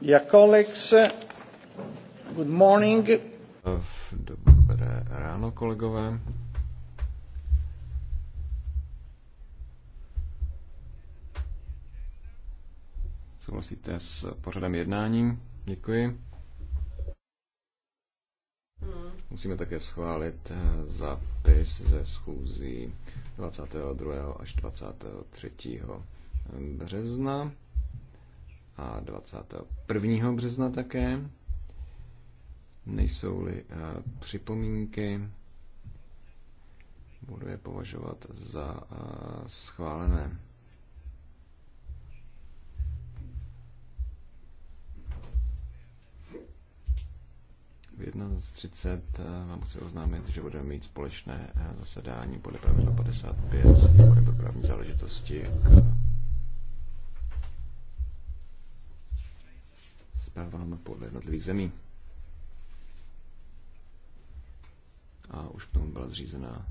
Dear colleagues, good morning. Dobré ráno, kolegové. Souhlasíte s pořadem jednání? Děkuji. Musíme také schválit eh, zápis ze schůzí 22. až 23. března a 21. března také. Nejsou-li eh, připomínky, budu je považovat za eh, schválené. v 11.30 eh, vám chci oznámit, že budeme mít společné zasedání podle pravidla 55 výborem pro právní záležitosti k očekáváme podle jednotlivých zemí. A už k tomu byla zřízená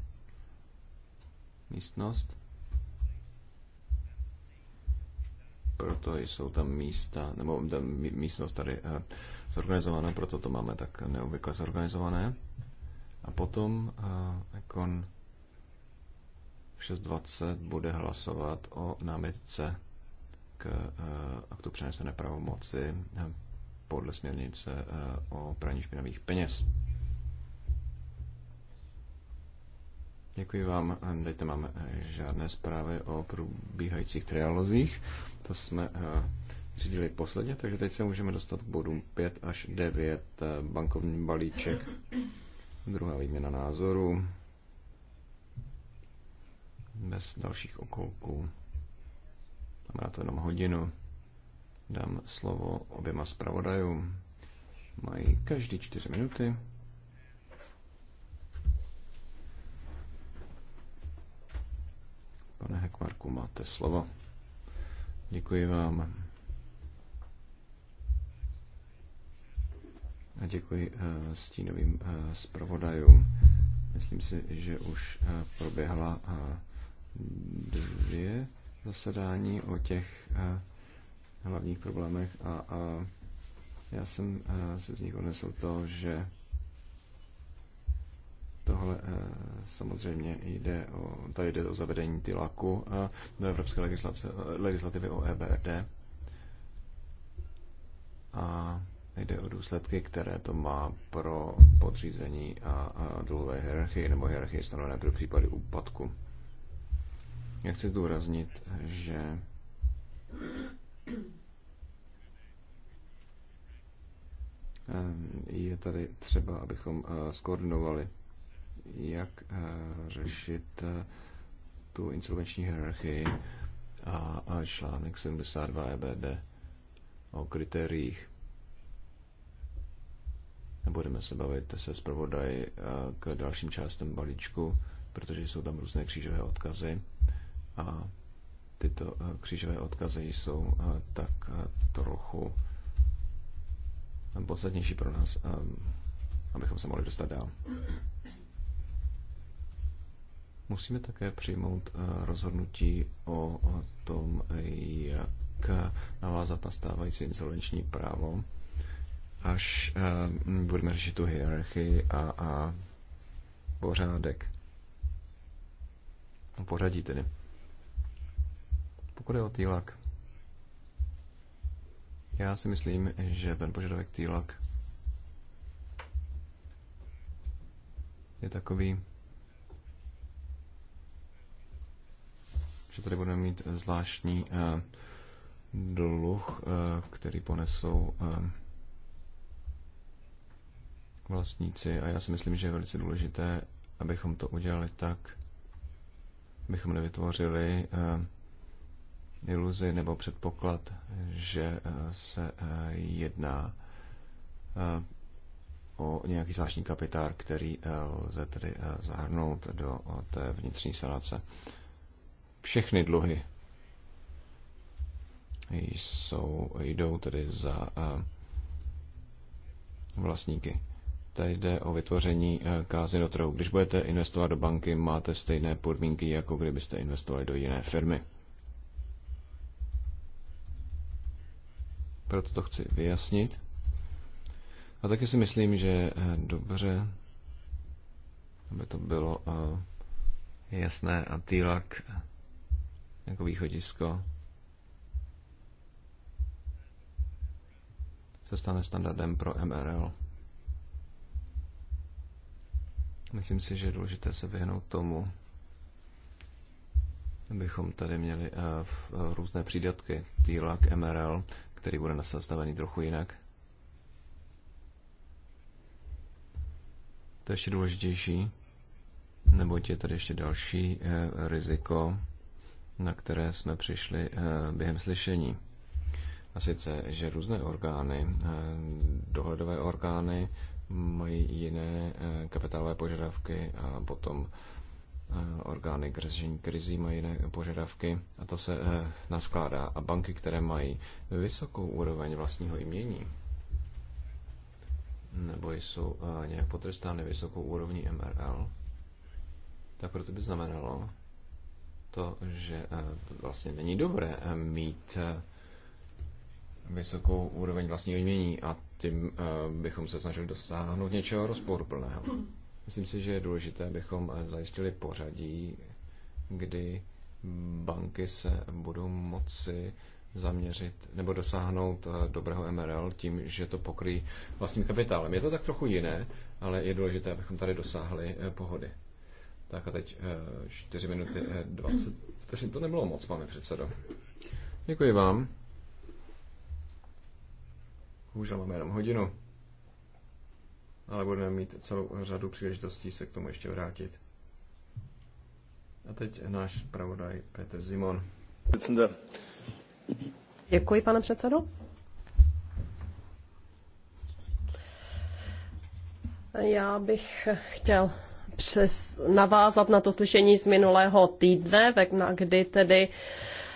místnost. Proto jsou tam místa, nebo tam místnost tady eh, zorganizovaná, proto to máme tak neobvykle zorganizované. A potom Ekon eh, 6.20 bude hlasovat o námitce k eh, aktu přenesené pravomoci podle směrnice eh, o praní špinavých peněz. Děkuji vám. Dejte máme eh, žádné zprávy o probíhajících trialozích. To jsme eh, řídili posledně, takže teď se můžeme dostat k bodům 5 až 9. Bankovní balíček, druhá výměna názoru, bez dalších okolků. Tam na to jenom hodinu dám slovo oběma zpravodajům. Mají každý čtyři minuty. Pane Hekmarku, máte slovo. Děkuji vám. A děkuji eh, stínovým eh, zpravodajům. Myslím si, že už eh, proběhla dvě zasedání o těch hlavních problémech a, a já jsem eh, se z nich odnesl to, že tohle eh, samozřejmě jde o, tady jde o zavedení laku uh, eh, do evropské legislativy o EBRD a jde o důsledky, které to má pro podřízení a, a dluhové hierarchie nebo hierarchie stanovené pro případy úpadku. Já chci zdůraznit, že Eh, je tady třeba, abychom eh, skoordinovali, jak eh, řešit tu insolvenční hierarchii a článek 72 EBD o kritériích. Budeme se bavit se zpravodaj k dalším částem balíčku, protože jsou tam různé křížové odkazy a tyto křížové odkazy jsou tak trochu podstatnější pro nás, ehm, abychom se mohli dostat dál. Musíme také přijmout eh, rozhodnutí o tom, jak navázat na stávající insolvenční právo, až ehm, budeme řešit tu hierarchii a, a pořádek. No, pořadí tedy. Pokud je o týlak, já si myslím, že ten požadavek týlak je takový, že tady budeme mít zvláštní eh, dluh, eh, který ponesou eh, vlastníci. A já si myslím, že je velice důležité, abychom to udělali tak, abychom nevytvořili eh, iluzi nebo předpoklad, že eh, se eh, jedná eh, o nějaký zvláštní kapitár, který lze tedy zahrnout do té vnitřní sanace. Všechny dluhy jsou, jdou tedy za vlastníky. Tady jde o vytvoření do trhu. Když budete investovat do banky, máte stejné podmínky, jako kdybyste investovali do jiné firmy. proto to chci vyjasnit. A taky si myslím, že eh, dobře, aby to bylo eh, jasné a týlak jako východisko se stane standardem pro MRL. Myslím si, že je důležité se vyhnout tomu, abychom tady měli eh, v různé přídatky TLAC, MRL, který bude nastavený trochu jinak. To je ještě důležitější, neboť je tady ještě další eh, riziko, na které jsme přišli eh, během slyšení. A sice, že různé orgány, eh, dohledové orgány, mají jiné kapitálové požadavky a potom Eh, orgány k řešení krizí mají jiné požadavky a to se eh, naskládá. A banky, které mají vysokou úroveň vlastního jmění, nebo jsou eh, nějak potrestány vysokou úrovní MRL, tak proto by znamenalo to, že vlastně není dobré mít vysokou úroveň vlastního jmění a tím bychom se snažili dosáhnout něčeho rozporuplného. Myslím si, že je důležité, abychom eh, zajistili pořadí, kdy banky se budou moci zaměřit nebo dosáhnout eh, dobrého MRL tím, že to pokryjí vlastním kapitálem. Je to tak trochu jiné, ale je důležité, abychom tady dosáhli eh, pohody. Tak a teď 4 minuty 20 vteřin. To nebylo moc, pane předsedo. Děkuji vám. Bohužel máme jenom hodinu ale budeme mít celou řadu příležitostí se k tomu ještě vrátit. A teď náš zpravodaj Petr Zimon. Děkuji, pane předsedo. Já bych chtěl přes, navázat na to slyšení z minulého týdne, kdy tedy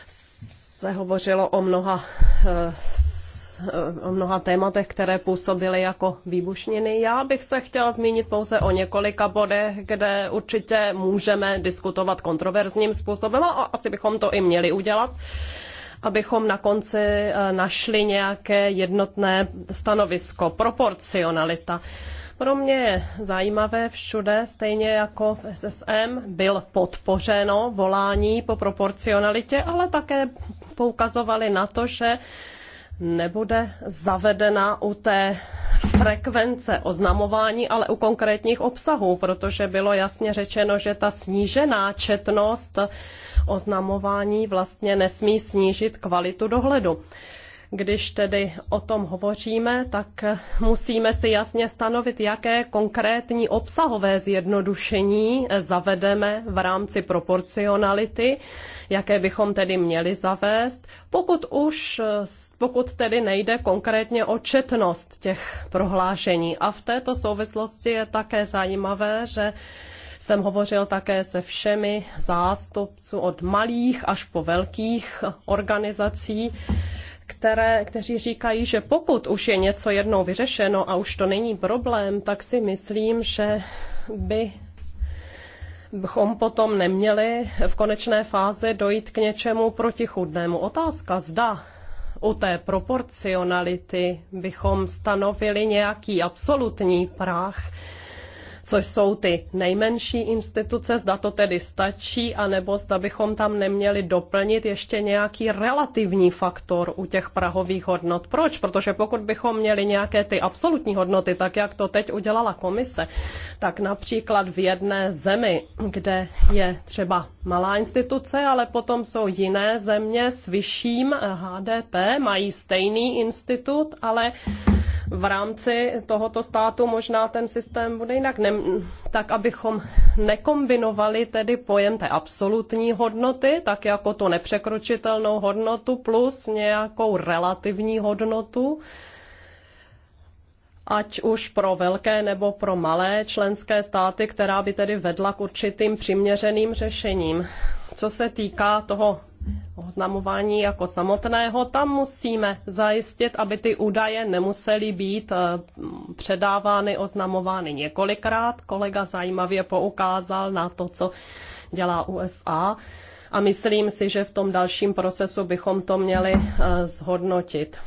se hovořilo o mnoha eh, o mnoha tématech, které působily jako výbušniny. Já bych se chtěla zmínit pouze o několika bodech, kde určitě můžeme diskutovat kontroverzním způsobem a asi bychom to i měli udělat abychom na konci eh, našli nějaké jednotné stanovisko, proporcionalita. Pro mě je zajímavé všude, stejně jako v SSM, byl podpořeno volání po proporcionalitě, ale také poukazovali na to, že nebude zavedena u té frekvence oznamování, ale u konkrétních obsahů, protože bylo jasně řečeno, že ta snížená četnost oznamování vlastně nesmí snížit kvalitu dohledu. Když tedy o tom hovoříme, tak musíme si jasně stanovit, jaké konkrétní obsahové zjednodušení zavedeme v rámci proporcionality, jaké bychom tedy měli zavést, pokud už, pokud tedy nejde konkrétně o četnost těch prohlášení. A v této souvislosti je také zajímavé, že jsem hovořil také se všemi zástupců od malých až po velkých organizací, které, kteří říkají, že pokud už je něco jednou vyřešeno a už to není problém, tak si myslím, že by bychom potom neměli v konečné fázi dojít k něčemu protichudnému. Otázka zda u té proporcionality bychom stanovili nějaký absolutní práh, což jsou ty nejmenší instituce, zda to tedy stačí, anebo zda bychom tam neměli doplnit ještě nějaký relativní faktor u těch prahových hodnot. Proč? Protože pokud bychom měli nějaké ty absolutní hodnoty, tak jak to teď udělala komise, tak například v jedné zemi, kde je třeba malá instituce, ale potom jsou jiné země s vyšším HDP, mají stejný institut, ale v rámci tohoto státu možná ten systém bude jinak, ne, tak abychom nekombinovali tedy pojem té absolutní hodnoty, tak jako tu nepřekročitelnou hodnotu plus nějakou relativní hodnotu, ať už pro velké nebo pro malé členské státy, která by tedy vedla k určitým přiměřeným řešením. Co se týká toho oznamování jako samotného, tam musíme zajistit, aby ty údaje nemusely být eh, předávány, oznamovány několikrát. Kolega zajímavě poukázal na to, co dělá USA. A myslím si, že v tom dalším procesu bychom to měli eh, zhodnotit.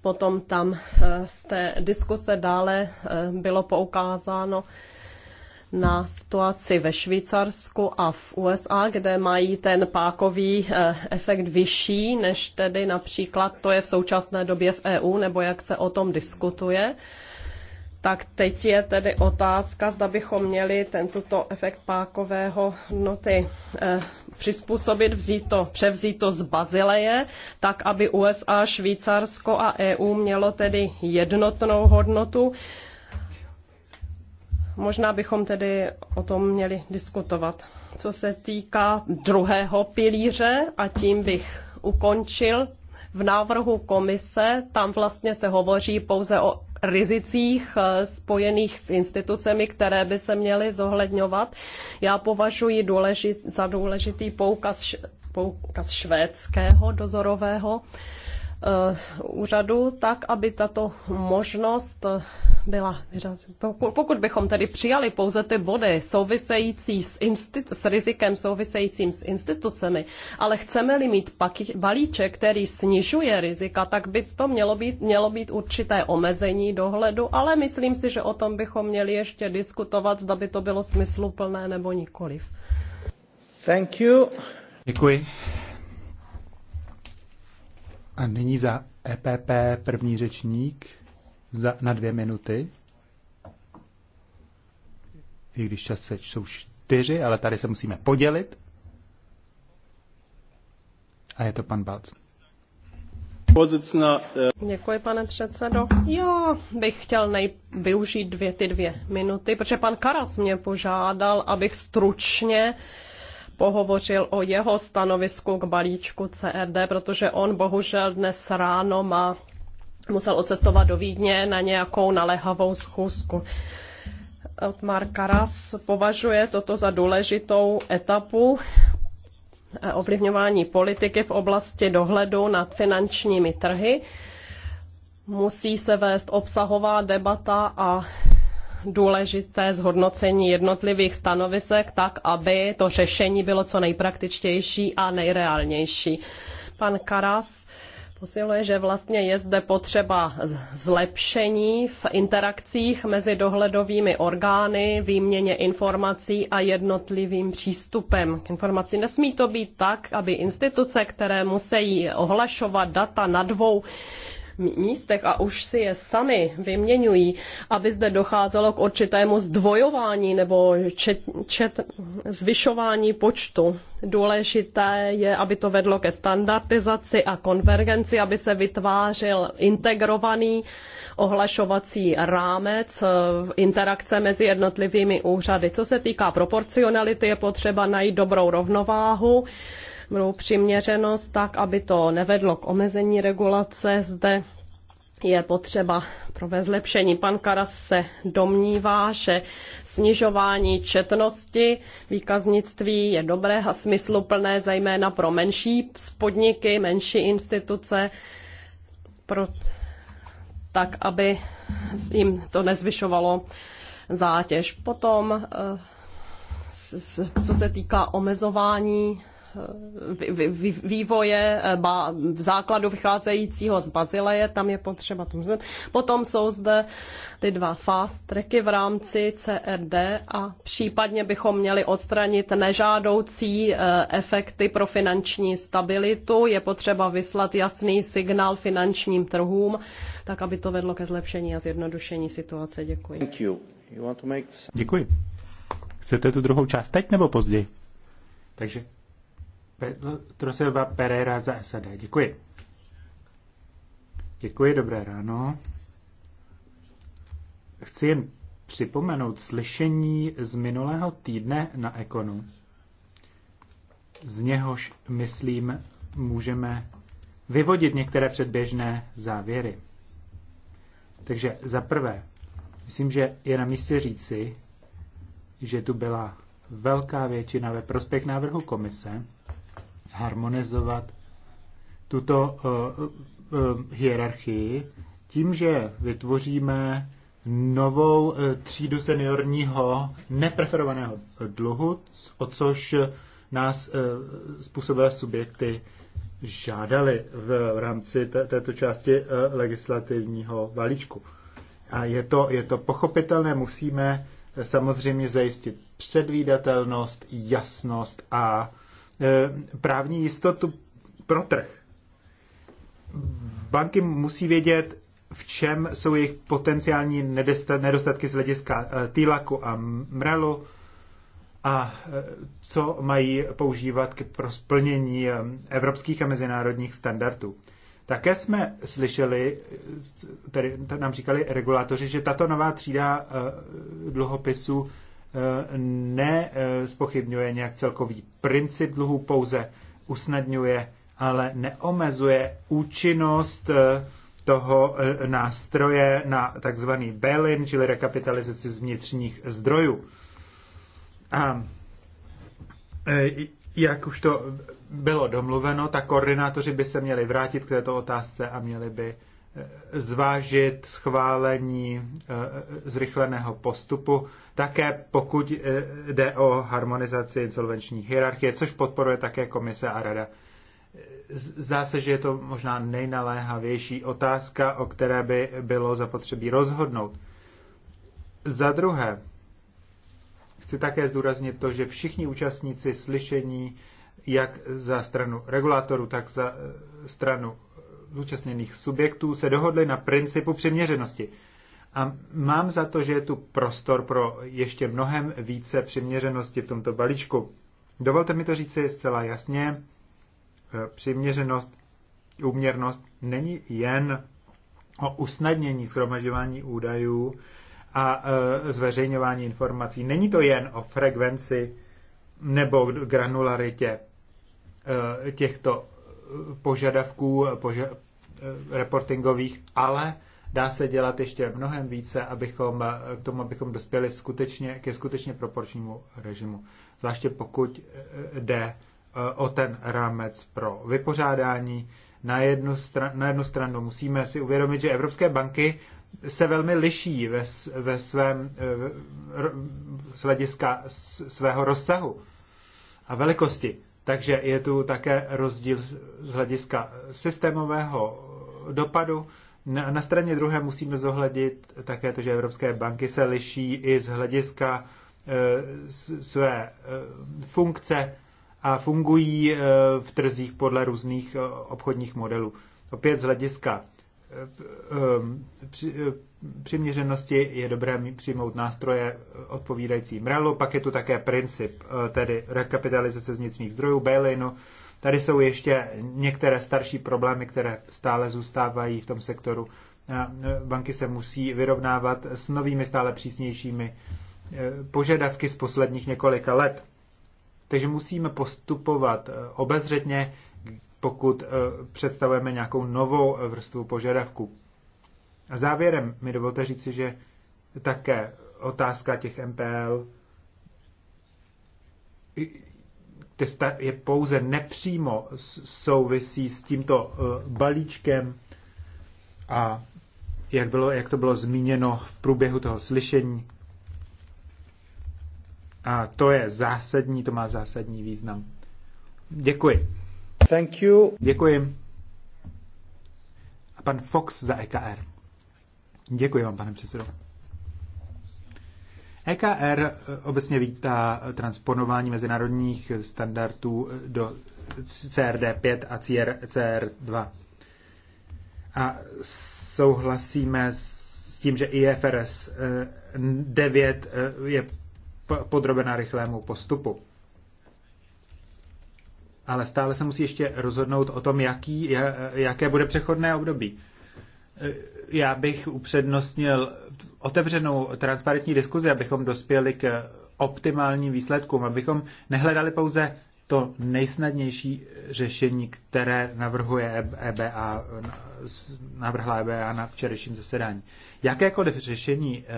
Potom tam eh, z té diskuse dále bylo poukázáno, na situaci ve Švýcarsku a v USA, kde mají ten pákový eh, efekt vyšší, než tedy například to je v současné době v EU, nebo jak se o tom diskutuje. Tak teď je tedy otázka, zda bychom měli tento efekt pákového hodnoty eh, přizpůsobit, vzít to, převzít to z Bazileje, tak aby USA, Švýcarsko a EU mělo tedy jednotnou hodnotu. Eh, Možná bychom tedy o tom měli diskutovat. Co se týká druhého pilíře, a tím bych ukončil, v návrhu komise tam vlastně se hovoří pouze o rizicích eh, spojených s institucemi, které by se měly zohledňovat. Já považuji důležit, za důležitý poukaz, poukaz švédského dozorového Eh, úřadu, tak aby tato možnost byla vyřazena. Pokud bychom tedy přijali pouze ty body související s, s rizikem souvisejícím s institucemi, ale chceme-li mít balíček, který snižuje rizika, tak by to mělo být, mělo být určité omezení dohledu, ale myslím si, že o tom bychom měli ještě diskutovat, zda by to bylo smysluplné nebo nikoliv. Thank you. Děkuji. A nyní za EPP první řečník za, na dvě minuty. I když čas se, jsou čtyři, ale tady se musíme podělit. A je to pan Balc. Děkuji, pane předsedo. Já bych chtěl nej- využít dvě ty dvě minuty, protože pan Karas mě požádal, abych stručně uh, pohovořil o jeho stanovisku k balíčku CRD, protože on bohužel dnes ráno má, musel odcestovat do Vídně na nějakou naléhavou schůzku. Otmar Karas považuje toto za důležitou etapu ovlivňování politiky v oblasti dohledu nad finančními trhy. Musí se vést obsahová debata a důležité zhodnocení jednotlivých stanovisek tak, aby to řešení bylo co nejpraktičtější a nejreálnější. Pan Karas posiluje, že vlastně je zde potřeba zlepšení v interakcích mezi dohledovými orgány, výměně informací a jednotlivým přístupem k informací. Nesmí to být tak, aby instituce, které musí ohlašovat data na dvou místech a už si je sami vyměňují, aby zde docházelo k určitému zdvojování nebo čet, čet, zvyšování počtu. Důležité je, aby to vedlo ke standardizaci a konvergenci, aby se vytvářel integrovaný ohlašovací rámec eh, interakce mezi jednotlivými úřady. Co se týká proporcionality, je potřeba najít dobrou rovnováhu budou přiměřenost tak, aby to nevedlo k omezení regulace zde je potřeba provést zlepšení. Pan Karas se domnívá, že snižování četnosti výkaznictví je dobré a smysluplné, zejména pro menší spodniky, menší instituce, pro, tak aby jim to nezvyšovalo zátěž. Potom, eh, co se týká omezování vývoje eh, v základu vycházejícího z Bazileje, tam je potřeba to Potom jsou zde ty dva fast tracky v rámci CRD a případně bychom měli odstranit nežádoucí eh, efekty pro finanční stabilitu. Je potřeba vyslat jasný signál finančním trhům, tak aby to vedlo ke zlepšení a zjednodušení situace. Děkuji. Děkuji. Chcete tu druhou část teď nebo později? Takže No, Troseva Pereira za SAD. Děkuji. Děkuji, dobré ráno. Chci jen připomenout slyšení z minulého týdne na Ekonu. Z něhož, myslím, můžeme vyvodit některé předběžné závěry. Takže za prvé, myslím, že je na místě říci, že tu byla velká většina ve prospěch návrhu komise, harmonizovat tuto uh, uh, hierarchii tím, že vytvoříme novou uh, třídu seniorního nepreferovaného dluhu, o což nás uh, způsobové subjekty žádali v rámci této části legislativního balíčku. A je to, je to pochopitelné, musíme samozřejmě zajistit předvídatelnost, jasnost a Eh, právní jistotu pro trh. Banky musí vědět, v čem jsou jejich potenciální nedostatky z hlediska eh, týlaku a mrelu a eh, co mají používat pro splnění evropských a mezinárodních standardů. Také jsme slyšeli, tedy nám říkali regulátoři, že tato nová třída dluhopisů Eh, nespochybňuje nějak celkový princip dluhu, pouze usnadňuje, ale neomezuje účinnost eh, toho eh, nástroje na takzvaný bail-in, čili rekapitalizaci z vnitřních zdrojů. A jak už to bylo domluveno, tak koordinátoři by se měli vrátit k této otázce a měli by zvážit schválení eh, zrychleného postupu, také pokud eh, jde o harmonizaci insolvenční hierarchie, což podporuje také komise a rada. Zdá se, že je to možná nejnaléhavější otázka, o které by bylo zapotřebí rozhodnout. Za druhé, chci také zdůraznit to, že všichni účastníci slyšení, jak za stranu regulatoru, tak za eh, stranu zúčastněných subjektů se dohodli na principu přiměřenosti. A mám za to, že je tu prostor pro ještě mnohem více přiměřenosti v tomto balíčku. Dovolte mi to říci zcela jasně. E, přiměřenost, úměrnost není jen o usnadnění schromažďování údajů a e, zveřejňování informací. Není to jen o frekvenci nebo granularitě e, těchto požadavků poža- reportingových, ale dá se dělat ještě mnohem více, abychom k tomu, abychom dospěli skutečně, ke skutečně proporčnímu režimu. Zvláště pokud eh, jde eh, o ten rámec pro vypořádání. Na jednu, stran- na jednu stranu musíme si uvědomit, že evropské banky se velmi liší ve, ve svém eh, z hlediska svého rozsahu a velikosti. Takže je tu také rozdíl z hlediska systémového dopadu. Na, na straně druhé musíme zohlednit také to, že evropské banky se liší i z hlediska e, své e, funkce a fungují e, v trzích podle různých obchodních modelů. Opět z hlediska přiměřenosti je dobré přijmout nástroje eh, odpovídající MRELu, pak je tu také princip, eh, tedy rekapitalizace z vnitřních zdrojů, bail Tady jsou ještě některé starší problémy, které stále zůstávají v tom sektoru. Eh, banky se musí vyrovnávat s novými stále přísnějšími požadavky z posledních několika let. Takže musíme postupovat obezřetně, pokud představujeme nějakou novou vrstvu požadavků. A závěrem mi dovolte říci, že také otázka těch MPL je pouze nepřímo souvisí s tímto eh, balíčkem a jak, bylo, jak to bylo zmíněno v průběhu toho slyšení. A to je zásadní, to má zásadní význam. Děkuji. Thank you. Děkuji. A pan Fox za EKR. Děkuji vám, pane předsedo. EKR e, obecně vítá transponování mezinárodních standardů e, do CRD5 a CR, CR2. A souhlasíme s tím, že IFRS 9 e, je podrobena rychlému postupu. Ale stále se musí ještě rozhodnout o tom, jaký, jaké bude přechodné období já bych upřednostnil otevřenou transparentní diskuzi, abychom dospěli k optimálním výsledkům, abychom nehledali pouze to nejsnadnější řešení, které navrhuje EBA, navrhla EBA na včerejším zasedání. Jakékoliv řešení eh,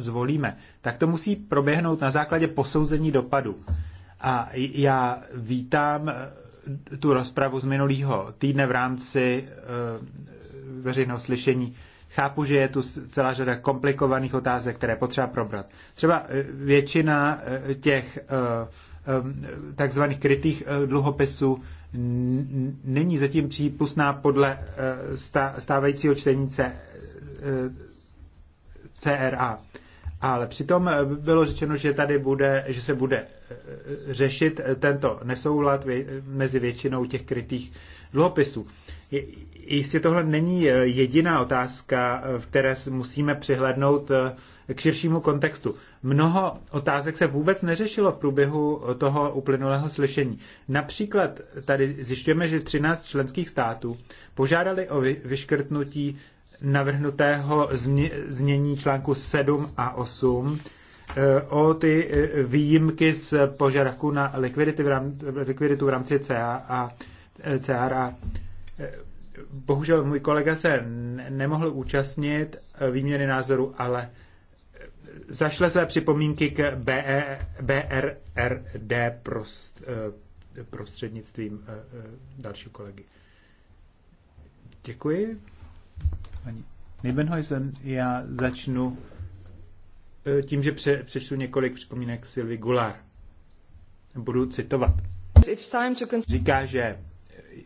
zvolíme, tak to musí proběhnout na základě posouzení dopadu. A já vítám eh, tu rozpravu z minulého týdne v rámci eh, veřejného slyšení. Chápu, že je tu celá řada komplikovaných otázek, které potřeba probrat. Třeba eh, většina eh, těch eh, takzvaných krytých dluhopisů není zatím přípustná podle stávajícího čtení CRA. Ale přitom bylo řečeno, že tady bude, že se bude řešit tento nesoulad mezi většinou těch krytých dluhopisů. Jistě tohle není eh, jediná otázka, eh, v které musíme přihlednout eh, k širšímu kontextu. Mnoho otázek se vůbec neřešilo v průběhu toho uplynulého slyšení. Například tady zjišťujeme, že 13 členských států požádali o vyškrtnutí navrhnutého znění článku 7 a 8 o ty výjimky z požadavku na likviditu v rámci CA a CRA bohužel můj kolega se nemohl účastnit výměny názoru, ale zašle své připomínky k BE, BRRD prost, eh, prostřednictvím eh, eh, dalšího kolegy. Děkuji. Paní Nibenhuisen, já začnu tím, že pře- přečtu několik připomínek Sylvie Gular. Budu citovat. Říká, že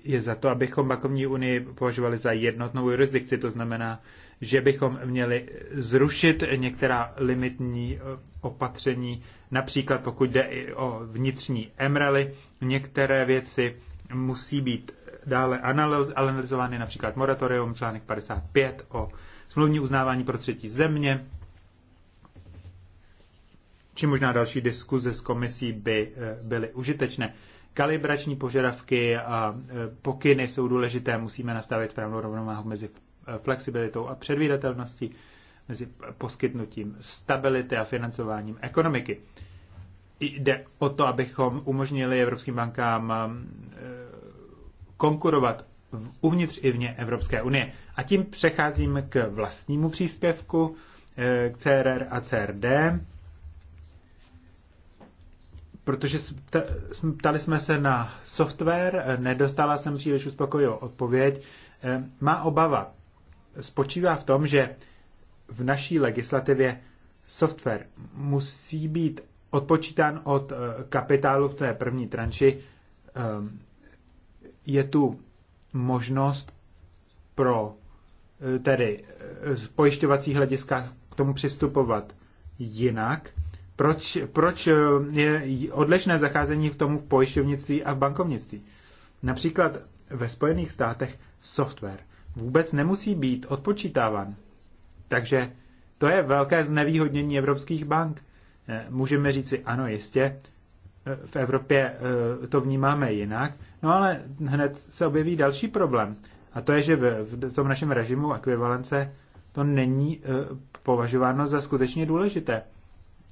je za to, abychom bankovní unii považovali za jednotnou jurisdikci. To znamená, že bychom měli zrušit některá limitní eh, opatření, například pokud jde i o vnitřní emrely, některé věci musí být dále analyzovány, například moratorium, článek 55 o smluvní uznávání pro třetí země, či možná další diskuze s komisí by eh, byly užitečné. Kalibrační požadavky a e, pokyny jsou důležité. Musíme nastavit správnou rovnováhu mezi e, flexibilitou a předvídatelností, mezi poskytnutím stability a financováním ekonomiky. Jde o to, abychom umožnili evropským bankám e, konkurovat uvnitř i vně Evropské unie. A tím přecházím k vlastnímu příspěvku, k CRR a CRD protože ptali jsme se na software, eh, nedostala jsem příliš uspokojivou odpověď. Eh, má obava spočívá v tom, že v naší legislativě software musí být odpočítán od eh, kapitálu v té první tranši. Ehm, je tu možnost pro tedy z pojišťovacích hlediska k tomu přistupovat jinak, proč, proč eh, je odlišné zacházení v tomu v pojišťovnictví a v bankovnictví? Například ve Spojených státech software vůbec nemusí být odpočítávan. Takže to je velké znevýhodnění evropských bank. Eh, můžeme říci, ano, jistě, eh, v Evropě to vnímáme jinak, no ale hned se objeví další problém. A to je, že v tom našem režimu ekvivalence to není považováno za skutečně důležité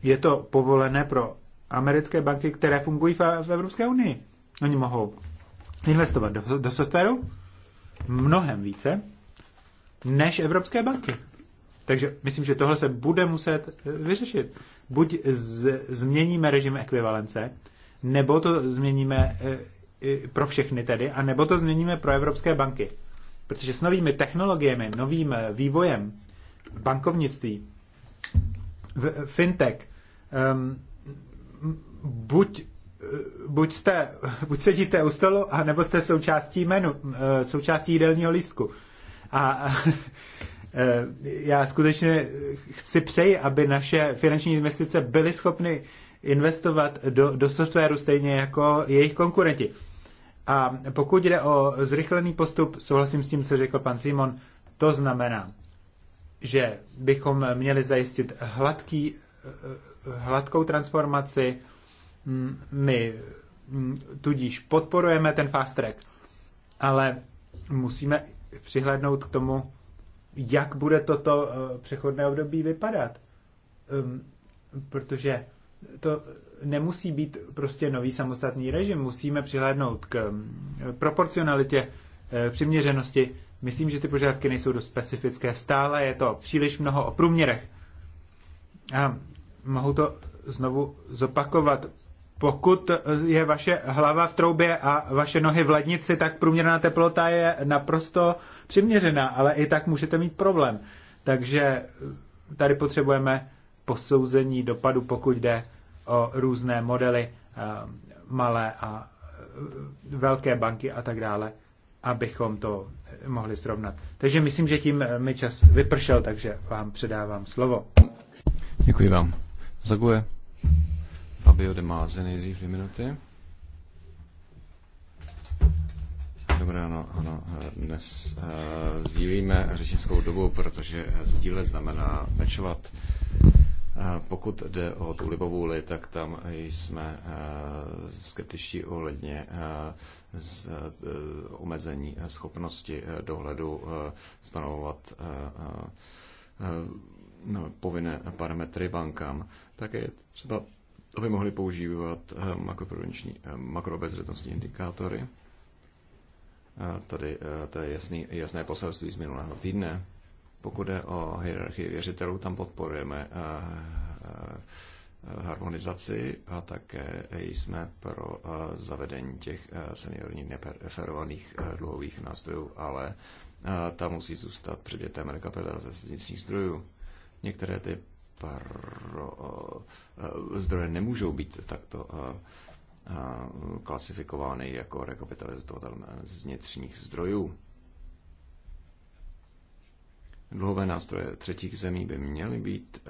je to povolené pro americké banky, které fungují v, Evropské unii. Oni mohou investovat do, do softwaru mnohem více než evropské banky. Takže myslím, že tohle se bude muset vyřešit. Buď z, změníme režim ekvivalence, nebo to změníme e, pro všechny tedy, a nebo to změníme pro evropské banky. Protože s novými technologiemi, novým e, vývojem bankovnictví, v, e, fintech, buď, buď, jste, buď sedíte u stolu, nebo jste součástí menu, eh, součástí jídelního lístku. A eh, já skutečně chci přeji, aby naše finanční investice byly schopny investovat do, do softwaru stejně jako jejich konkurenti. A pokud jde o zrychlený postup, souhlasím s tím, co řekl pan Simon, to znamená, že bychom měli zajistit hladký eh, hladkou transformaci. Mm, my mm, tudíž podporujeme ten fast track, ale musíme přihlédnout k tomu, jak bude toto eh, přechodné období vypadat. Ehm, protože to nemusí být prostě nový samostatný režim, musíme přihlédnout k mm, proporcionalitě, eh, přiměřenosti. Myslím, že ty požadavky nejsou dost specifické. Stále je to příliš mnoho o průměrech. A mohu to znovu zopakovat. Pokud je vaše hlava v troubě a vaše nohy v lednici, tak průměrná teplota je naprosto přiměřená, ale i tak můžete mít problém. Takže tady potřebujeme posouzení dopadu, pokud jde o různé modely, eh, malé a velké banky a tak dále, abychom to mohli srovnat. Takže myslím, že tím mi čas vypršel, takže vám předávám slovo. Děkuji vám. Zaguje. Fabio de Máze nejdřív dvě minuty. Dobré, ano, ano. Dnes uh, sdílíme řečnickou dobu, protože sdílet znamená pečovat. Eh, pokud jde o tu libovůli, tak tam jsme eh, skeptičtí ohledně z omezení schopnosti dohledu stanovovat povinné parametry bankám, tak je třeba, aby mohli používat eh, eh, makroobezřetnostní indikátory. A tady eh, to je jasný, jasné poselství z minulého týdne. Pokud je o hierarchii věřitelů, tam podporujeme harmonizaci a také jsme pro zavedení těch seniorních neferovaných dluhových nástrojů, ale ta musí zůstat předmětem rekapitalizace vnitřních zdrojů. Některé ty pro, eh, zdroje nemůžou být takto eh, eh, klasifikovány jako rekapitalizovatelné z vnitřních zdrojů. Dluhové nástroje třetích zemí by měly být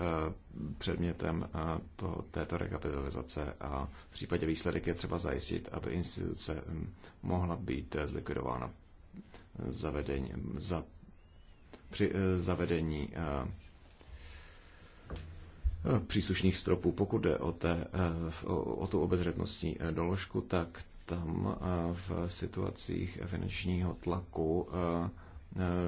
předmětem to, této rekapitalizace a v případě výsledek je třeba zajistit, aby instituce hm, mohla být zlikvidována zavedení, za, při zavedení příslušných stropů. Pokud jde o, té, eh, o tu obezřetnostní eh, doložku, tak tam eh, v situacích finančního tlaku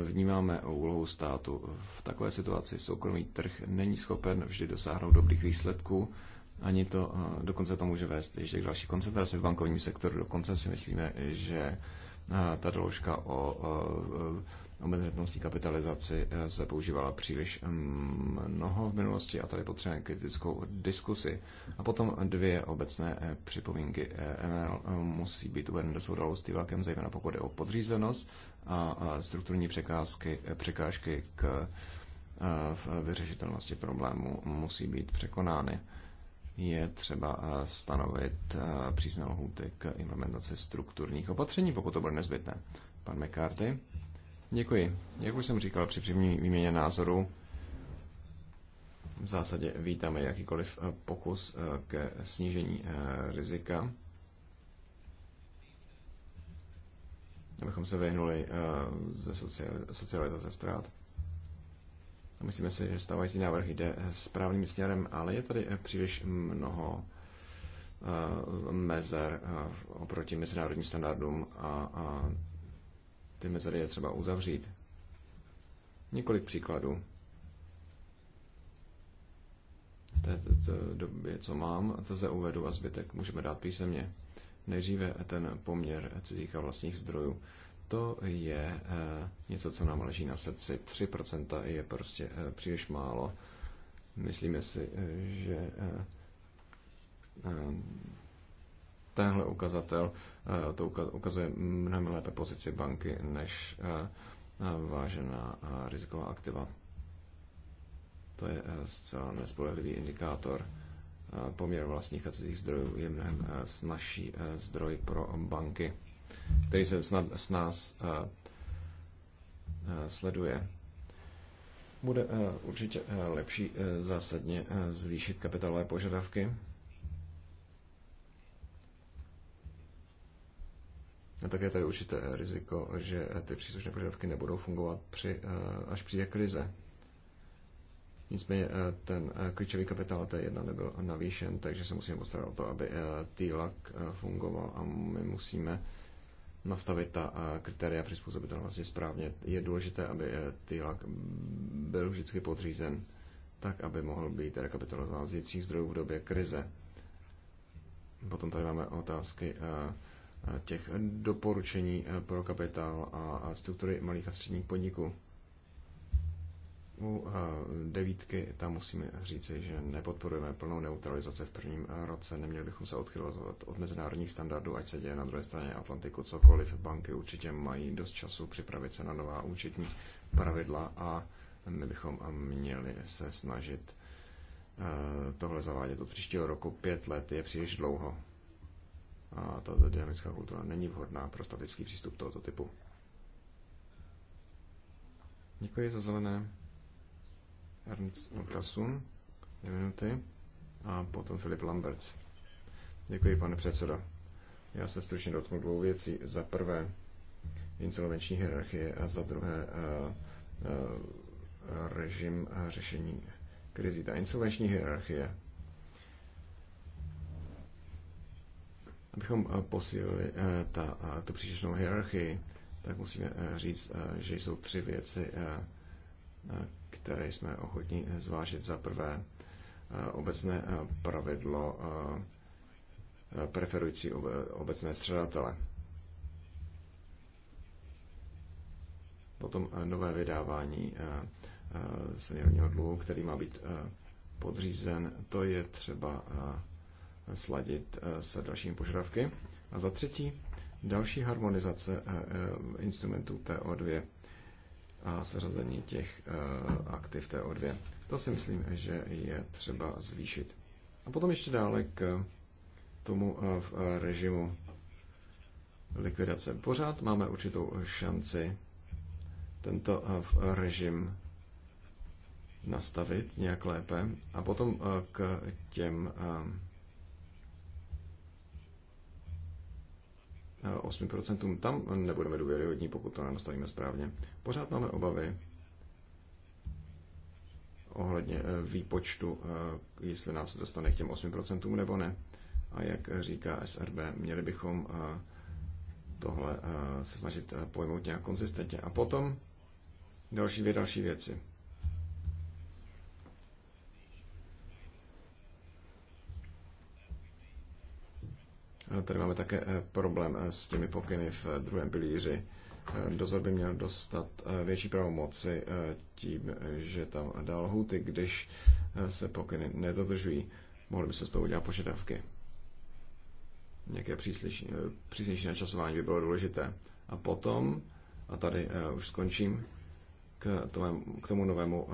vnímáme úlohu státu. V takové situaci soukromý trh není schopen vždy dosáhnout dobrých výsledků, ani to dokonce to může vést ještě k další koncentraci v bankovním sektoru. Dokonce si myslíme, že ta doložka o obezřetnostní kapitalizaci eh, se používala příliš mm, mnoho v minulosti a tady potřebujeme kritickou diskusi. A potom dvě obecné eh, připomínky. Eh, ML musí být uveden do soudalosti vlakem, zejména pokud je o podřízenost a strukturní překázky, překážky k vyřešitelnosti problému musí být překonány. Je třeba stanovit přísné lhůty k implementaci strukturních opatření, pokud to bude nezbytné. Pan McCarthy. Děkuji. Jak už jsem říkal při přímé výměně názoru, v zásadě vítáme jakýkoliv eh, pokus eh, ke snížení eh, rizika, abychom se vyhnuli ze socializace ztrát. Myslíme si, že stávající návrh jde správným směrem, ale je tady příliš mnoho mezer oproti mezinárodním standardům a ty mezery je třeba uzavřít. Několik příkladů. V té době, co mám, to se uvedu a zbytek můžeme dát písemně. Nejdříve ten poměr cizích a vlastních zdrojů. To je eh, něco, co nám leží na srdci. 3% je prostě eh, příliš málo. Myslíme si, eh, že tenhle ukazatel eh, to ukazuje mnohem lépe pozici banky než eh, eh, vážená riziková aktiva. To je zcela nespolehlivý indikátor. Poměr vlastních a cizích zdrojů je mnohem snažší zdroj pro banky, který se snad s nás sleduje. Bude určitě lepší zásadně zvýšit kapitálové požadavky A je tady určité riziko, že ty příslušné požadavky nebudou fungovat při, eh, až přijde krize. Nicméně eh, ten eh, klíčový kapitál T1 nebyl navýšen, takže se musíme postarat o to, aby TLAC fungoval a my musíme nastavit ta kritéria přizpůsobitelnosti správně. Je důležité, aby TLAC byl vždycky podřízen tak, aby mohl být rekapitalizován z větších zdrojů v době krize. Potom tady máme otázky uh, těch doporučení eh, pro kapitál a struktury malých a středních podniků. U eh, devítky tam musíme říci, že nepodporujeme plnou neutralizaci v prvním eh, roce, neměli bychom se odchylovat od mezinárodních standardů, ať se děje na druhé straně Atlantiku cokoliv. Banky určitě mají dost času připravit se na nová účetní pravidla a my bychom měli se snažit tohle zavádět od příštího roku. Pět let je příliš dlouho a ta dynamická kultura není vhodná pro statický přístup tohoto typu. Děkuji za zelené. Ernst Urtasun, dvě minuty, a potom Filip Lamberts. Děkuji, pane předsedo. Já se stručně dotknu dvou věcí. Za prvé insolvenční hierarchie a za druhé eh, eh, režim řešení krizí. Ta insolvenční hierarchie Abychom eh, posílili eh, ta, eh, tu příčnou hierarchii, tak musíme říct, že jsou tři věci, které jsme ochotní zvážit. Za prvé, obecné pravidlo preferující obecné středatele. Potom nové vydávání seniorního dluhu, který má být podřízen, to je třeba sladit eh, s dalšími požadavky. A za třetí, další harmonizace eh, eh, instrumentů TO2 a seřazení těch aktiv TO2. To si myslím, že je třeba zvýšit. A potom ještě dále k tomu v režimu likvidace. Pořád máme určitou šanci tento v režim nastavit nějak lépe. A potom k těm 8%. Tam nebudeme důvěryhodní, pokud to nenastavíme správně. Pořád máme obavy ohledně eh, výpočtu, eh, jestli nás dostane k těm 8% nebo ne. A jak říká SRB, měli bychom eh, tohle se snažit pojmout nějak konzistentně. A potom další dvě další věci. Tady máme také eh, problém eh, s těmi pokyny v eh, druhém pilíři. Dozor by měl dostat větší pravomoci tím, že tam dá lhuty, když se pokyny nedodržují. Mohly by se z toho udělat požadavky. Nějaké přísnější načasování by bylo důležité. A potom, a tady už skončím, k tomu, k tomu novému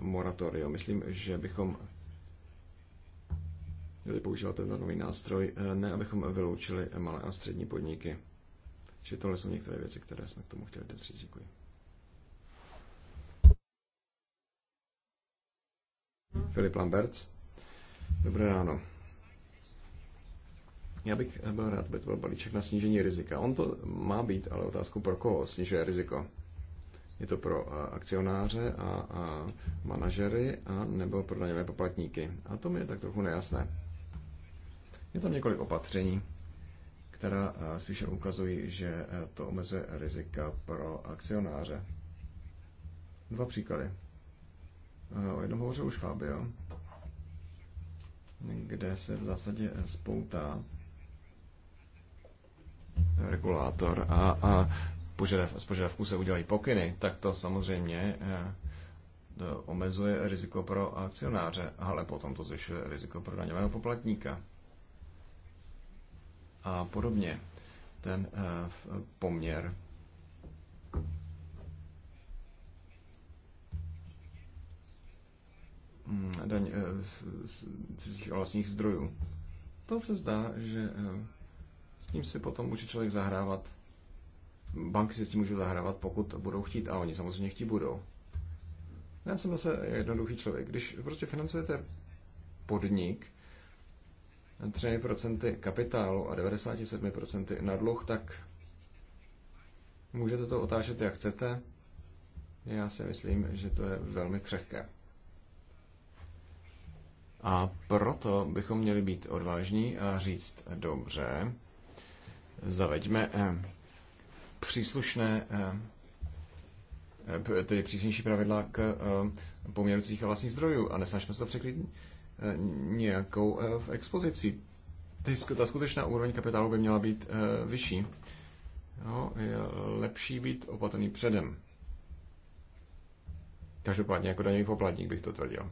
moratoriu. Myslím, že bychom měli používat tento nový nástroj, eh, ne abychom vyloučili malé a střední podniky. Čili tohle jsou některé věci, které jsme k tomu chtěli dnes říct. Děkuji. Filip Lamberts. Dobré ráno. Já bych byl rád, aby to byl balíček na snížení rizika. On to má být, ale otázku pro koho snižuje riziko. Je to pro eh, akcionáře a, a manažery a nebo pro daňové poplatníky. A to mi je tak trochu nejasné. Je tam několik opatření, která eh, spíše ukazují, že eh, to omezuje rizika pro akcionáře. Dva příklady. Eh, o jednom hovořil už Fabio, kde se v zásadě spoutá regulátor a, a požadav, z požadavků se udělají pokyny, tak to samozřejmě omezuje riziko pro akcionáře, ale potom to zvyšuje riziko pro daňového poplatníka a podobně. Ten eh, eh, poměr hmm, daň eh, cizích vlastních zdrojů. To se zdá, že s tím si potom může člověk zahrávat. Banky si s tím můžou zahrávat, pokud budou chtít, a oni samozřejmě chtí budou. Já jsem zase jednoduchý člověk. Když prostě financujete podnik, 3% kapitálu a 97% na dluh, tak můžete to otáčet jak chcete. Já si myslím, že to je velmi křehké. A proto bychom měli být odvážní a říct dobře, zaveďme eh, příslušné eh, tedy přísnější pravidla k eh, poměru cích a vlastních zdrojů a nesnažme se to překlidnit Eh, nějakou eh, v expozici. Ta skutečná úroveň kapitálu by měla být eh, vyšší. No, je lepší být opatrný předem. Každopádně jako daňový poplatník bych to tvrdil.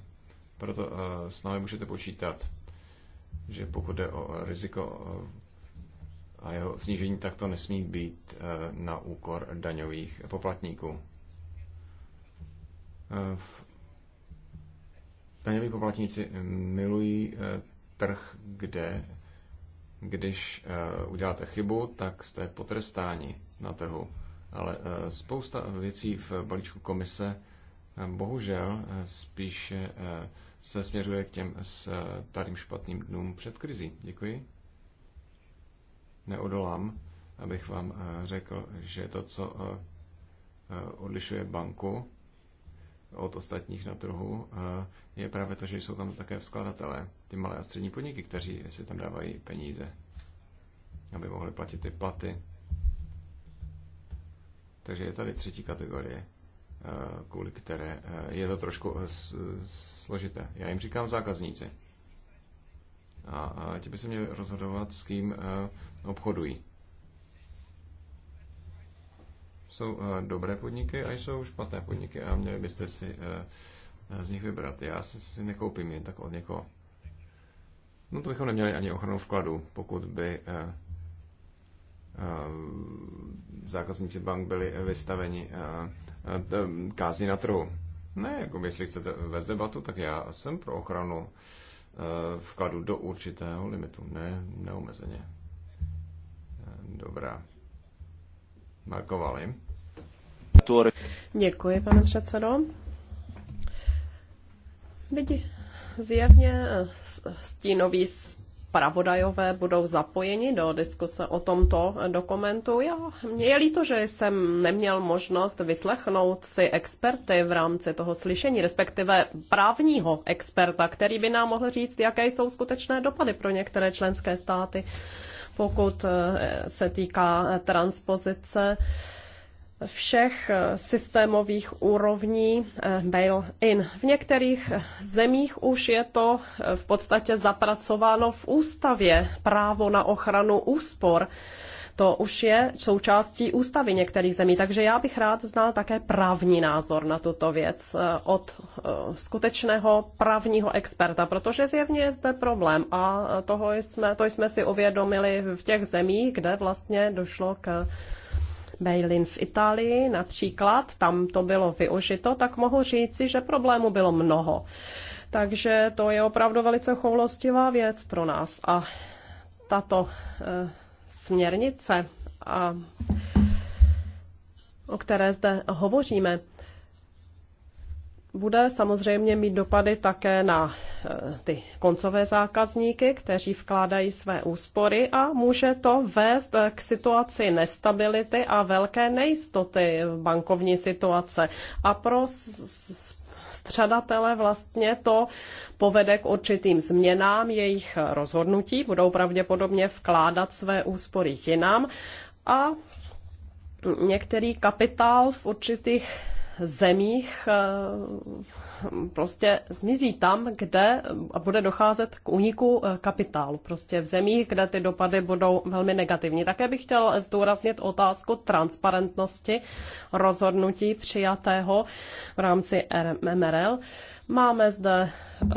Proto s námi můžete počítat, že pokud jde o riziko a jeho snížení, tak to nesmí být na úkor daňových poplatníků. V Daňoví poplatníci milují eh, trh, kde když eh, uděláte chybu, tak jste potrestáni na trhu. Ale eh, spousta věcí v balíčku komise bohužel spíše se směřuje k těm s starým špatným dnům před krizí. Děkuji. Neodolám, abych vám řekl, že to, co odlišuje banku od ostatních na trhu, je právě to, že jsou tam také skladatelé, ty malé a střední podniky, kteří si tam dávají peníze, aby mohli platit ty platy. Takže je tady třetí kategorie, eh, kvůli které eh, je to trošku eh, složité. Já jim říkám zákazníci. A ti by se měli rozhodovat, s kým obchodují. Jsou eh, dobré podniky a jsou špatné podniky a měli byste si eh, eh, z nich vybrat. Já si nekoupím jen tak od někoho. No to bychom neměli ani ochranu vkladu, pokud by zákazníci bank byli vystaveni kázni na trhu. Ne, jako jestli chcete vést debatu, tak já jsem pro ochranu vkladu do určitého limitu, ne neomezeně. Dobrá. Markovali. Děkuji, pane předsedo. Vidí, zjevně eh, stínoví pravodajové budou zapojeni do diskuse o tomto dokumentu. Já, mě je líto, že jsem neměl možnost vyslechnout si experty v rámci toho slyšení, respektive právního experta, který by nám mohl říct, jaké jsou skutečné dopady pro některé členské státy pokud eh, se týká eh, transpozice všech eh, systémových úrovní bail-in. V některých zemích už je to v podstatě zapracováno v ústavě právo na ochranu úspor. To už je součástí ústavy některých zemí, takže já bych rád znal také právní názor na tuto věc eh, od eh, skutečného právního experta, protože zjevně je zde problém a eh, toho jsme, to jsme si uvědomili v těch zemích, kde vlastně došlo k bailin v Itálii například, tam to bylo využito, tak mohu říci, že problémů bylo mnoho. Takže to je opravdu velice choulostivá věc pro nás. A tato směrnice, a, o které zde hovoříme, bude samozřejmě mít dopady také na e, ty koncové zákazníky, kteří vkládají své úspory a může to vést k situaci nestability a velké nejistoty v bankovní situace. A pro střadatele vlastně to povede k určitým změnám jejich rozhodnutí, budou pravděpodobně vkládat své úspory jinam a některý kapitál v určitých zemích eh, prostě zmizí tam, kde a bude docházet k úniku eh, kapitálu, prostě v zemích, kde ty dopady budou velmi negativní. Také bych chtěl zdůraznit otázku transparentnosti rozhodnutí přijatého v rámci MRL. Máme zde eh,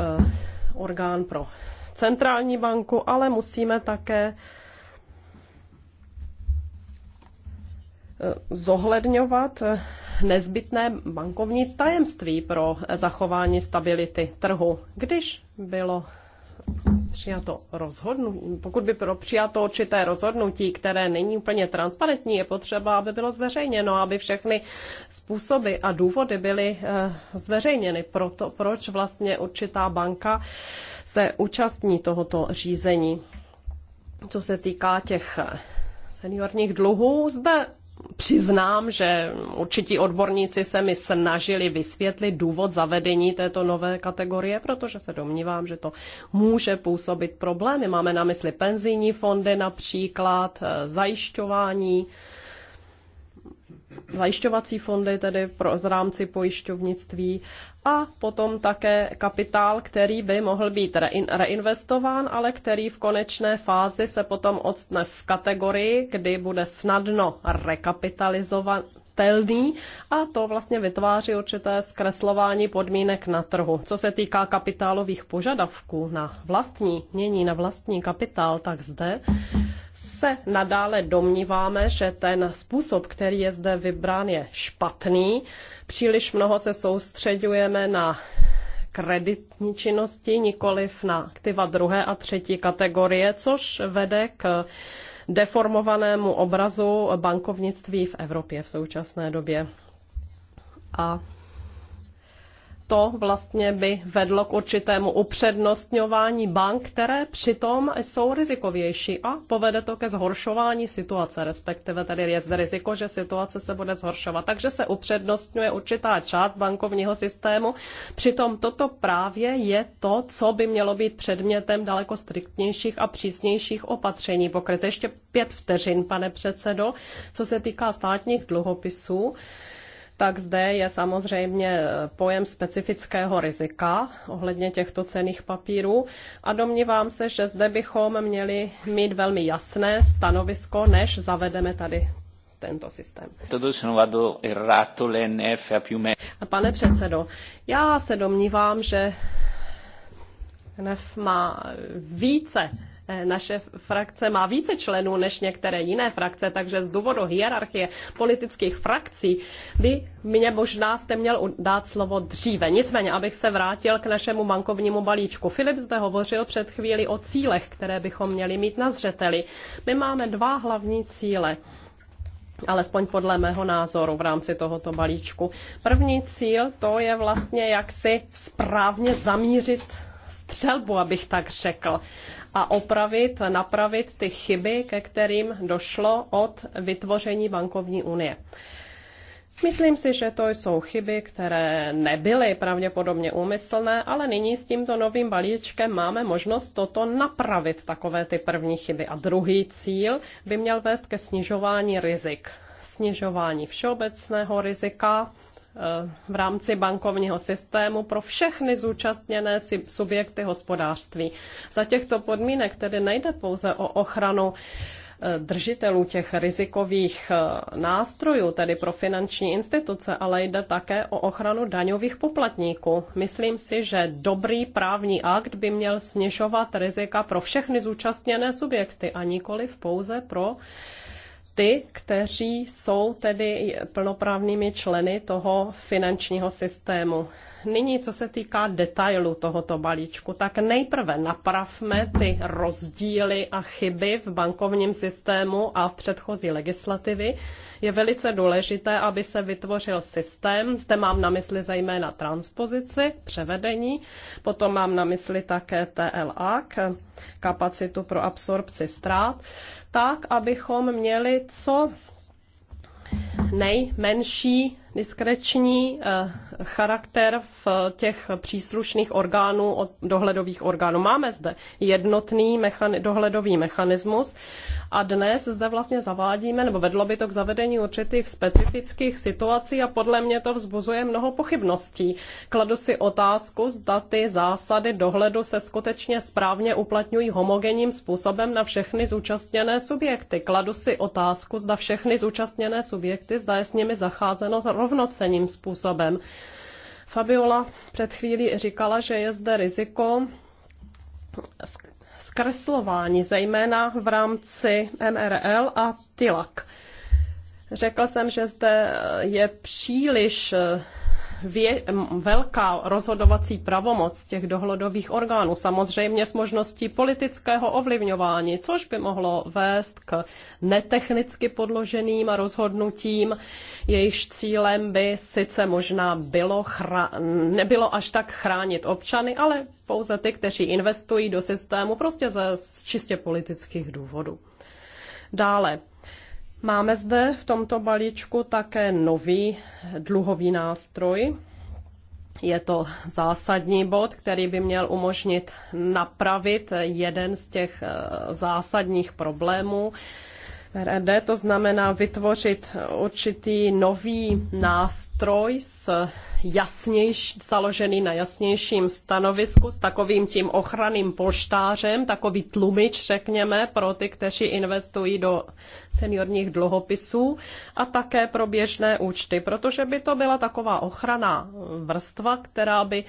orgán pro centrální banku, ale musíme také zohledňovat nezbytné bankovní tajemství pro zachování stability trhu. Když bylo přijato rozhodnutí, pokud by bylo přijato určité rozhodnutí, které není úplně transparentní, je potřeba, aby bylo zveřejněno, aby všechny způsoby a důvody byly eh, zveřejněny. Proto, proč vlastně určitá banka se účastní tohoto řízení. Co se týká těch seniorních dluhů, zde přiznám, že určití odborníci se mi snažili vysvětlit důvod zavedení této nové kategorie, protože se domnívám, že to může působit problémy. Máme na mysli penzijní fondy například, e, zajišťování zajišťovací fondy, tedy pro, v rámci pojišťovnictví a potom také kapitál, který by mohl být rein, reinvestován, ale který v konečné fázi se potom odstne v kategorii, kdy bude snadno rekapitalizovat, neplatitelný a to vlastně vytváří určité zkreslování podmínek na trhu. Co se týká kapitálových požadavků na vlastní mění, na vlastní kapitál, tak zde se nadále domníváme, že ten způsob, který je zde vybrán, je špatný. Příliš mnoho se soustředujeme na kreditní činnosti, nikoliv na aktiva druhé a třetí kategorie, což vede k deformovanému obrazu bankovnictví v Evropě v současné době. A to vlastně by vedlo k určitému upřednostňování bank, které přitom jsou rizikovější a povede to ke zhoršování situace, respektive tady je zde riziko, že situace se bude zhoršovat. Takže se upřednostňuje určitá část bankovního systému. Přitom toto právě je to, co by mělo být předmětem daleko striktnějších a přísnějších opatření. Pokryz ještě pět vteřin, pane předsedo, co se týká státních dluhopisů tak zde je samozřejmě e, pojem specifického rizika ohledně těchto cených papírů a domnívám se, že zde bychom měli mít velmi jasné stanovisko, než zavedeme tady tento systém. Pane předsedo, já se domnívám, že NF má více E, naše frakce má více členů než některé jiné frakce, takže z důvodu hierarchie politických frakcí by mě možná jste měl dát slovo dříve. Nicméně, abych se vrátil k našemu bankovnímu balíčku. Filip zde hovořil před chvíli o cílech, které bychom měli mít na zřeteli. My máme dva hlavní cíle alespoň podle mého názoru v rámci tohoto balíčku. První cíl to je vlastně, jak si správně zamířit střelbu, abych tak řekl, a opravit, napravit ty chyby, ke kterým došlo od vytvoření bankovní unie. Myslím si, že to jsou chyby, které nebyly pravděpodobně úmyslné, ale nyní s tímto novým balíčkem máme možnost toto napravit, takové ty první chyby. A druhý cíl by měl vést ke snižování rizik. Snižování všeobecného rizika, v rámci bankovního systému pro všechny zúčastněné subjekty hospodářství. Za těchto podmínek tedy nejde pouze o ochranu eh, držitelů těch rizikových eh, nástrojů, tedy pro finanční instituce, ale jde také o ochranu daňových poplatníků. Myslím si, že dobrý právní akt by měl snižovat rizika pro všechny zúčastněné subjekty a nikoli pouze pro ty, kteří jsou tedy plnoprávnými členy toho finančního systému nyní, co se týká detailu tohoto balíčku, tak nejprve napravme ty rozdíly a chyby v bankovním systému a v předchozí legislativy. Je velice důležité, aby se vytvořil systém, zde mám na mysli zejména transpozici, převedení, potom mám na mysli také TLA, kapacitu pro absorpci ztrát, tak, abychom měli co nejmenší diskreční eh, charakter v těch příslušných orgánů, dohledových orgánů. Máme zde jednotný mechani- dohledový mechanismus a dnes zde vlastně zavádíme, nebo vedlo by to k zavedení určitých specifických situací a podle mě to vzbuzuje mnoho pochybností. Kladu si otázku, zda ty zásady dohledu se skutečně správně uplatňují homogenním způsobem na všechny zúčastněné subjekty. Kladu si otázku, zda všechny zúčastněné subjekty, zda je s nimi zacházeno rovnoceným způsobem. Fabiola před chvílí říkala, že je zde riziko zkreslování, zejména v rámci MRL a TILAK. Řekl jsem, že zde je příliš vě, velká rozhodovací pravomoc těch dohledových orgánů, samozřejmě s možností politického ovlivňování, což by mohlo vést k netechnicky podloženým rozhodnutím, jejichž cílem by sice možná bylo nebylo až tak chránit občany, ale pouze ty, kteří investují do systému prostě ze z čistě politických důvodů. Dále, Máme zde v tomto balíčku také nový dluhový nástroj. Je to zásadní bod, který by měl umožnit napravit jeden z těch eh, zásadních problémů, RED, to znamená vytvořit určitý nový nástroj s jasnější, založený na jasnějším stanovisku, s takovým tím ochranným poštářem, takový tlumič, řekněme, pro ty, kteří investují do seniorních dluhopisů a také pro běžné účty, protože by to byla taková ochrana vrstva, která by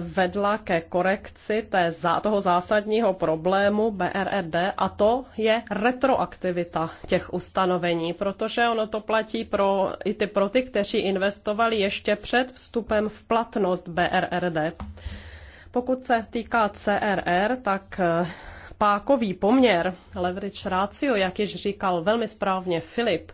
vedla ke korekci té, toho zásadního problému BRRD e a to je retroaktivita těch ustanovení, protože ono to platí pro, i ty, pro ty, kteří investovali ještě před vstupem v platnost BRRD. E Pokud se týká CRR, tak eh, pákový poměr, leverage ratio, jak již říkal velmi správně Filip,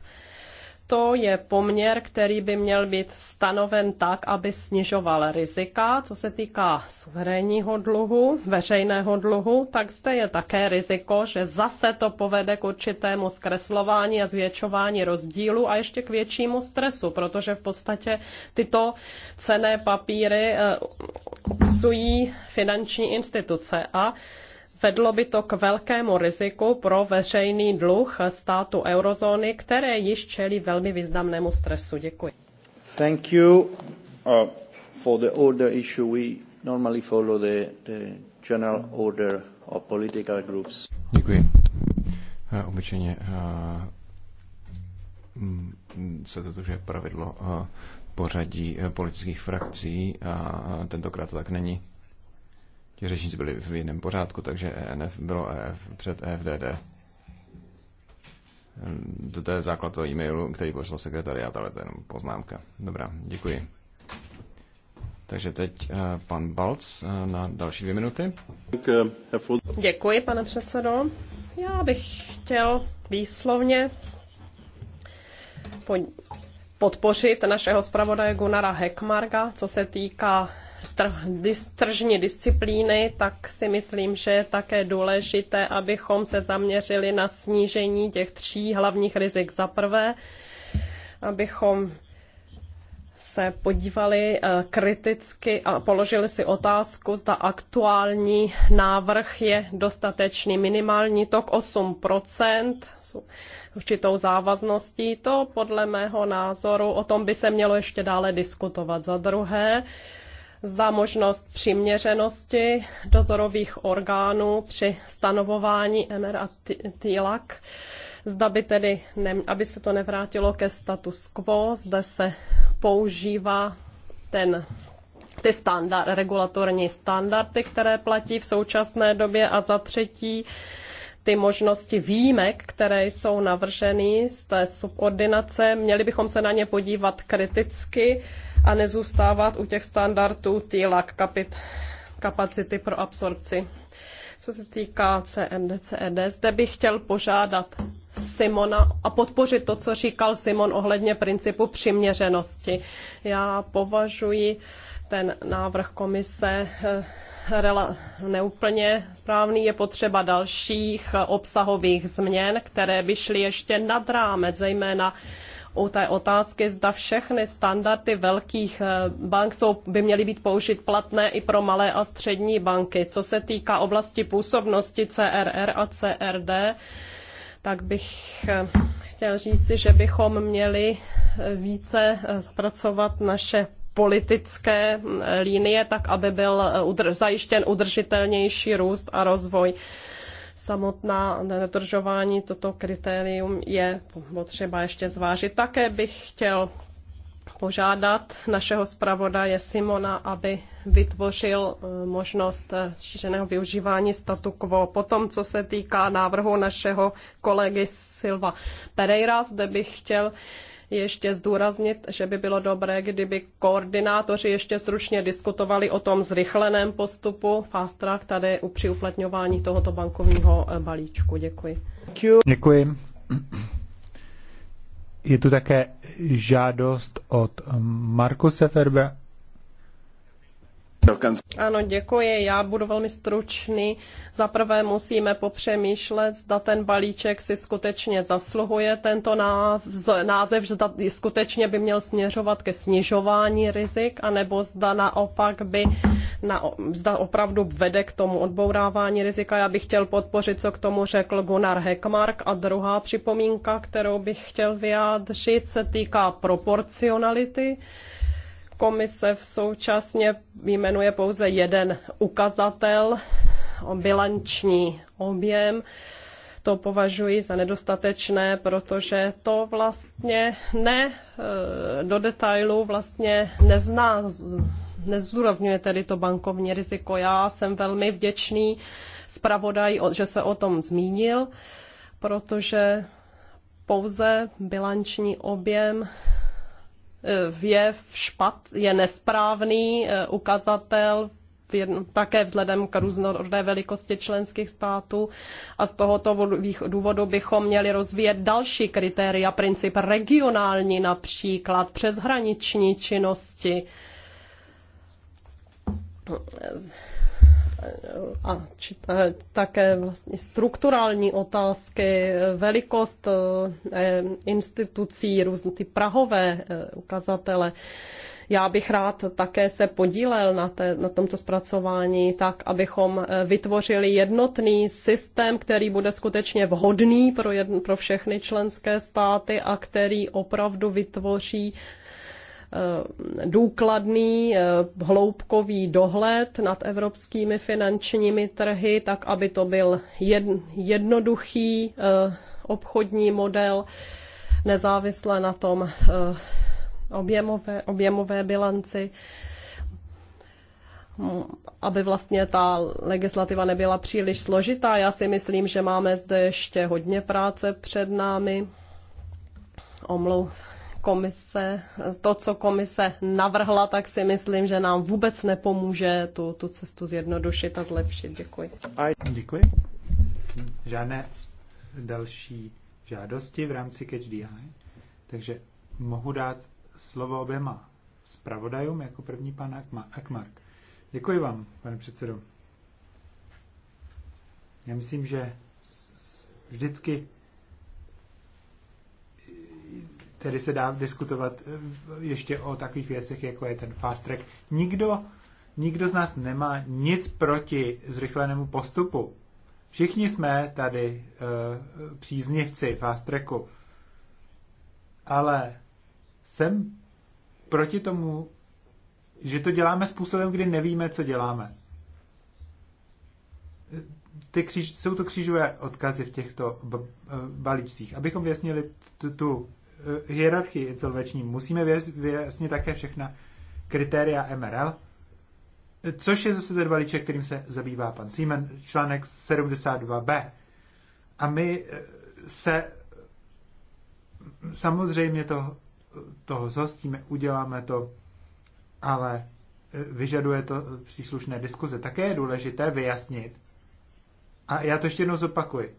to je poměr, který by měl být stanoven tak, aby snižoval rizika. Co se týká suverénního dluhu, veřejného dluhu, tak zde je také riziko, že zase to povede k určitému zkreslování a zvětšování rozdílu a ještě k většímu stresu, protože v podstatě tyto cené papíry eh, sují finanční instituce a Vedlo by to k velkému riziku pro veřejný dluh státu eurozóny, které již čelí velmi významnému stresu. Děkuji. Thank you uh, for the order issue. We normally follow the, the general order of political groups. Děkuji. Uh, obyčejně uh, se to, že pravidlo uh, pořadí politických frakcí a tentokrát to tak není ti řečníci byli v jiném pořádku, takže ENF bylo EF před EFDD. To je základ toho e-mailu, který pošlo sekretariát, ale to je jenom poznámka. Dobrá, děkuji. Takže teď eh, pan Balc eh, na další dvě minuty. Děkuji, pane předsedo. Já bych chtěl výslovně podpořit našeho zpravodaje Gunara Hekmarga, co se týká tržní disciplíny, tak si myslím, že je také důležité, abychom se zaměřili na snížení těch tří hlavních rizik. Za prvé, abychom se podívali eh, kriticky a položili si otázku, zda aktuální návrh je dostatečný. Minimální tok 8% s určitou závazností, to podle mého názoru o tom by se mělo ještě dále diskutovat. Za druhé, zda možnost přiměřenosti dozorových orgánů při stanovování MR a TILAC, zda by tedy, ne, aby se to nevrátilo ke status quo, zde se používá ten ty standard, regulatorní standardy, které platí v současné době a za třetí ty možnosti výjimek, které jsou navrženy z té subordinace, měli bychom se na ně podívat kriticky a nezůstávat u těch standardů TILAC, kapit, kapacity pro absorpci. Co se týká CND, CED, zde bych chtěl požádat Simona a podpořit to, co říkal Simon ohledně principu přiměřenosti. Já považuji ten návrh komise eh, neúplně správný. Je potřeba dalších eh, obsahových změn, které by šly ještě nad rámec, zejména u té otázky, zda všechny standardy velkých eh, bank jsou, by měly být použit platné i pro malé a střední banky. Co se týká oblasti působnosti CRR a CRD, tak bych eh, chtěl říci, že bychom měli eh, více zpracovat naše politické linie, tak aby byl udr zajištěn udržitelnější růst a rozvoj samotná nedržování toto kritérium je potřeba ještě zvážit. Také bych chtěl požádat našeho zpravodaje Simona, aby vytvořil eh, možnost eh, šířeného využívání statu quo. Potom, co se týká návrhu našeho kolegy Silva Pereira, zde bych chtěl ještě zdůraznit, že by bylo dobré, kdyby koordinátoři ještě stručně diskutovali o tom zrychleném postupu fast track tady při uplatňování tohoto bankovního eh, balíčku. Děkuji. Děkuji. Je tu také žádost od Markuse Ferbera ano, děkuji. Já budu velmi stručný. Zaprvé musíme popřemýšlet, zda ten balíček si skutečně zasluhuje tento název, zda skutečně by měl směřovat ke snižování rizik, anebo zda naopak by na, zda opravdu vede k tomu odbourávání rizika. Já bych chtěl podpořit, co k tomu řekl Gunnar Heckmark. A druhá připomínka, kterou bych chtěl vyjádřit, se týká proporcionality komise v současně jmenuje pouze jeden ukazatel, bilanční objem. To považuji za nedostatečné, protože to vlastně ne eh, do detailu vlastně nezná, nezúrazňuje tedy to bankovní riziko. Já jsem velmi vděčný zpravodaj, že se o tom zmínil, protože pouze bilanční objem Eh, je, špat, je nesprávný eh, ukazatel také vzhledem k různorodé velikosti členských států a z tohoto důvodu bychom měli rozvíjet další kritéria, princip regionální například, přeshraniční činnosti a či, také vlastně strukturální otázky, velikost eh, institucí, různé ty prahové eh, ukazatele. Já bych rád také se podílel na, té, na tomto zpracování tak, abychom eh, vytvořili jednotný systém, který bude skutečně vhodný pro, jedn, pro všechny členské státy a který opravdu vytvoří Eh, důkladný eh, hloubkový dohled nad evropskými finančními trhy, tak aby to byl jednoduchý eh, obchodní model, nezávisle na tom objemové, objemové bilanci aby vlastně ta legislativa nebyla příliš složitá. Já si myslím, že máme zde ještě hodně práce před námi. Omlouvám komise, to, co komise navrhla, tak si myslím, že nám vůbec nepomůže tu, tu cestu zjednodušit a zlepšit. Děkuji. Děkuji. Žádné další žádosti v rámci Catch takže mohu dát slovo oběma zpravodajům, jako první pan Akmark. Děkuji vám, pane předsedo. Já myslím, že vždycky tedy se dá diskutovat eh, ještě o takových věcech, jako je ten fast track. Nikdo, nikdo z nás nemá nic proti zrychlenému postupu. Všichni jsme tady uh, příznivci fast tracku. Ale jsem proti tomu, že to děláme způsobem, kdy nevíme, co děláme. Ty kříž, jsou to křížové odkazy v těchto eh, balíčcích. Abychom vyjasnili tu, tu Eh, hierarchii insolvenční. Musíme vyjasnit také všechna kritéria MRL, což je zase ten balíček, kterým se zabývá pan Siemen, článek 72b. A my eh, se samozřejmě to, toho zhostíme, uděláme to, ale eh, vyžaduje to příslušné diskuze. Také je důležité vyjasnit, a já to ještě jednou zopakuji,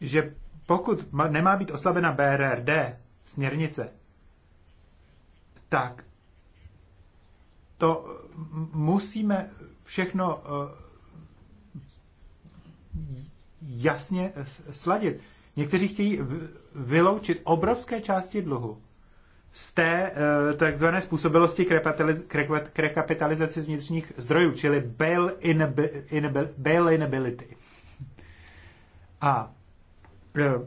že pokud nemá být oslabena BRRD, směrnice, tak to eh, musíme všechno eh, jasně sladit. Někteří chtějí vyloučit obrovské části dluhu z té eh, takzvané způsobilosti k rekapitalizaci z vnitřních zdrojů, čili bail-inability. A Eh,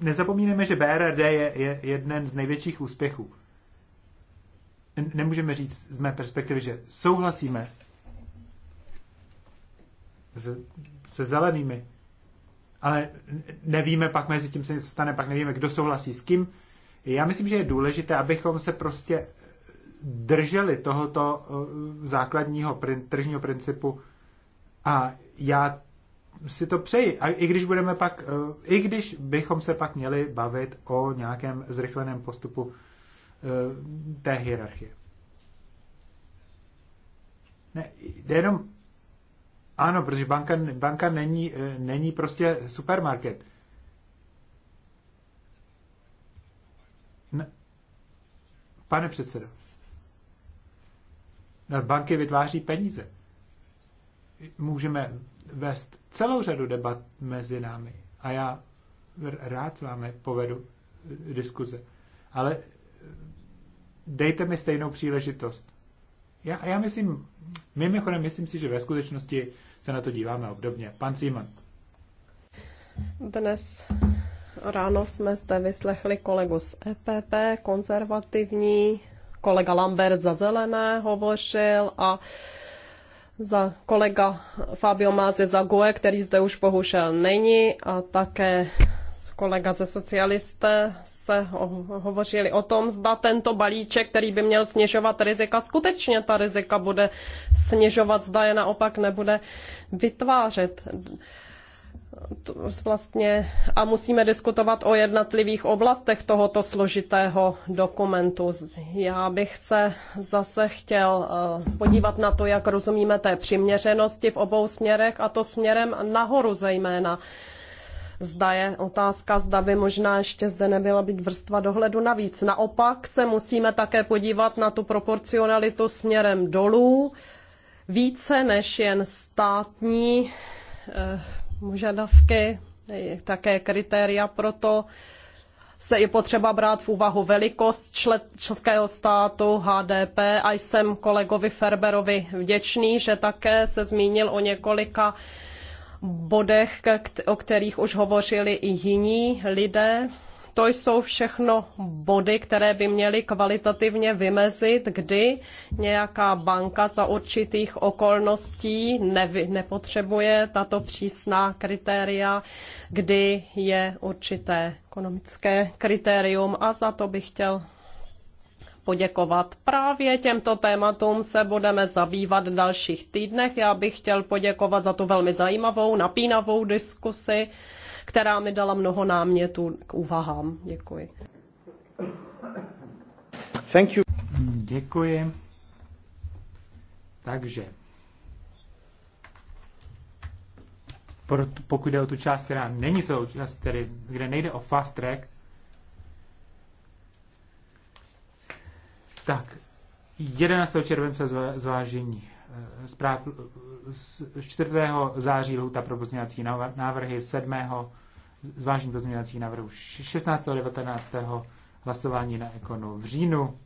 Nezapomínáme, že BRD je, je jeden z největších úspěchů. Nemůžeme říct z mé perspektivy, že souhlasíme se, se zelenými, ale nevíme, pak mezi tím se něco stane, pak nevíme, kdo souhlasí s kým. Já myslím, že je důležité, abychom se prostě drželi tohoto eh, základního tržního principu a já si to přeji. A i když budeme pak, eh, i když bychom se pak měli bavit o nějakém zrychleném postupu eh, té hierarchie. Ne, jde jenom, ano, protože banka, banka není, eh, není prostě supermarket. Ne, pane předsedo, no, banky vytváří peníze. Můžeme vést celou řadu debat mezi námi a já rád s vámi povedu eh, diskuze. Ale eh, dejte mi stejnou příležitost. Já, já myslím, mimochodem myslím si, že ve skutečnosti se na to díváme obdobně. Pan Simon. Dnes ráno jsme zde vyslechli kolegu z EPP, konzervativní, kolega Lambert za zelené hovořil a uh, za kolega Fabio Máze Zagoe, který zde už bohužel není, a také kolega ze socialisté se hovořili o tom, zda tento balíček, který by měl snižovat rizika, skutečně ta rizika bude snižovat, zda je naopak nebude vytvářet vlastně a musíme diskutovat o jednotlivých oblastech tohoto složitého dokumentu. Já bych se zase chtěl eh, podívat na to, jak rozumíme té přiměřenosti v obou směrech a to směrem nahoru zejména. Zda je otázka, zda by možná ještě zde nebyla být vrstva dohledu navíc. Naopak se musíme také podívat na tu proporcionalitu směrem dolů, více než jen státní eh, požadavky, také kritéria pro to, se je potřeba brát v úvahu velikost členského státu, HDP a jsem kolegovi Ferberovi vděčný, že také se zmínil o několika bodech, o kterých už hovořili i jiní lidé to jsou všechno body, které by měly kvalitativně vymezit, kdy nějaká banka za určitých okolností nevy, nepotřebuje tato přísná kritéria, kdy je určité ekonomické kritérium a za to bych chtěl poděkovat. Právě těmto tématům se budeme zabývat v dalších týdnech. Já bych chtěl poděkovat za tu velmi zajímavou, napínavou diskusi která mi dala mnoho námětů k úvahám. Děkuji. Thank you. Děkuji. Takže, pokud jde o tu část, která není součást, tedy, kde nejde o fast track, tak 11. července zvážení zpráv 4. září lhuta pro pozměňovací návrhy, 7. zvážení pozměňovací návrhu 16. 19. hlasování na ekonu v říjnu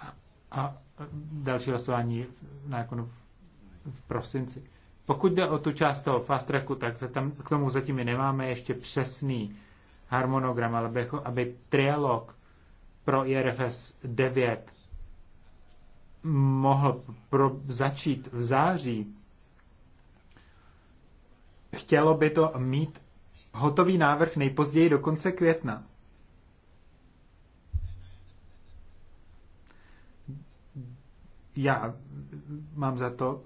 a, a další hlasování na ekonu v prosinci. Pokud jde o tu část toho fast tracku, tak se tam, k tomu zatím my nemáme ještě přesný harmonogram, ale bych, aby trialog pro IRFS 9 mohl pro, začít v září, chtělo by to mít hotový návrh nejpozději do konce května. Já mám za to,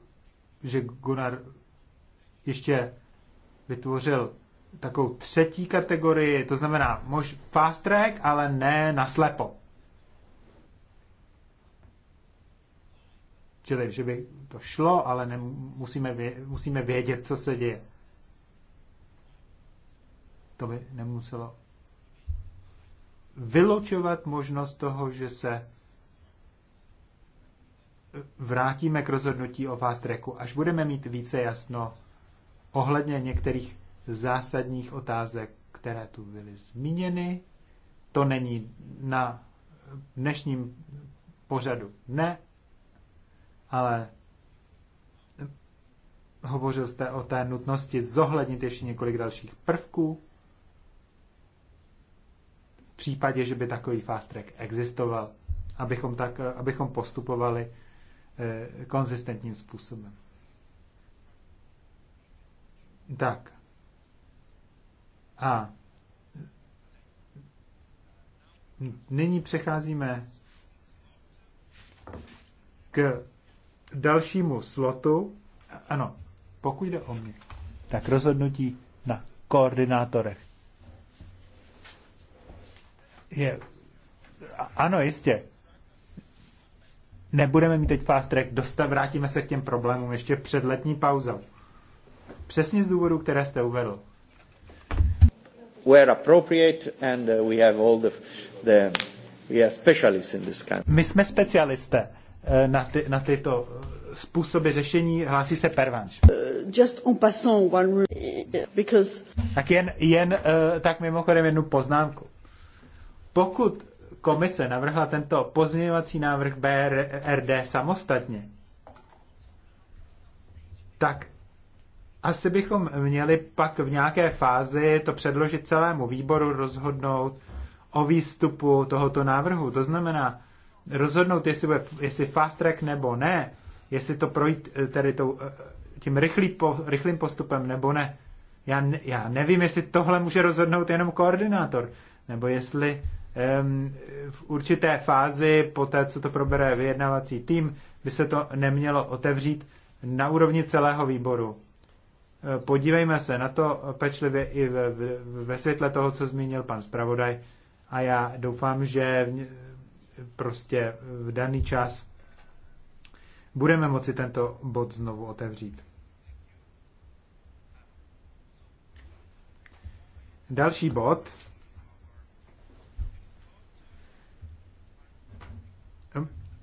že Gunnar ještě vytvořil takovou třetí kategorii, to znamená mož fast track, ale ne na slepo. Čili, že by to šlo, ale ne, musíme, vě, musíme vědět, co se děje. To by nemuselo vyločovat možnost toho, že se vrátíme k rozhodnutí o fast tracku, až budeme mít více jasno ohledně některých zásadních otázek, které tu byly zmíněny. To není na dnešním pořadu Ne? ale hovořil jste o té nutnosti zohlednit ještě několik dalších prvků. V případě, že by takový fast track existoval, abychom, tak, abychom postupovali eh, konzistentním způsobem. Tak. A nyní přecházíme k dalšímu slotu. Ano, pokud jde o mě, tak rozhodnutí na koordinátorech je... Ano, jistě. Nebudeme mít teď fast track, dosta, vrátíme se k těm problémům ještě před letní pauzou. Přesně z důvodu, které jste uvedl. Uh, My jsme specialisté. Eh, na, ty, na tyto eh, způsoby řešení hlásí se pervanš. Eh, just en passant one because... Tak jen, jen tak mimochodem jednu poznámku. Pokud komise navrhla tento pozměňovací návrh BRD samostatně, tak asi bychom měli pak v nějaké fázi to předložit celému výboru, rozhodnout o výstupu tohoto návrhu. To znamená, rozhodnout, jestli, bude, jestli fast track nebo ne, jestli to projít eh, tedy tou, eh, tím rychlý po, rychlým postupem nebo ne. Já, já nevím, jestli tohle může rozhodnout jenom koordinátor, nebo jestli um, v určité fázi, po té, co to probere vyjednávací tým, by se to nemělo otevřít na úrovni celého výboru. Eh, podívejme se na to pečlivě i ve, ve, ve světle toho, co zmínil pan zpravodaj. A já doufám, že prostě v daný čas budeme moci tento bod znovu otevřít. Další bod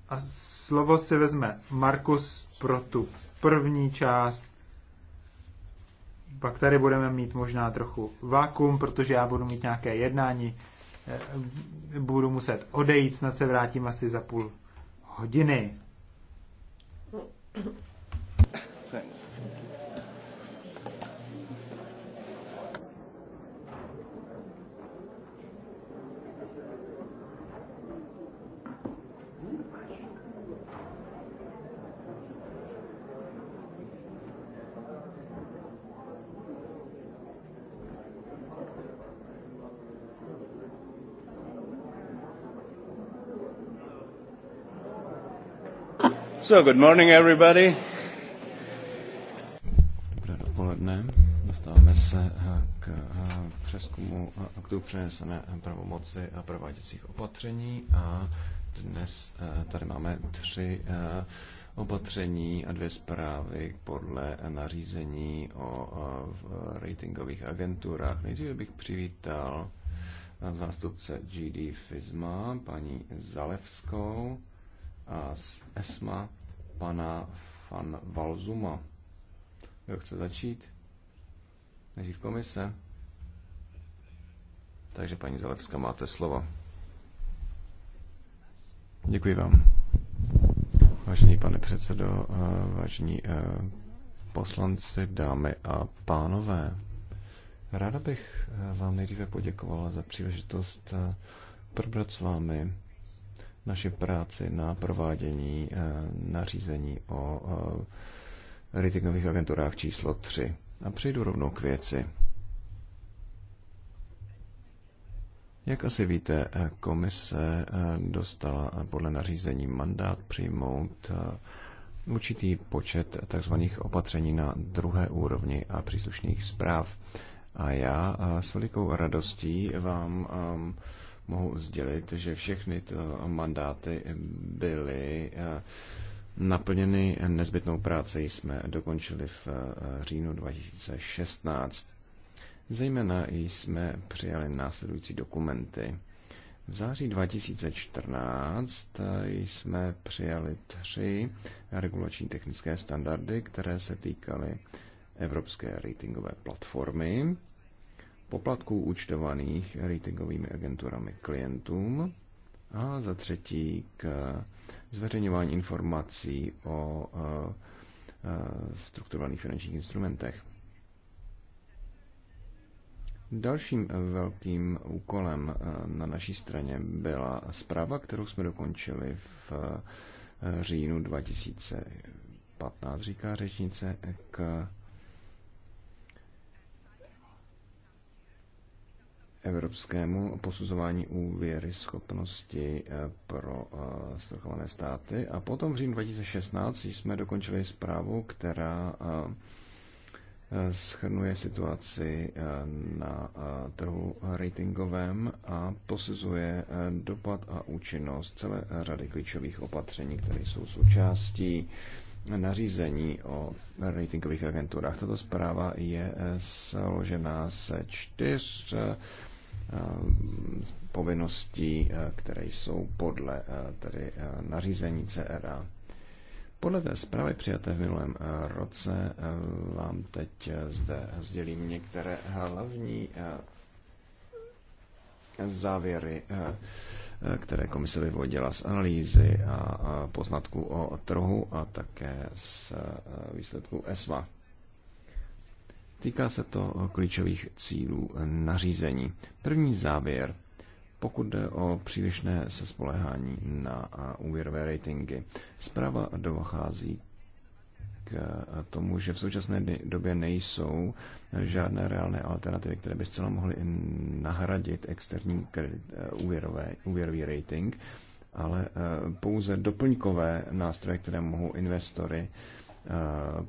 a slovo si vezme Markus pro tu první část. Pak tady budeme mít možná trochu vákum, protože já budu mít nějaké jednání Eh, budu muset odejít, snad se vrátím asi za půl hodiny. Thanks. So, good morning everybody. Dobré dopoledne. Dostáváme se eh, k eh, přeskumu eh, aktu přenesené pravomoci a prováděcích opatření a dnes tady máme tři opatření a dvě zprávy podle nařízení o ratingových agenturách. Nejdříve bych přivítal zástupce GD FISMA, paní Zalevskou a z ESMA, pana Fan Valzuma. Kdo chce začít? Nejdřív komise. Takže paní Zalevská, máte slovo. Děkuji vám. Vážený pane předsedo, eh, vážení eh, poslanci, dámy a pánové, ráda bych eh, vám nejdříve poděkovala za příležitost probrat s vámi naši práci na provádění eh, nařízení o eh, ratingových agenturách číslo 3. A přejdu rovnou k věci. Jak asi víte, eh, komise dostala podle nařízení mandát přijmout určitý počet tzv. opatření na druhé úrovni a příslušných zpráv. A já s velikou radostí vám ehm, mohu sdělit, že všechny ty mandáty byly eh, naplněny nezbytnou práci. Jsme dokončili v eh, říjnu 2016. Zejména jsme přijali následující dokumenty. V září 2014 eh, jsme přijali tři regulační technické standardy, které se týkaly Evropské ratingové platformy poplatků účtovaných ratingovými agenturami klientům a za třetí k zveřejňování informací o eh, eh, strukturovaných finančních instrumentech. Dalším velkým úkolem eh, na naší straně byla zpráva, kterou jsme dokončili v říjnu 2015, říká řečnice, k evropskému posuzování úvěry schopnosti eh, pro eh, strachované státy. A potom v říjnu 2016 jsme dokončili zprávu, která eh, schrnuje situaci na trhu ratingovém a posuzuje dopad a účinnost celé řady klíčových opatření, které jsou součástí nařízení o ratingových agenturách. Tato zpráva je složená se čtyř Eh, povinností, eh, které jsou podle eh, tedy nařízení CRA. Podle té zprávy přijaté v minulém roce vám teď zde sdělím některé hlavní závěry, které komise vyvodila z analýzy a poznatků o trhu a také z výsledků ESVA. Týká se to klíčových cílů nařízení. První závěr, pokud jde o přílišné sespoléhání na úvěrové ratingy. Zpráva dochází k tomu, že v současné době nejsou žádné reálné alternativy, které by zcela mohly nahradit externí kredit, úvěrové, úvěrový rating, ale eh, pouze doplňkové nástroje, které mohou investory eh,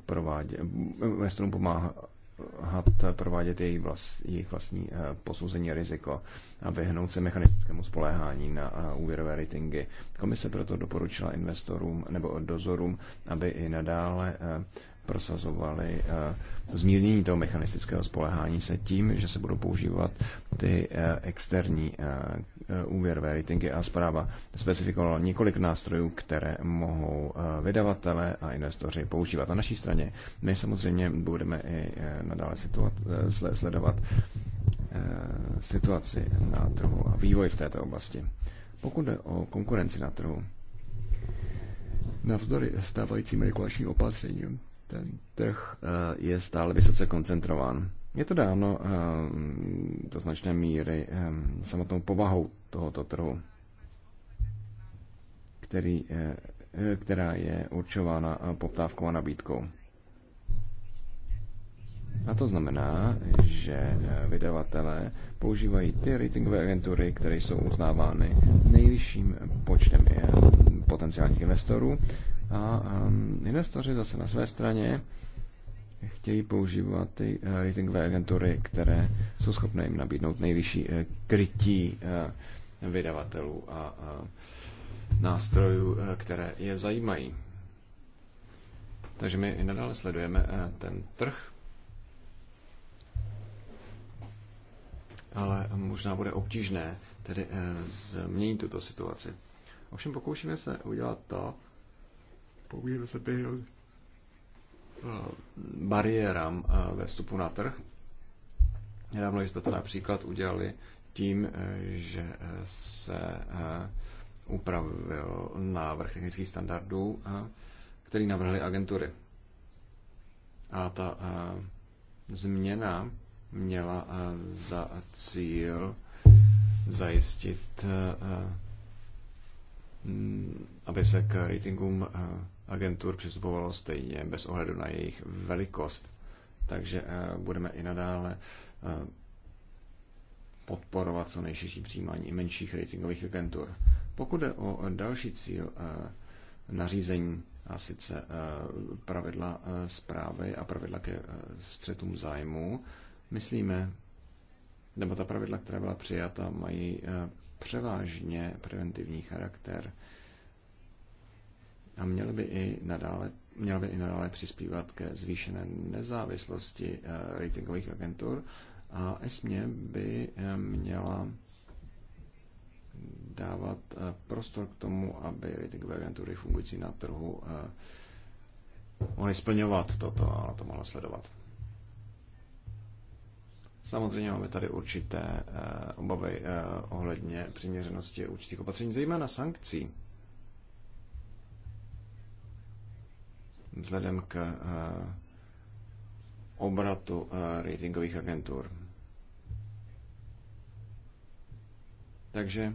provádět, investorům pomáhat hat eh, provádět jejich, vlast, jejich vlastní eh, posouzení riziko a vyhnout se mechanistickému spoléhání na eh, úvěrové ratingy. Komise proto doporučila investorům nebo dozorům, aby i nadále prosazovali eh, zmírnění toho mechanistického spolehání se tím, že se budou používat ty eh, externí eh, úvěrové ratingy a zpráva specifikovala několik nástrojů, které mohou vydavatele a investoři používat. Na naší straně my samozřejmě budeme i nadále sledovat situaci na trhu a vývoj v této oblasti. Pokud jde o konkurenci na trhu, navzdory stávajícím regulačním opatřením, ten trh eh, je stále vysoce koncentrován. Je to dáno eh, do značné míry eh, samotnou povahou tohoto trhu, který, která je určována poptávkou a nabídkou. A to znamená, že vydavatelé používají ty ratingové agentury, které jsou uznávány nejvyšším počtem potenciálních investorů a um, investoři zase na své straně chtějí používat ty uh, ratingové agentury, které jsou schopné jim nabídnout nejvyšší uh, krytí uh, vydavatelů a uh, nástrojů, uh, které je zajímají. Takže my i nadále sledujeme uh, ten trh, ale možná bude obtížné tedy změnit tuto situaci. Ovšem pokoušíme se udělat to, pouze se byl bariérám ve vstupu na trh. Nedávno jsme to například udělali tím, e, že e, se e, upravil návrh technických standardů, který navrhly agentury. A ta změna měla za cíl zajistit, aby se k ratingům agentur přistupovalo stejně, bez ohledu na jejich velikost. Takže eh, budeme i nadále eh, podporovat co nejširší přijímání i menších ratingových agentur. Pokud jde o další cíl eh, nařízení, a sice pravidla zprávy a pravidla ke střetům zájmu, myslíme, nebo ta pravidla, která byla přijata, mají převážně preventivní charakter – a měl by i nadále, měl by i nadále přispívat ke zvýšené nezávislosti eh, ratingových agentur a ESMě by eh, měla dávat eh, prostor k tomu, aby ratingové agentury fungující na trhu mohly splňovat toto a to mohla sledovat. Samozřejmě máme tady určité obavy ohledně přiměřenosti určitých opatření, zejména sankcí vzhledem k eh, obratu eh, ratingových agentur. Takže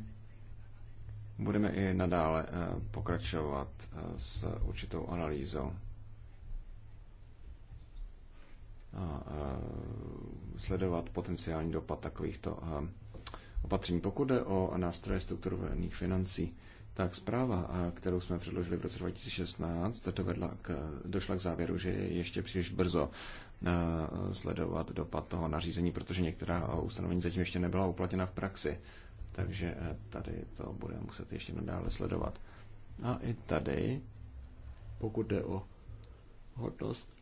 budeme i nadále eh, pokračovat s určitou analýzou. A sledovat potenciální dopad takovýchto opatření. Pokud jde o nástroje strukturovaných financí, tak zpráva, kterou jsme předložili v roce 2016, vedla k, došla k závěru, že je ještě příliš brzo eh, sledovat dopad toho nařízení, protože některá ustanovení zatím ještě nebyla uplatněna v praxi. Takže eh, tady to bude muset ještě nadále sledovat. A i tady, pokud jde o hodnost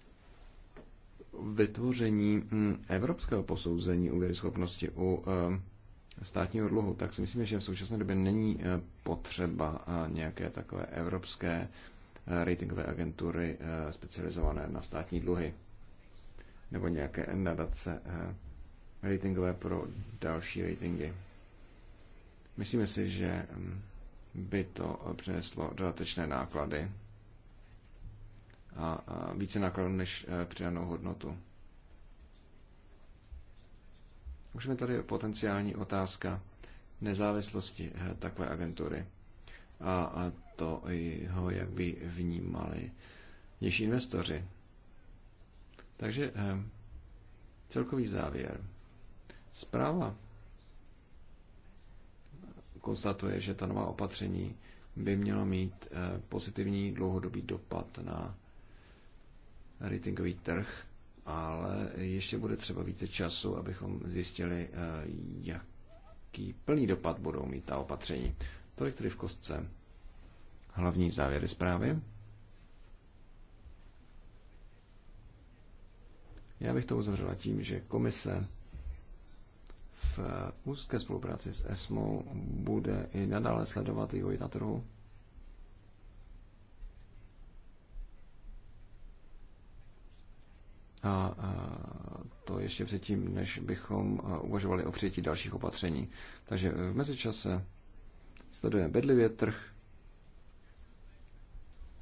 vytvoření hm, evropského posouzení schopnosti u eh, státního dluhu, tak si myslím, že v současné době není eh, potřeba eh, nějaké takové evropské eh, ratingové agentury specializované na státní dluhy nebo nějaké nadace ratingové pro další ratingy. Myslíme si, že mm, by to přineslo dodatečné náklady a více nákladů než přidanou hodnotu. Už tady potenciální otázka nezávislosti eh, takové agentury a, to jeho, jak by vnímali vnější investoři. Takže eh, celkový závěr. Zpráva konstatuje, že ta nová opatření by měla mít eh, pozitivní dlouhodobý dopad na ratingový trh ale ještě bude třeba více času, abychom zjistili, eh, jaký plný dopad budou mít ta opatření. Tolik tedy v kostce hlavní závěry zprávy. Já bych to uzavřela tím, že komise v úzké spolupráci s ESMO bude i nadále sledovat vývoj na trhu A to ještě předtím, než bychom uvažovali o přijetí dalších opatření. Takže e, v mezičase sledujeme bedlivě trh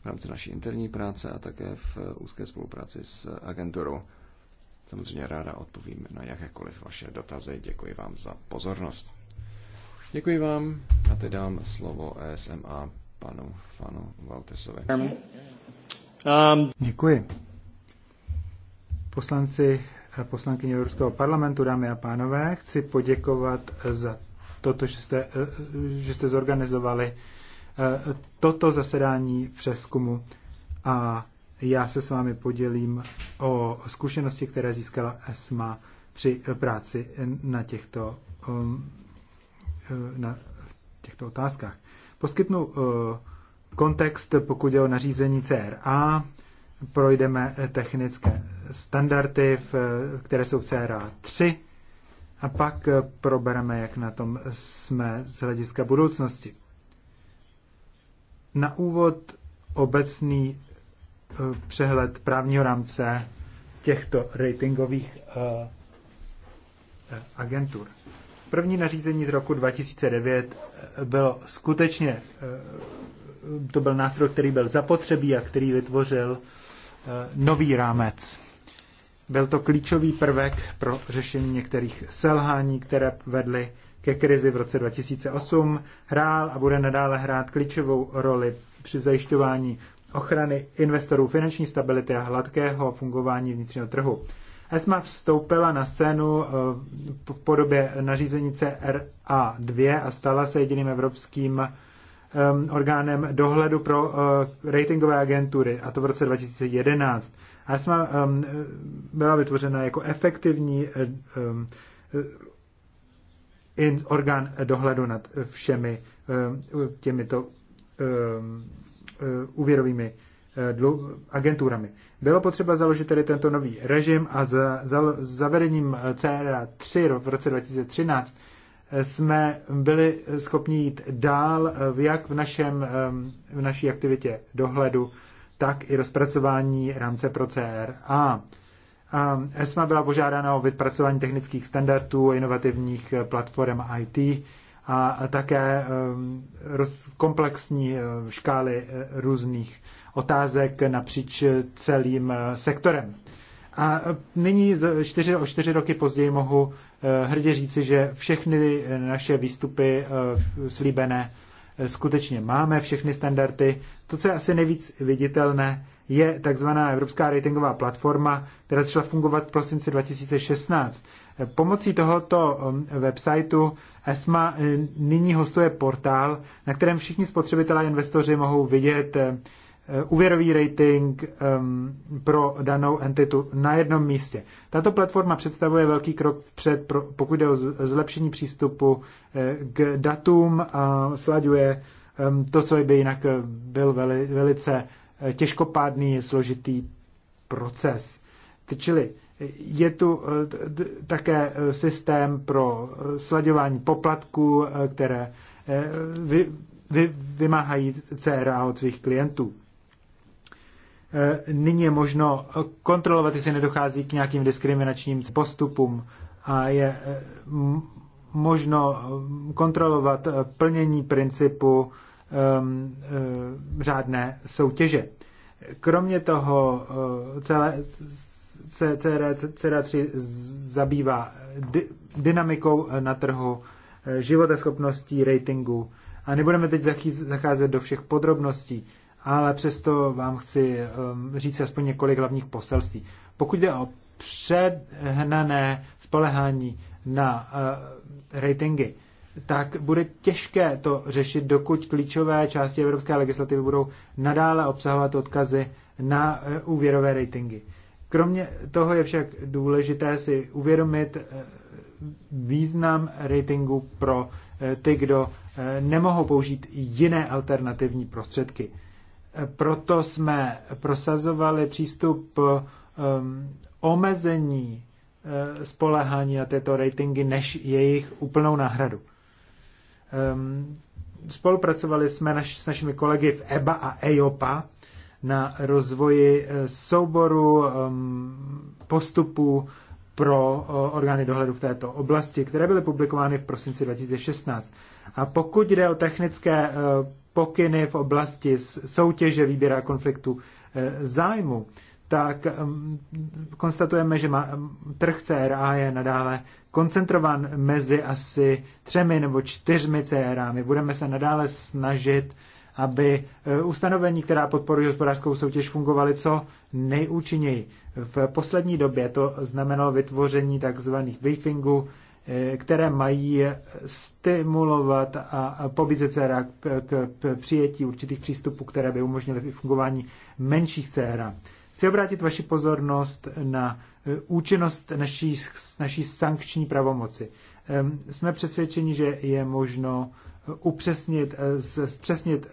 v rámci naší interní práce a také v e, úzké spolupráci s agenturou. Samozřejmě ráda odpovím na jakékoliv vaše dotazy. Děkuji vám za pozornost. Děkuji vám a teď dám slovo ESMA panu Fanu Valtesovi. Um, děkuji poslanci poslankyně Evropského parlamentu, dámy a pánové, chci poděkovat za toto, že jste, eh, že jste zorganizovali eh, toto zasedání přeskumu a já se s vámi podělím o zkušenosti, které získala ESMA při práci na těchto, um, eh, na těchto otázkách. Poskytnu kontext, pokud je o nařízení CRA, projdeme technické standardy, v, které jsou v CRA 3 a pak eh, probereme, jak na tom jsme z hlediska budoucnosti. Na úvod obecný eh, přehled právního rámce těchto ratingových eh, agentur. První nařízení z roku 2009 bylo skutečně, to byl nástroj, který byl zapotřebí a který vytvořil nový rámec byl to klíčový prvek pro řešení některých selhání, které vedly ke krizi v roce 2008. Hrál a bude nadále hrát klíčovou roli při zajišťování ochrany investorů, finanční stability a hladkého fungování vnitřního trhu. ESMA vstoupila na scénu eh, v podobě nařízení CRA2 a stala se jediným evropským eh, orgánem dohledu pro eh, ratingové agentury, a to v roce 2011. ASMA um, byla vytvořena jako efektivní eh, um, eh, orgán dohledu nad všemi eh, těmito um, úvěrovými agenturami. Bylo potřeba založit tedy tento nový režim a za, za zavedením CRA 3 v roce 2013 jsme byli schopni jít dál, jak v, našem, v naší aktivitě dohledu, tak i rozpracování rámce pro CRA. A ESMA byla požádána o vypracování technických standardů, inovativních platform IT a také ehm, komplexní e, škály e, různých otázek napříč celým e, sektorem. A nyní čtyři, o čtyři roky později mohu hrdě říci, že všechny naše výstupy slíbené skutečně máme všechny standardy. To, co je asi nejvíc viditelné, je takzvaná Evropská ratingová platforma, která začala fungovat v prosinci 2016. Pomocí tohoto um, websiteu ESMA eh, nyní hostuje portál, na kterém všichni spotřebitelé a investoři mohou vidět eh, Eh, úvěrový rating pro danou entitu na jednom místě. Tato platforma představuje velký krok vpřed, pokud jde o zlepšení přístupu eh, k datům a slaďuje to, co by jinak eh, byl velice těžkopádný, složitý proces. Čili je tu také systém pro slaďování poplatků, které vy, vy, vymáhají CRA od svých klientů. Eh, nyní je možno kontrolovat, jestli nedochází k nějakým diskriminačním postupům a je eh, možno eh, kontrolovat plnění principu ehm, řádné soutěže. Kromě toho celé cr 3 zabývá dynamikou na trhu, životeschopností, ratingu a nebudeme teď zacházet do všech podrobností ale přesto vám chci um, říct aspoň několik hlavních poselství. Pokud jde o předhnané spolehání na uh, ratingy, tak bude těžké to řešit, dokud klíčové části evropské legislativy budou nadále obsahovat odkazy na uh, úvěrové ratingy. Kromě toho je však důležité si uvědomit uh, význam ratingu pro uh, ty, kdo uh, nemohou použít jiné alternativní prostředky. Proto jsme prosazovali přístup um, omezení eh, spolehání na tyto ratingy než jejich úplnou náhradu. Um, spolupracovali jsme naš, s našimi kolegy v EBA a EIOPA e na rozvoji eh, souboru um, postupů pro eh, orgány dohledu v této oblasti, které byly publikovány v prosinci 2016. A pokud jde o technické pokyny v oblasti soutěže, výběra konfliktu eh, zájmu, tak mm, konstatujeme, že má, mm, trh CRA je nadále koncentrovan mezi asi třemi nebo čtyřmi My Budeme se nadále snažit, aby eh, ustanovení, která podporují hospodářskou soutěž, fungovaly co nejúčinněji. V poslední době to znamenalo vytvoření takzvaných briefingů, které mají stimulovat a pobízet CRA k přijetí určitých přístupů, které by umožnily fungování menších CRA. Chci obrátit vaši pozornost na e, účinnost naší, naší sankční pravomoci. Jsme přesvědčeni, že je možno e, upřesnit, e, zpřesnit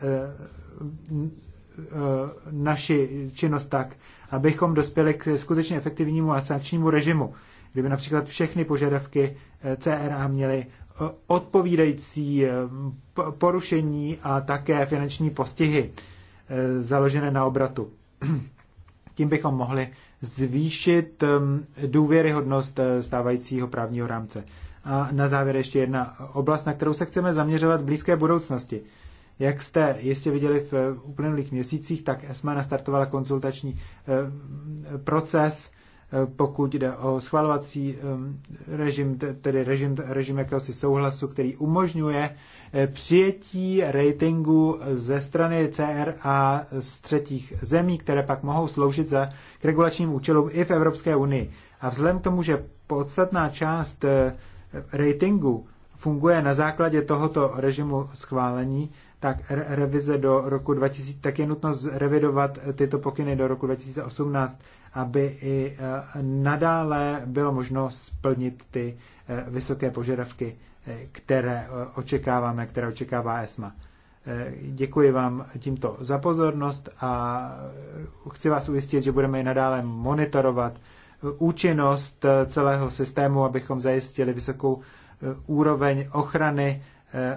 naši činnost tak, abychom dospěli k skutečně efektivnímu a sankčnímu režimu kdyby například všechny požadavky eh, CRA měly eh, odpovídající eh, porušení a také finanční postihy založené na obratu. Tím bychom mohli zvýšit ehm, důvěryhodnost stávajícího právního rámce. A na závěr ještě jedna oblast, na kterou se chceme zaměřovat v blízké budoucnosti. Jak jste jistě viděli v uplynulých měsících, tak ESMA nastartovala konzultační proces pokud jde o schvalovací režim, tedy režim, režim jakéhosi souhlasu, který umožňuje eh, přijetí ratingu ze strany CRA z třetích zemí, které pak mohou sloužit za k regulačním účelům i v Evropské unii. A vzhledem k tomu, že podstatná část eh, ratingu funguje na základě tohoto režimu schválení, tak revize do roku 2000, tak je nutno zrevidovat eh, tyto pokyny do roku 2018 aby i e, nadále bylo možno splnit ty e, vysoké požadavky, e, které očekáváme, které očekává ESMA. Děkuji vám tímto za pozornost a chci vás ujistit, že budeme i nadále monitorovat účinnost celého systému, abychom zajistili vysokou úroveň ochrany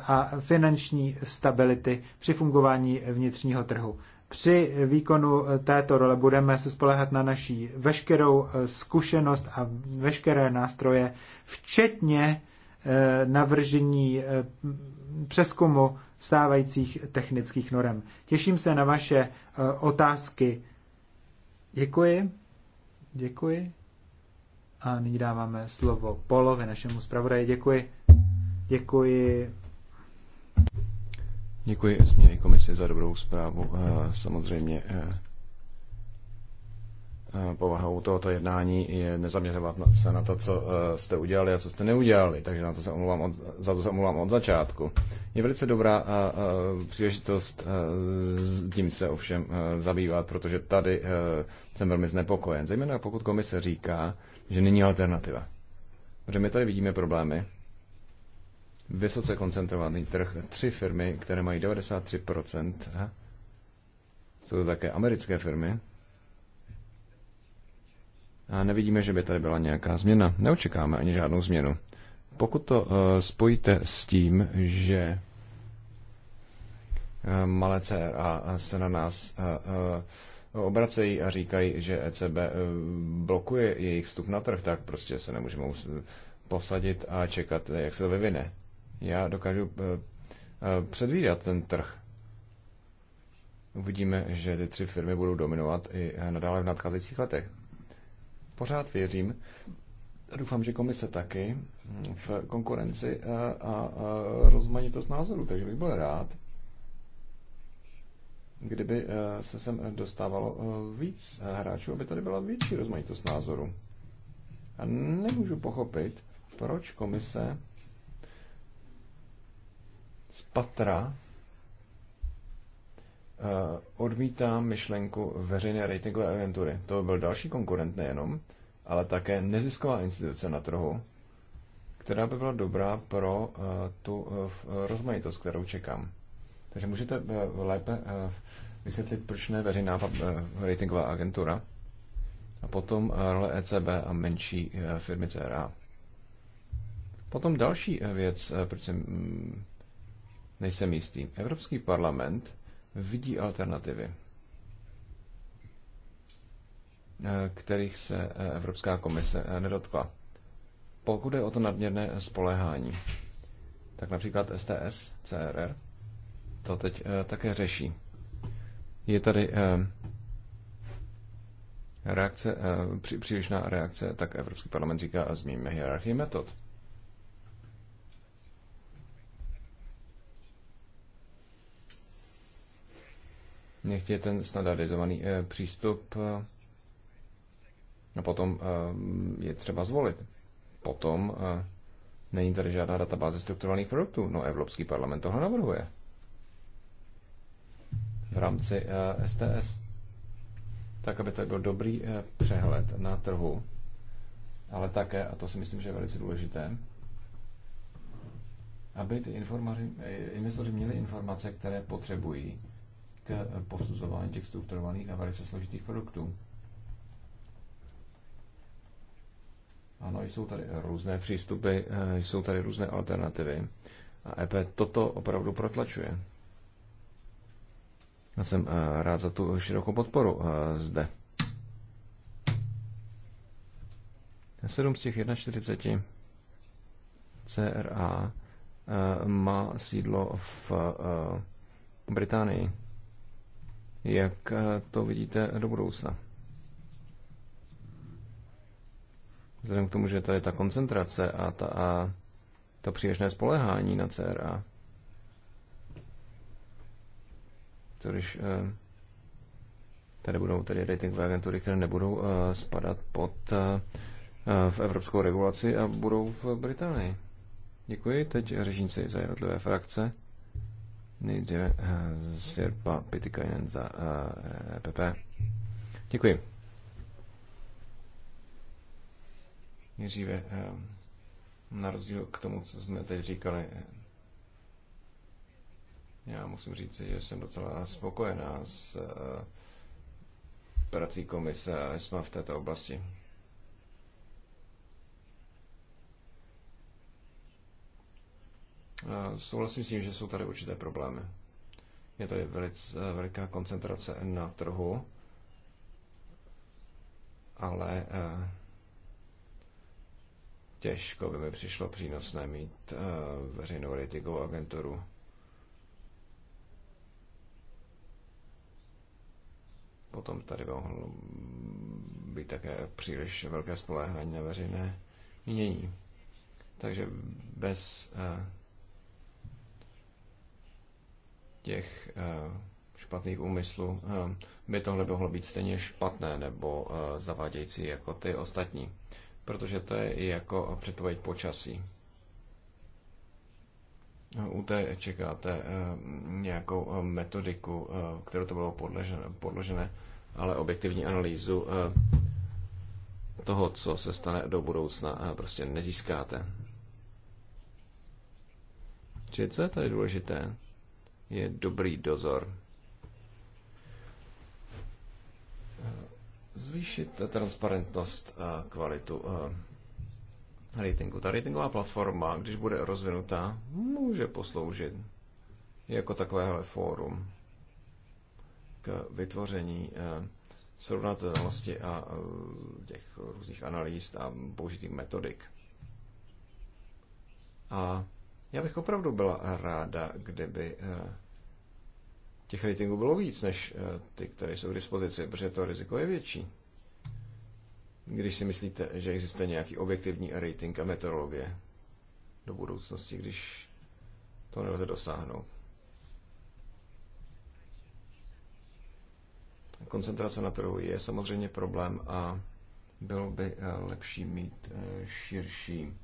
a finanční stability při fungování vnitřního trhu. Při výkonu eh, této role budeme se spolehat na naší veškerou eh, zkušenost a veškeré nástroje, včetně eh, navržení přeskumu stávajících technických norem. Těším se na vaše otázky. Děkuji. Děkuji. A nyní dáváme slovo Polovi, našemu zpravodaji. Děkuji. Děkuji Děkuji i komisi za dobrou zprávu. Eh, samozřejmě eh, eh, povahou tohoto jednání je nezaměřovat se na to, co jste udělali a co jste neudělali, takže na to se omluvám od, za to se omluvám od začátku. Je velice dobrá příležitost s tím se ovšem zabývat, protože tady jsem velmi znepokojen, zejména pokud komise říká, že není alternativa. Protože my tady vidíme problémy, vysoce koncentrovaný trh. Tři firmy, které mají 93%, jsou to také americké firmy. A nevidíme, že by tady byla nějaká změna. Neočekáme ani žádnou změnu. Pokud to eh, spojíte s tím, že eh, malé CRA se na nás eh, obracejí a říkají, že ECB blokuje jejich vstup na trh, tak prostě se nemůžeme posadit a čekat, jak se to vyvine. Já dokážu eh, eh, předvídat ten trh. Uvidíme, že ty tři firmy budou dominovat i eh, nadále v nadcházejících letech. Pořád věřím, doufám, že komise taky, v konkurenci a rozmanitost názorů, takže bych byl rád, kdyby se sem dostávalo víc hráčů, aby tady byla větší rozmanitost názorů. A nemůžu pochopit, proč komise z patra eh, odmítám myšlenku veřejné ratingové agentury. To by byl další konkurent nejenom, ale také nezisková instituce na trhu, která by byla dobrá pro eh, tu eh, rozmanitost, kterou čekám. Takže můžete lépe vysvětlit, proč ne veřejná ratingová agentura a potom role ECB a menší firmy CRA. Potom další věc, proč jsem mm, nejsem jistý. Evropský parlament vidí alternativy, eh, kterých se eh, Evropská komise eh, nedotkla. Pokud je o to nadměrné spoléhání, tak například STS, CRR, to teď také řeší. Je tady reakce, přílišná reakce, tak Evropský parlament říká, změníme hierarchii metod. nechtě ten standardizovaný eh, přístup eh, a potom eh, je třeba zvolit. Potom není tady žádná databáze strukturovaných produktů. No, Evropský parlament tohle navrhuje. V rámci STS. Tak, aby to byl dobrý přehled na trhu, ale také, a to si myslím, že je velice důležité, aby ty investoři měli informace, které potřebují k eh, posuzování těch strukturovaných a velice složitých produktů. Ano, jsou tady různé přístupy, eh, jsou tady různé alternativy. A EP toto opravdu protlačuje. Já jsem eh, rád za tu širokou podporu zde. 7 z těch 41 CRA má sídlo v Británii. Jak eh, to vidíte do budoucna? Vzhledem k tomu, že tady ta koncentrace a, ta, a to přílišné spolehání na CRA, to když eh, tady budou tedy ratingové agentury, které nebudou eh, spadat pod v evropskou regulaci a budou v Británii. Děkuji teď řečníci za jednotlivé frakce. Nejdříve Sirpa eh, Pitikainen za EPP. Eh, e Děkuji. Nejdříve, eh, na rozdíl k tomu, co jsme teď říkali, já musím říct, že jsem docela spokojená s prací komise a ESMA v této oblasti. Eh, souhlasím s tím, že jsou tady určité problémy. Je tady velic, eh, veliká koncentrace na trhu, ale eh, těžko by mi přišlo přínosné mít veřejnou ratingovou agenturu. Potom tady by mohlo být také příliš velké spoléhání na veřejné mínění. Takže bez těch eh, špatných úmyslů, eh, by tohle mohlo být stejně špatné nebo eh, zavádějící jako ty ostatní. Protože to je i jako předpověď počasí. U té čekáte nějakou metodiku, kterou to bylo podložené, podložené ale objektivní analýzu toho, co se stane do budoucna, prostě nezískáte. Čili co je tady důležité? je dobrý dozor. Zvýšit transparentnost a kvalitu eh, ratingu. Ta ratingová platforma, když bude rozvinutá, může posloužit jako takovéhle fórum k vytvoření eh, srovnatelnosti a eh, těch různých analýz a použitých metodik. A já bych opravdu byla ráda, kdyby eh, těch ratingů bylo víc než eh, ty, které jsou k dispozici, protože to riziko je větší. Když si myslíte, že existuje nějaký objektivní rating a meteorologie do budoucnosti, když to nelze dosáhnout. Koncentrace na trhu je samozřejmě problém a bylo by eh, lepší mít širší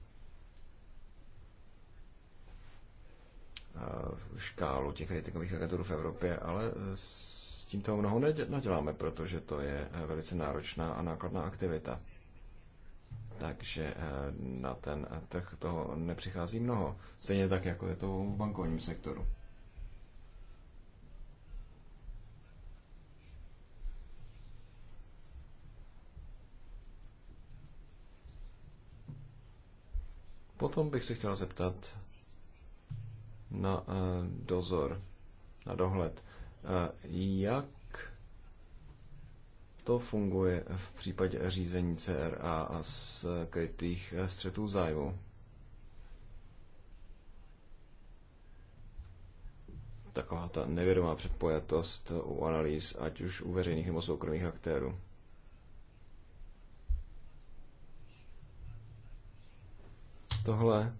Eh, škálu těch ratingových agentů v Evropě, ale s tím toho mnoho neděláme, protože to je eh, velice náročná a nákladná aktivita. Takže eh, na ten trh toho nepřichází mnoho. Stejně tak, jako je to v bankovním sektoru. Potom bych se chtěl zeptat na eh, dozor, na dohled. Eh, jak to funguje v případě řízení CRA a skrytých eh, střetů zájmu? Taková ta nevědomá předpojatost u analýz, ať už u veřejných nebo soukromých aktérů. Tohle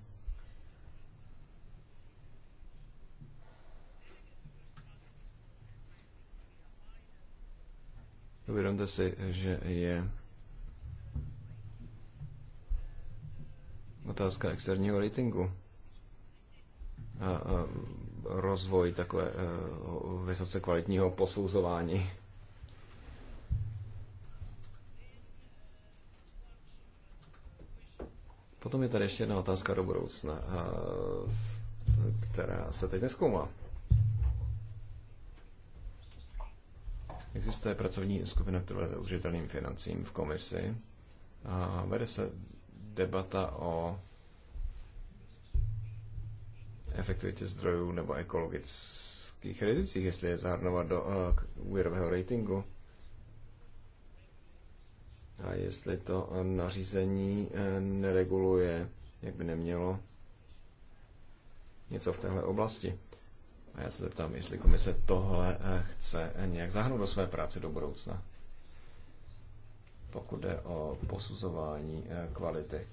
Uvědomte si, že je otázka externího ratingu a, a rozvoj takové a, e, vysoce kvalitního posouzování. Potom je tady ještě jedna otázka do budoucna, která se teď neskoumá. Existuje pracovní skupina, která je udržitelným financím v komisi a vede se debata o efektivitě zdrojů nebo ekologických rizicích, jestli je zahrnovat do uh, úvěrového ratingu a jestli to eh, nařízení eh, nereguluje, jak by nemělo, něco v téhle oblasti. A já se zeptám, jestli komise tohle eh, chce eh, nějak zahrnout do své práce do budoucna, pokud jde o posuzování eh, kvality.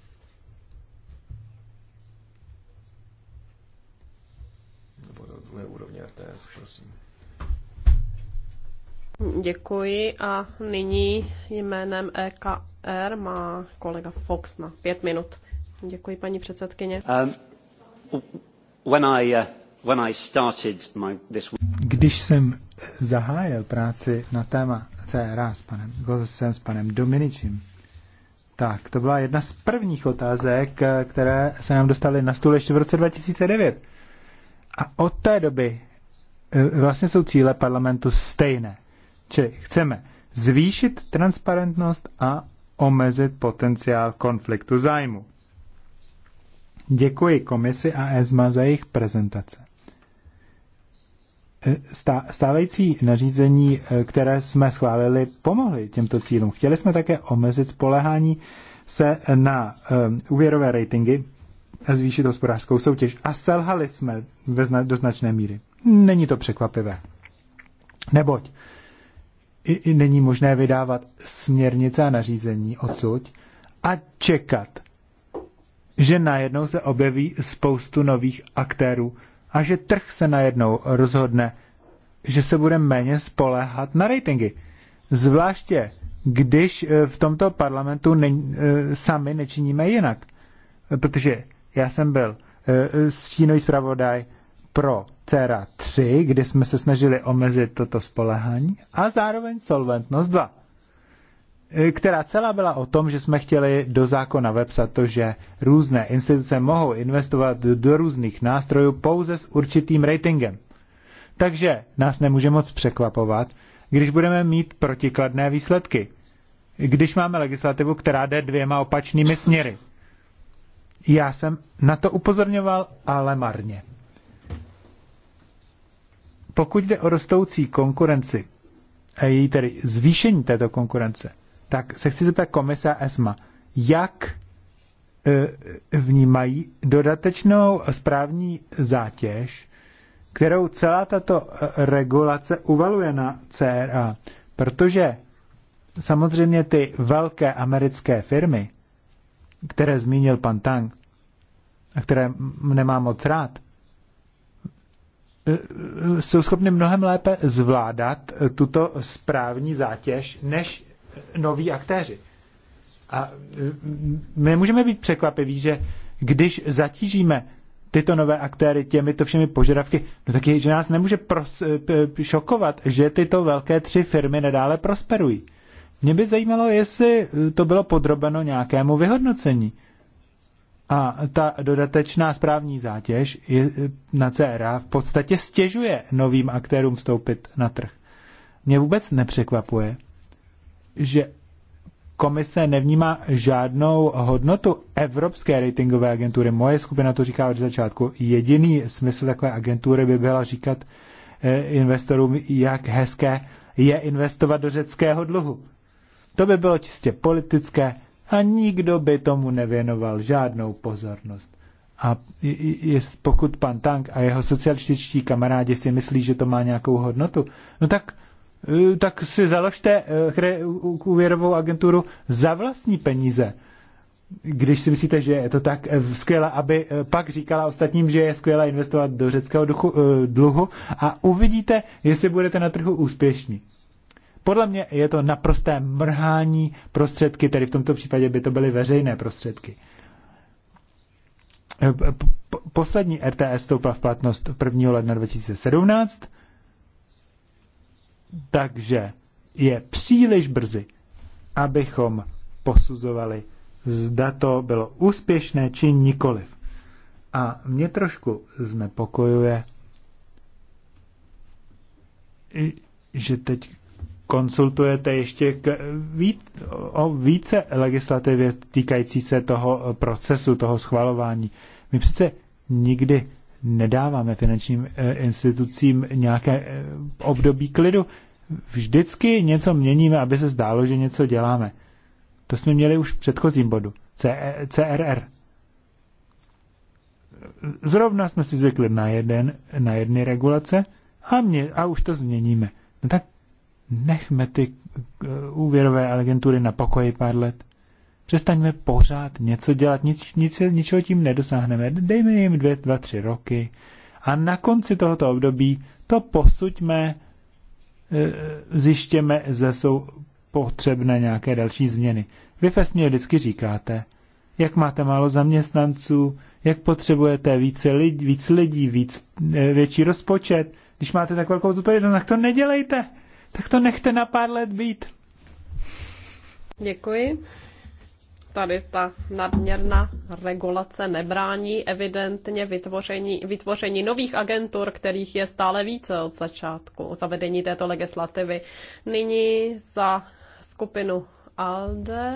Nebo do druhé úrovně RTS, prosím. Děkuji a nyní jménem EKR má kolega Fox na pět minut. Děkuji, paní předsedkyně. Um, when I, uh... Když jsem zahájil práci na téma CRA s panem jsem s panem Dominičem, tak to byla jedna z prvních otázek, které se nám dostaly na stůl ještě v roce 2009. A od té doby eh, vlastně jsou cíle parlamentu stejné. Čili chceme zvýšit transparentnost a omezit potenciál konfliktu zájmu. Děkuji komisi a ESMA za jejich prezentace. Eh, stávající nařízení, eh, které jsme schválili, pomohly těmto cílům. Chtěli jsme také omezit spolehání se na eh, úvěrové ratingy a zvýšit hospodářskou soutěž. A selhali jsme do značné míry. Není to překvapivé. Neboť i, i není možné vydávat směrnice a nařízení odsud a čekat, že najednou se objeví spoustu nových aktérů, a že trh se najednou rozhodne, že se bude méně spoléhat na ratingy. Zvláště, když eh, v tomto parlamentu ne, eh, sami nečiníme jinak. Protože já jsem byl eh, stínový zpravodaj pro CERA 3, kdy jsme se snažili omezit toto spolehání a zároveň solventnost 2. Eh, která celá byla o tom, že jsme chtěli do zákona vepsat to, že různé instituce mohou investovat do různých nástrojů pouze s určitým ratingem. Takže nás nemůže moc překvapovat, když budeme mít protikladné výsledky. Když máme legislativu, která jde dvěma opačnými směry. Já jsem na to upozorňoval, ale marně. Pokud jde o rostoucí konkurenci a její tedy zvýšení této konkurence, tak se chci zeptat komise a ESMA, jak e, vnímají dodatečnou správní zátěž, kterou celá tato e, regulace uvaluje na CRA. Protože samozřejmě ty velké americké firmy, které zmínil pan Tang, a které nemá moc rád, e, jsou schopny mnohem lépe zvládat tuto správní zátěž než noví aktéři. A my můžeme být překvapiví, že když zatížíme tyto nové aktéry těmito všemi požadavky, no tak je, že nás nemůže pros, šokovat, že tyto velké tři firmy nedále prosperují. Mě by zajímalo, jestli to bylo podrobeno nějakému vyhodnocení. A ta dodatečná správní zátěž je, na CRA v podstatě stěžuje novým aktérům vstoupit na trh. Mě vůbec nepřekvapuje, že komise nevnímá žádnou hodnotu Evropské ratingové agentury. Moje skupina to říká od začátku. Jediný smysl takové agentury by byla říkat eh, investorům, jak hezké je investovat do řeckého dluhu. To by bylo čistě politické a nikdo by tomu nevěnoval žádnou pozornost. A jest, pokud pan Tank a jeho socialističtí kamarádi si myslí, že to má nějakou hodnotu, no tak Eh, tak si založte eh, úvěrovou agenturu za vlastní peníze. Když si myslíte, že je to tak eh, skvělé, aby pak říkala ostatním, že je skvělé investovat do řeckého duchu, dluhu a uvidíte, jestli budete na trhu úspěšní. Podle mě je to naprosté mrhání prostředky, tedy v tomto případě by to byly veřejné prostředky. Poslední RTS stoupla v platnost 1. ledna 2017 takže je příliš brzy, abychom posuzovali, zda to bylo úspěšné či nikoliv. A mě trošku znepokojuje, že teď konsultujete ještě k víc, o více legislativě týkající se toho procesu, toho schvalování. My přece nikdy nedáváme finančním eh, institucím nějaké eh, období klidu. Vždycky něco měníme, aby se zdálo, že něco děláme. To jsme měli už v předchozím bodu. CRR. E, Zrovna jsme si zvykli na, jeden, na jedny regulace a, mě, a už to změníme. No tak nechme ty eh, úvěrové agentury na pokoji pár let. Přestaňme pořád něco dělat, nic, nic, ničeho tím nedosáhneme. Dejme jim dvě, dva, tři roky a na konci tohoto období to posuďme, e, zjištěme, zda jsou potřebné nějaké další změny. Vy festně vždycky říkáte, jak máte málo zaměstnanců, jak potřebujete více lidí, víc lidí, víc, e, větší rozpočet. Když máte tak velkou zodpovědnost, tak to nedělejte. Tak to nechte na pár let být. Děkuji tady ta nadměrná regulace nebrání evidentně vytvoření, vytvoření nových agentur, kterých je stále více od začátku, od zavedení této legislativy. Nyní za skupinu ALDE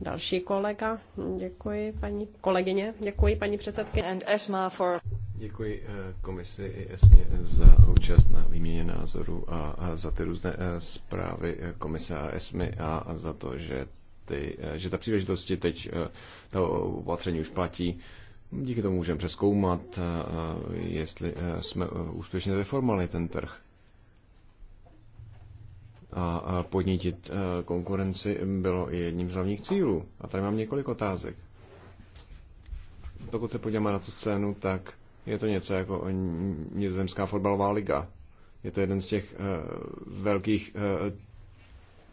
Další kolega. Děkuji, paní kolegyně. Děkuji, paní předsedkyně. And ESMA for... Děkuji eh, komisi i ESMě za účast na výměně názoru a za ty různé eh, zprávy eh, komise a ESMy a za to, že ty, eh, že ta příležitosti teď eh, to opatření už platí. Díky tomu můžeme přeskoumat, eh, jestli jsme úspěšně reformovali ten trh a podnítit konkurenci bylo jedním z hlavních cílů. A tady mám několik otázek. Pokud se podíváme na tu scénu, tak je to něco jako nizozemská fotbalová liga. Je to jeden z těch velkých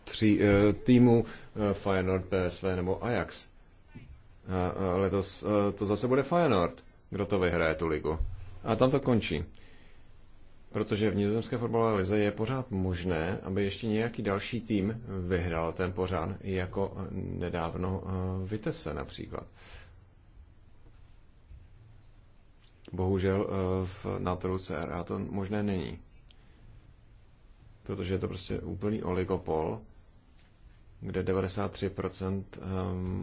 tří eh, týmů eh, Feyenoord, PSV nebo Ajax. Letos eh, to zase bude Feyenoord, kdo to vyhraje tu ligu. A tam to končí. Protože v nizozemské fotbalové lize je pořád možné, aby ještě nějaký další tým vyhrál ten pořád, jako nedávno Vitesse například. Bohužel v, nátoru CRA to možné není. Protože je to prostě úplný oligopol kde 93% eh,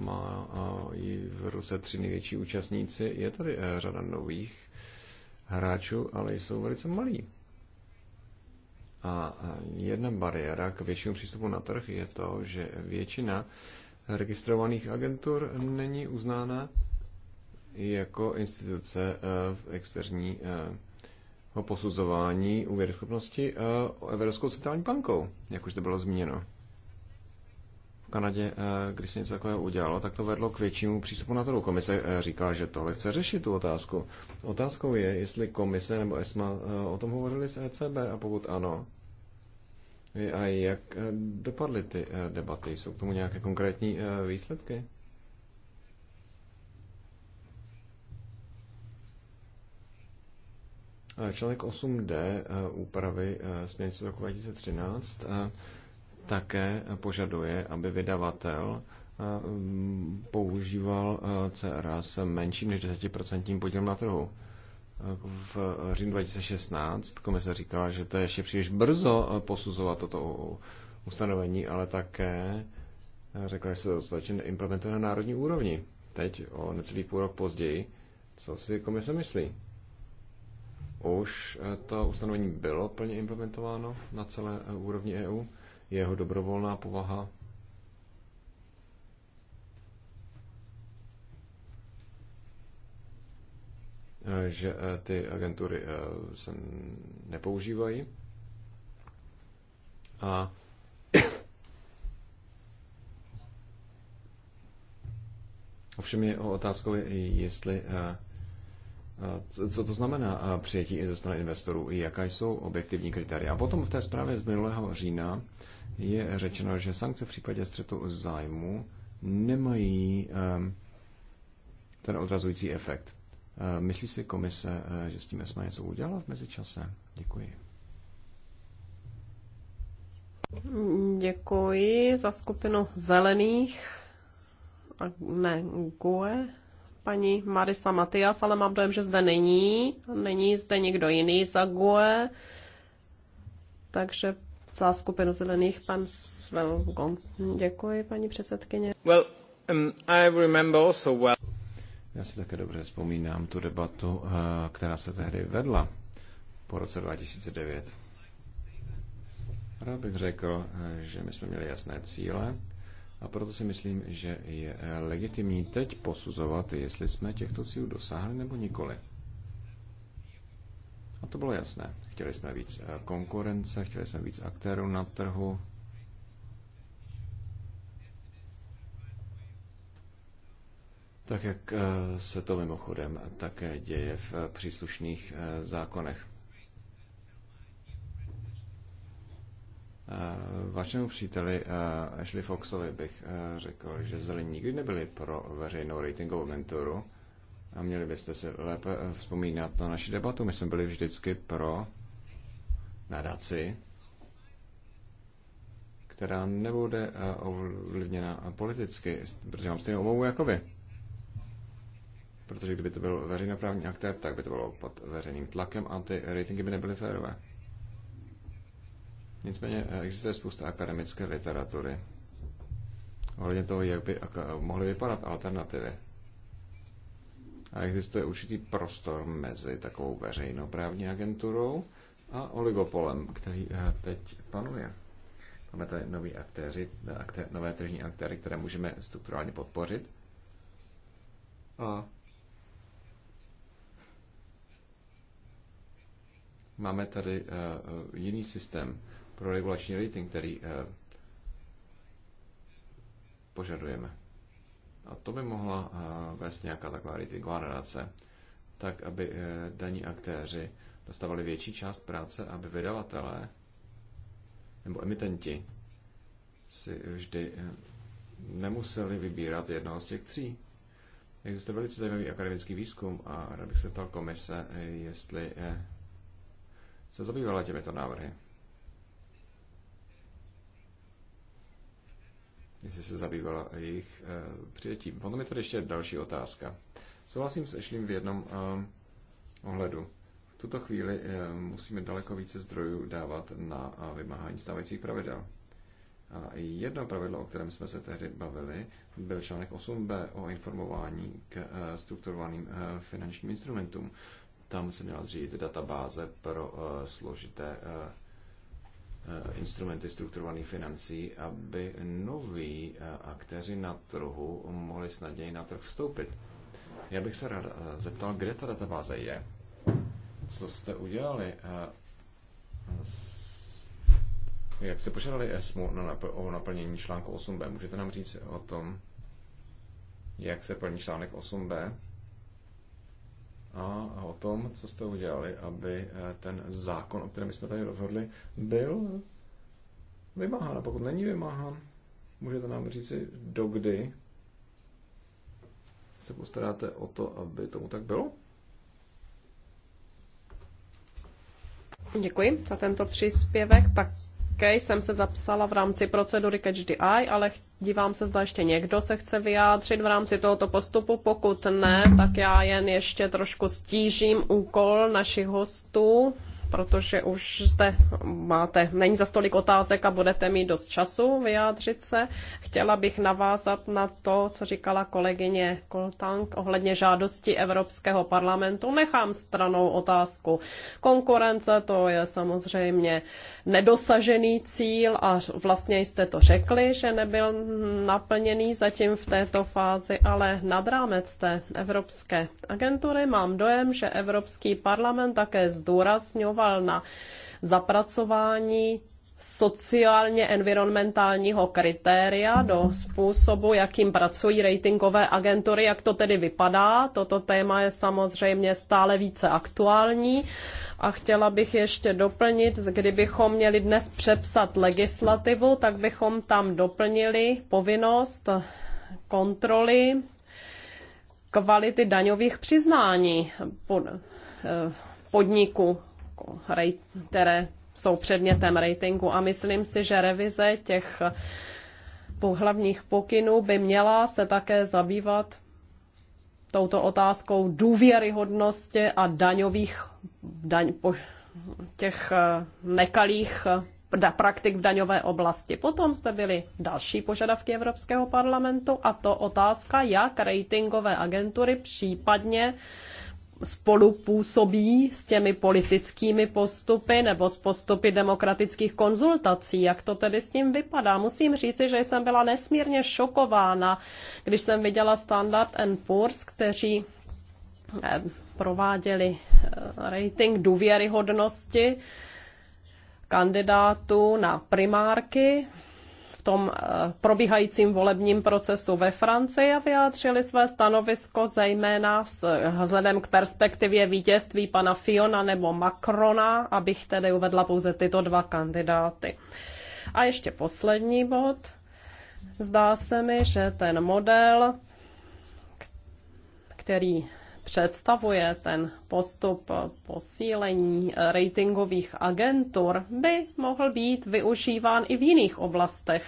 má v ruce tři největší účastníci. Je tady eh, řada nových hráčů, ale jsou velice malí. A eh, jedna bariéra k většímu přístupu na trh je to, že většina registrovaných agentur není uznána jako instituce v externí o posuzování úvěryschopnosti Evropskou centrální bankou, jak už to bylo zmíněno. Kanadě, eh, když se něco takového udělalo, tak to vedlo k většímu přístupu na trhu. Komise eh, říká, že tohle chce řešit tu otázku. Otázkou je, jestli komise nebo ESMA eh, o tom hovořili s ECB a pokud ano, a jak dopadly ty debaty? Jsou k tomu nějaké konkrétní výsledky? Článek 8d úpravy směrnice z roku 2013 také požaduje, aby vydavatel eh, mm, používal eh, CRA s menším než 10% podílem na trhu. V říjnu 2016 komise říkala, že to je ještě příliš brzo eh, posuzovat toto ustanovení, ale také řekla, že se to dostatečně neimplementuje na národní úrovni. Teď o necelý půl rok později. Co si komise myslí? Už to ustanovení bylo plně implementováno na celé úrovni EU? jeho dobrovolná povaha. Eh, že eh, ty agentury eh, se nepoužívají. A ovšem je o otázkou, jestli Eh, co to znamená eh, přijetí ze strany investorů, jaká jsou objektivní kritéria. A potom v té zprávě z minulého října je řečeno, že sankce v případě střetu zájmu nemají ehm, ten odrazující efekt. Eh, myslí si komise, že s tím jsme něco udělala v mezičase? Děkuji. Děkuji za skupinu zelených. A ne, GUE paní Marisa Matias, ale mám dojem, že zde není. Není zde někdo jiný za GUE. Takže za skupinu zelených pan Svelgon. Děkuji, paní předsedkyně. Well, um, I remember also well. Já si také dobře vzpomínám tu debatu, uh, která se tehdy vedla po roce 2009. Rád bych řekl, uh, že my jsme měli jasné cíle, a proto si myslím, že je eh, legitimní teď posuzovat, jestli jsme těchto cílů dosáhli nebo nikoli. A to bylo jasné. Chtěli jsme víc eh, konkurence, chtěli jsme víc aktérů na trhu. Tak jak eh, se to mimochodem také děje v příslušných zákonech. Eh, vašemu příteli eh, Ashley Foxovi bych eh, řekl, že zelení nikdy nebyli pro veřejnou ratingovou agenturu a měli byste si lépe vzpomínat na naši debatu. My jsme byli vždycky pro nadaci, která nebude ovlivněna politicky, protože mám stejnou obavu jako vy. Protože kdyby to byl veřejnoprávní aktér, tak by to bylo pod veřejným tlakem a ty ratingy by nebyly férové. Nicméně eh, existuje spousta akademické literatury ohledně toho, jak by mohly vypadat alternativy. A existuje určitý prostor mezi takovou veřejnoprávní agenturou a oligopolem, který eh, teď panuje. Máme tady nový aktéři, eh, akté, nové tržní aktéry, které můžeme strukturálně podpořit. A máme tady uh, jiný systém pro regulační rating, který eh, požadujeme. A to by mohla eh, vést nějaká taková ratingová nadace, tak aby eh, daní aktéři dostávali větší část práce, aby vydavatelé nebo emitenti si vždy nemuseli vybírat jednoho z těch tří. Existuje velice zajímavý akademický výzkum a rád bych se ptal komise, jestli se zabývala těmito návrhy. jestli se zabývala jejich eh, přijetím. Potom je tady ještě další otázka. Souhlasím s Ešlím v jednom eh, ohledu. V tuto chvíli eh, musíme daleko více zdrojů dávat na vymáhání stávajících pravidel. A jedno pravidlo, o kterém jsme se tehdy bavili, byl článek 8b o informování k strukturovaným finančním instrumentům. Tam se měla zřídit databáze pro složité Eh, instrumenty strukturovaných financí, aby noví eh, aktéři na trhu mohli snadněji na trh vstoupit. Já bych se rád eh, zeptal, kde ta databáze je? Co jste udělali? Jak jste požádali ESMU o naplnění článku 8b? Můžete nám říct o tom, jak se plní článek 8b? a o tom, co jste udělali, aby eh, ten zákon, o kterém jsme tady rozhodli, byl vymáhán. A pokud není vymáhán, můžete nám říci, dokdy se postaráte o to, aby tomu tak bylo? Děkuji za tento příspěvek. Tak OK, jsem se zapsala v rámci procedury Catch the Eye, ale dívám se, zda ještě někdo se chce vyjádřit v rámci tohoto postupu. Pokud ne, tak já jen ještě trošku stížím úkol našich hostů protože už zde máte, není za stolik otázek a budete mít dost času vyjádřit se. Chtěla bych navázat na to, co říkala kolegyně Koltank ohledně žádosti Evropského parlamentu. Nechám stranou otázku konkurence, to je samozřejmě nedosažený cíl a vlastně jste to řekli, že nebyl naplněný zatím v této fázi, ale nad rámec té Evropské agentury mám dojem, že Evropský parlament také zdůrazňoval, pracoval na zapracování sociálně environmentálního kritéria do způsobu, jakým pracují ratingové agentury, jak to tedy vypadá. Toto téma je samozřejmě stále více aktuální a chtěla bych ještě doplnit, kdybychom měli dnes přepsat legislativu, tak bychom tam doplnili povinnost kontroly kvality daňových přiznání eh, podniku jako, které jsou předmětem ratingu. A myslím si, že revize těch hlavních pokynů by měla se také zabývat touto otázkou důvěryhodnosti a daňových daň, po, těch eh, nekalých eh, praktik v daňové oblasti. Potom jste byly další požadavky Evropského parlamentu a to otázka, jak ratingové agentury případně uh, spolupůsobí s těmi politickými postupy nebo s postupy demokratických konzultací. Jak to tedy s tím vypadá? Musím říci, že jsem byla nesmírně šokována, když jsem viděla Standard Poor's, kteří eh, prováděli eh, rating důvěryhodnosti kandidátů na primárky v tom eh, probíhajícím volebním procesu ve Francii a vyjádřili své stanovisko zejména s eh, hledem k perspektivě vítězství pana Fiona nebo Macrona, abych tedy uvedla pouze tyto dva kandidáty. A ještě poslední bod. Zdá se mi, že ten model, který představuje ten postup posílení eh, ratingových agentur, by mohl být využíván i v jiných oblastech.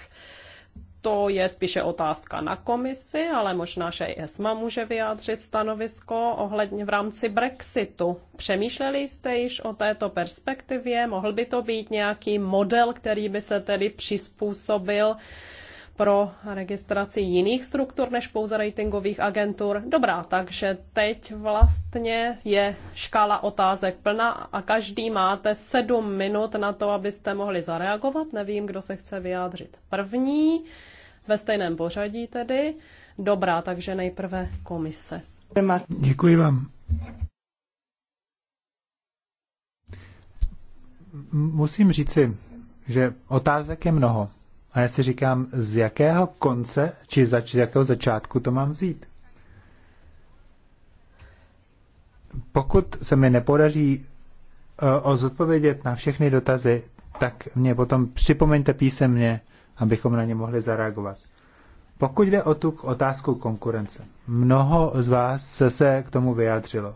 To je spíše otázka na komisi, ale možná, že i ESMA může vyjádřit stanovisko ohledně v rámci Brexitu. Přemýšleli jste již o této perspektivě? Mohl by to být nějaký model, který by se tedy přizpůsobil pro registraci jiných struktur než pouze ratingových agentur. Dobrá, takže teď vlastně je škála otázek plná a každý máte sedm minut na to, abyste mohli zareagovat. Nevím, kdo se chce vyjádřit první, ve stejném pořadí tedy. Dobrá, takže nejprve komise. Děkuji vám. Musím říci, že otázek je mnoho. A já si říkám, z jakého konce, či z jakého začátku to mám vzít. Pokud se mi nepodaří uh, zodpovědět na všechny dotazy, tak mě potom připomeňte písemně, abychom na ně mohli zareagovat. Pokud jde o tu otázku konkurence, mnoho z vás se, se k tomu vyjádřilo.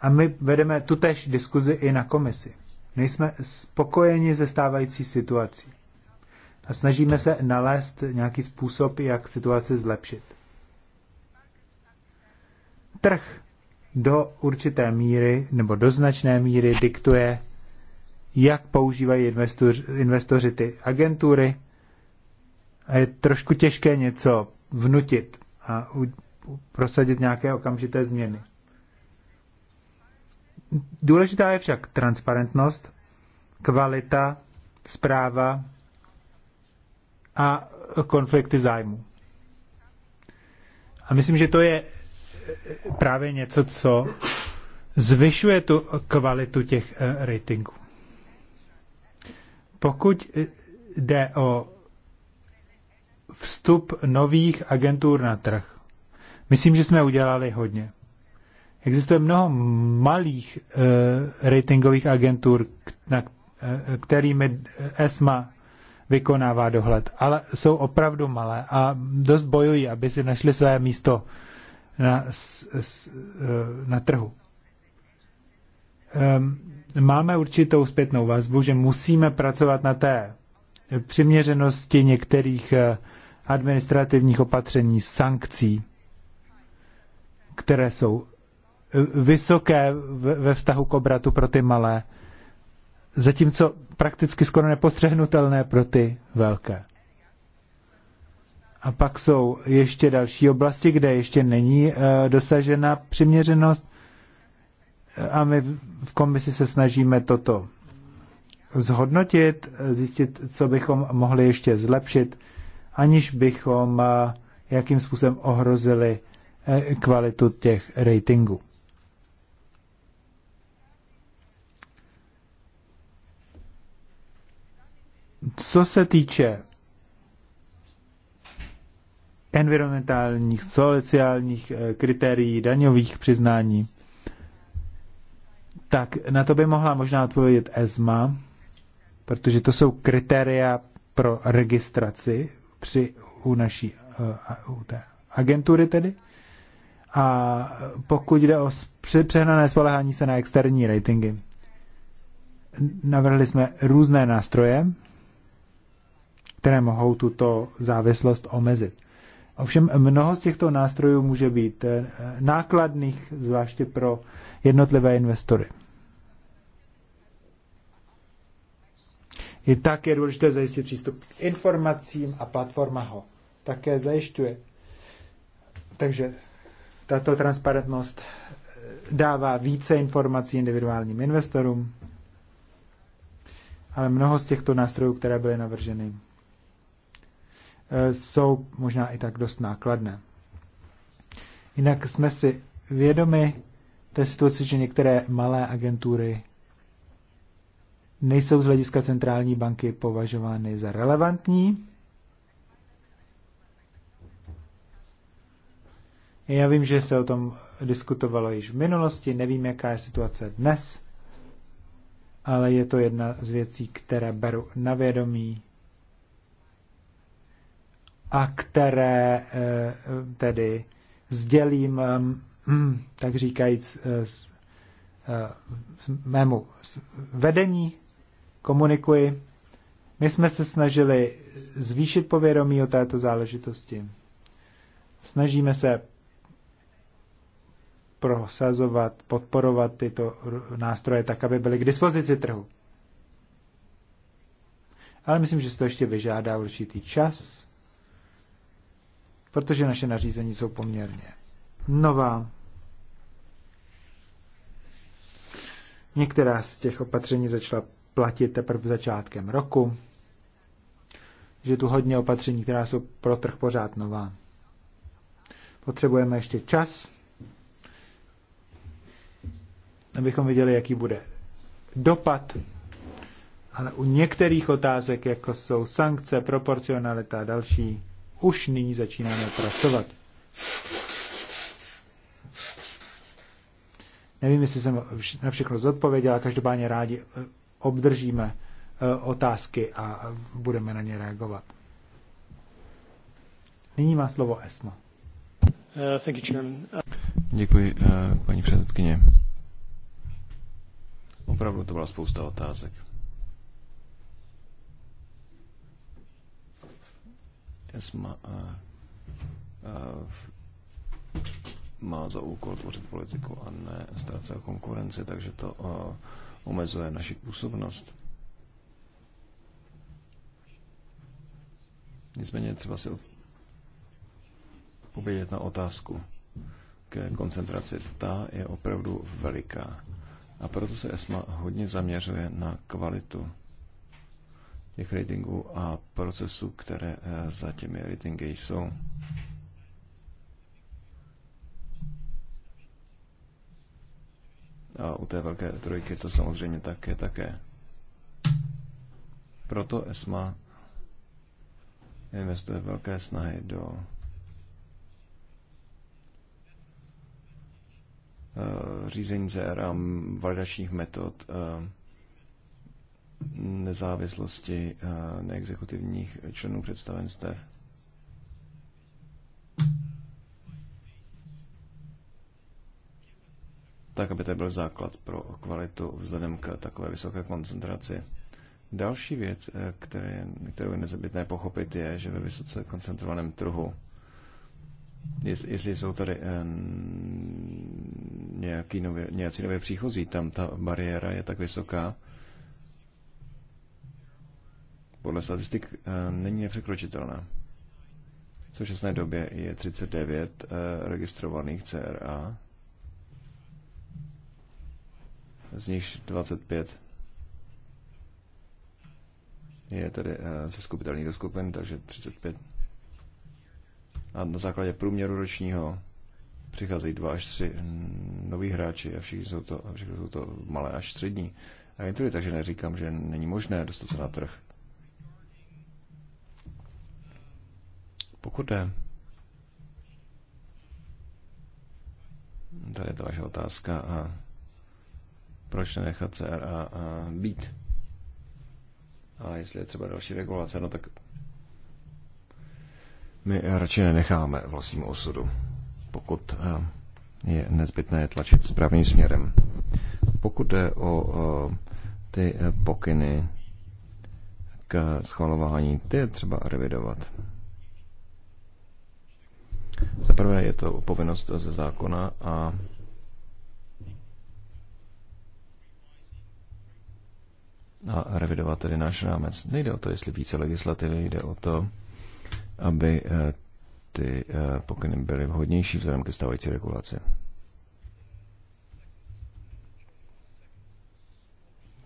A my vedeme tutéž diskuzi i na komisi. Nejsme spokojeni ze stávající situací a snažíme se nalézt nějaký způsob, jak situaci zlepšit. Trh do určité míry nebo do značné míry diktuje, jak používají investoři, investoři ty agentury a je trošku těžké něco vnutit a u, u, prosadit nějaké okamžité změny. Důležitá je však transparentnost, kvalita, zpráva a konflikty zájmu. A myslím, že to je eh, právě něco, co zvyšuje tu kvalitu těch eh, ratingů. Pokud eh, jde o vstup nových agentur na trh, myslím, že jsme udělali hodně. Existuje mnoho malých uh, ratingových agentur, na, uh, kterými ESMA vykonává dohled, ale jsou opravdu malé a dost bojují, aby si našli své místo na, eh, na trhu. Ehm, máme určitou zpětnou vazbu, že musíme pracovat na té přiměřenosti některých eh, administrativních opatření, sankcí, které jsou eh, vysoké ve vztahu k obratu pro ty malé zatímco prakticky skoro nepostřehnutelné pro ty velké. A pak jsou ještě další oblasti, kde ještě není eh, dosažena přiměřenost a my v komisi se snažíme toto zhodnotit, zjistit, co bychom mohli ještě zlepšit, aniž bychom eh, jakým způsobem ohrozili eh, kvalitu těch ratingů. Co se týče environmentálních, sociálních eh, kritérií, daňových přiznání, tak na to by mohla možná odpovědět ESMA, protože to jsou kritéria pro registraci při, u naší eh, u té agentury tedy. A pokud jde o přehnané spolehání se na externí ratingy, navrhli jsme různé nástroje, které mohou tuto závislost omezit. Ovšem mnoho z těchto nástrojů může být eh, nákladných, zvláště pro jednotlivé investory. I tak je důležité zajistit přístup k informacím a platforma ho také zajišťuje. Takže tato transparentnost eh, dává více informací individuálním investorům, ale mnoho z těchto nástrojů, které byly navrženy, jsou možná i tak dost nákladné. Jinak jsme si vědomi té situace, že některé malé agentury nejsou z hlediska centrální banky považovány za relevantní. Já vím, že se o tom diskutovalo již v minulosti, nevím, jaká je situace dnes, ale je to jedna z věcí, které beru na vědomí a které eh, tedy sdělím, ehm, hm, tak říkajíc, eh, eh, mému vedení, komunikuji. My jsme se snažili zvýšit povědomí o této záležitosti. Snažíme se prosazovat, podporovat tyto nástroje tak, aby byly k dispozici trhu. Ale myslím, že se to ještě vyžádá určitý čas protože naše nařízení jsou poměrně nová. Některá z těch opatření začala platit teprve začátkem roku, že tu hodně opatření, která jsou pro trh pořád nová. Potřebujeme ještě čas, abychom viděli, jaký bude dopad, ale u některých otázek, jako jsou sankce, proporcionalita a další, už nyní začínáme pracovat. Nevím, jestli jsem na všechno zodpověděl, každopádně rádi eh, obdržíme eh, otázky a eh, budeme na ně reagovat. Nyní má slovo ESMA. Děkuji, paní předsedkyně. Opravdu to byla spousta otázek. ESMA a, uh, eh, uh, eh, má za úkol tvořit politiku a ne ztrácet konkurenci, takže to uh, omezuje naši působnost. Nicméně třeba si odpovědět na otázku ke koncentraci. Ta je opravdu veliká. A proto se ESMA hodně zaměřuje na kvalitu těch ratingů a procesů, které eh, za těmi ratingy jsou. A u té velké trojky to samozřejmě také také. Proto ESMA investuje velké snahy do eh, řízení CRM, validačních metod, eh, nezávislosti eh, neexekutivních členů představenstev. Tak, aby to byl základ pro kvalitu vzhledem k takové vysoké koncentraci. Další věc, eh, které, kterou je nezbytné pochopit, je, že ve vysoce koncentrovaném trhu, jest, jestli jsou tady eh, nějaký nově, nějací nové příchozí, tam ta bariéra je tak vysoká, podle statistik eh, není nepřekročitelná. V současné době je 39 eh, registrovaných CRA, z nichž 25 je tedy se eh, skupitelných do skupin, takže 35. A na základě průměru ročního přicházejí dva až tři noví hráči a všichni jsou to, všichni jsou to malé až střední agentury, takže neříkám, že není možné dostat se na trh. Pokud jde, tady je ta vaše otázka, a proč nenechat CRA a být? A jestli je třeba další regulace, no tak my radši nenecháme vlastnímu osudu, pokud eh, je nezbytné tlačit správným směrem. Pokud jde o eh, ty pokyny k schvalování, ty je třeba revidovat. Za prvé je to povinnost ze zákona a a revidovat tedy náš rámec. Nejde o to, jestli více legislativy, jde o to, aby eh, ty eh, pokyny byly vhodnější vzhledem ke stávající regulaci.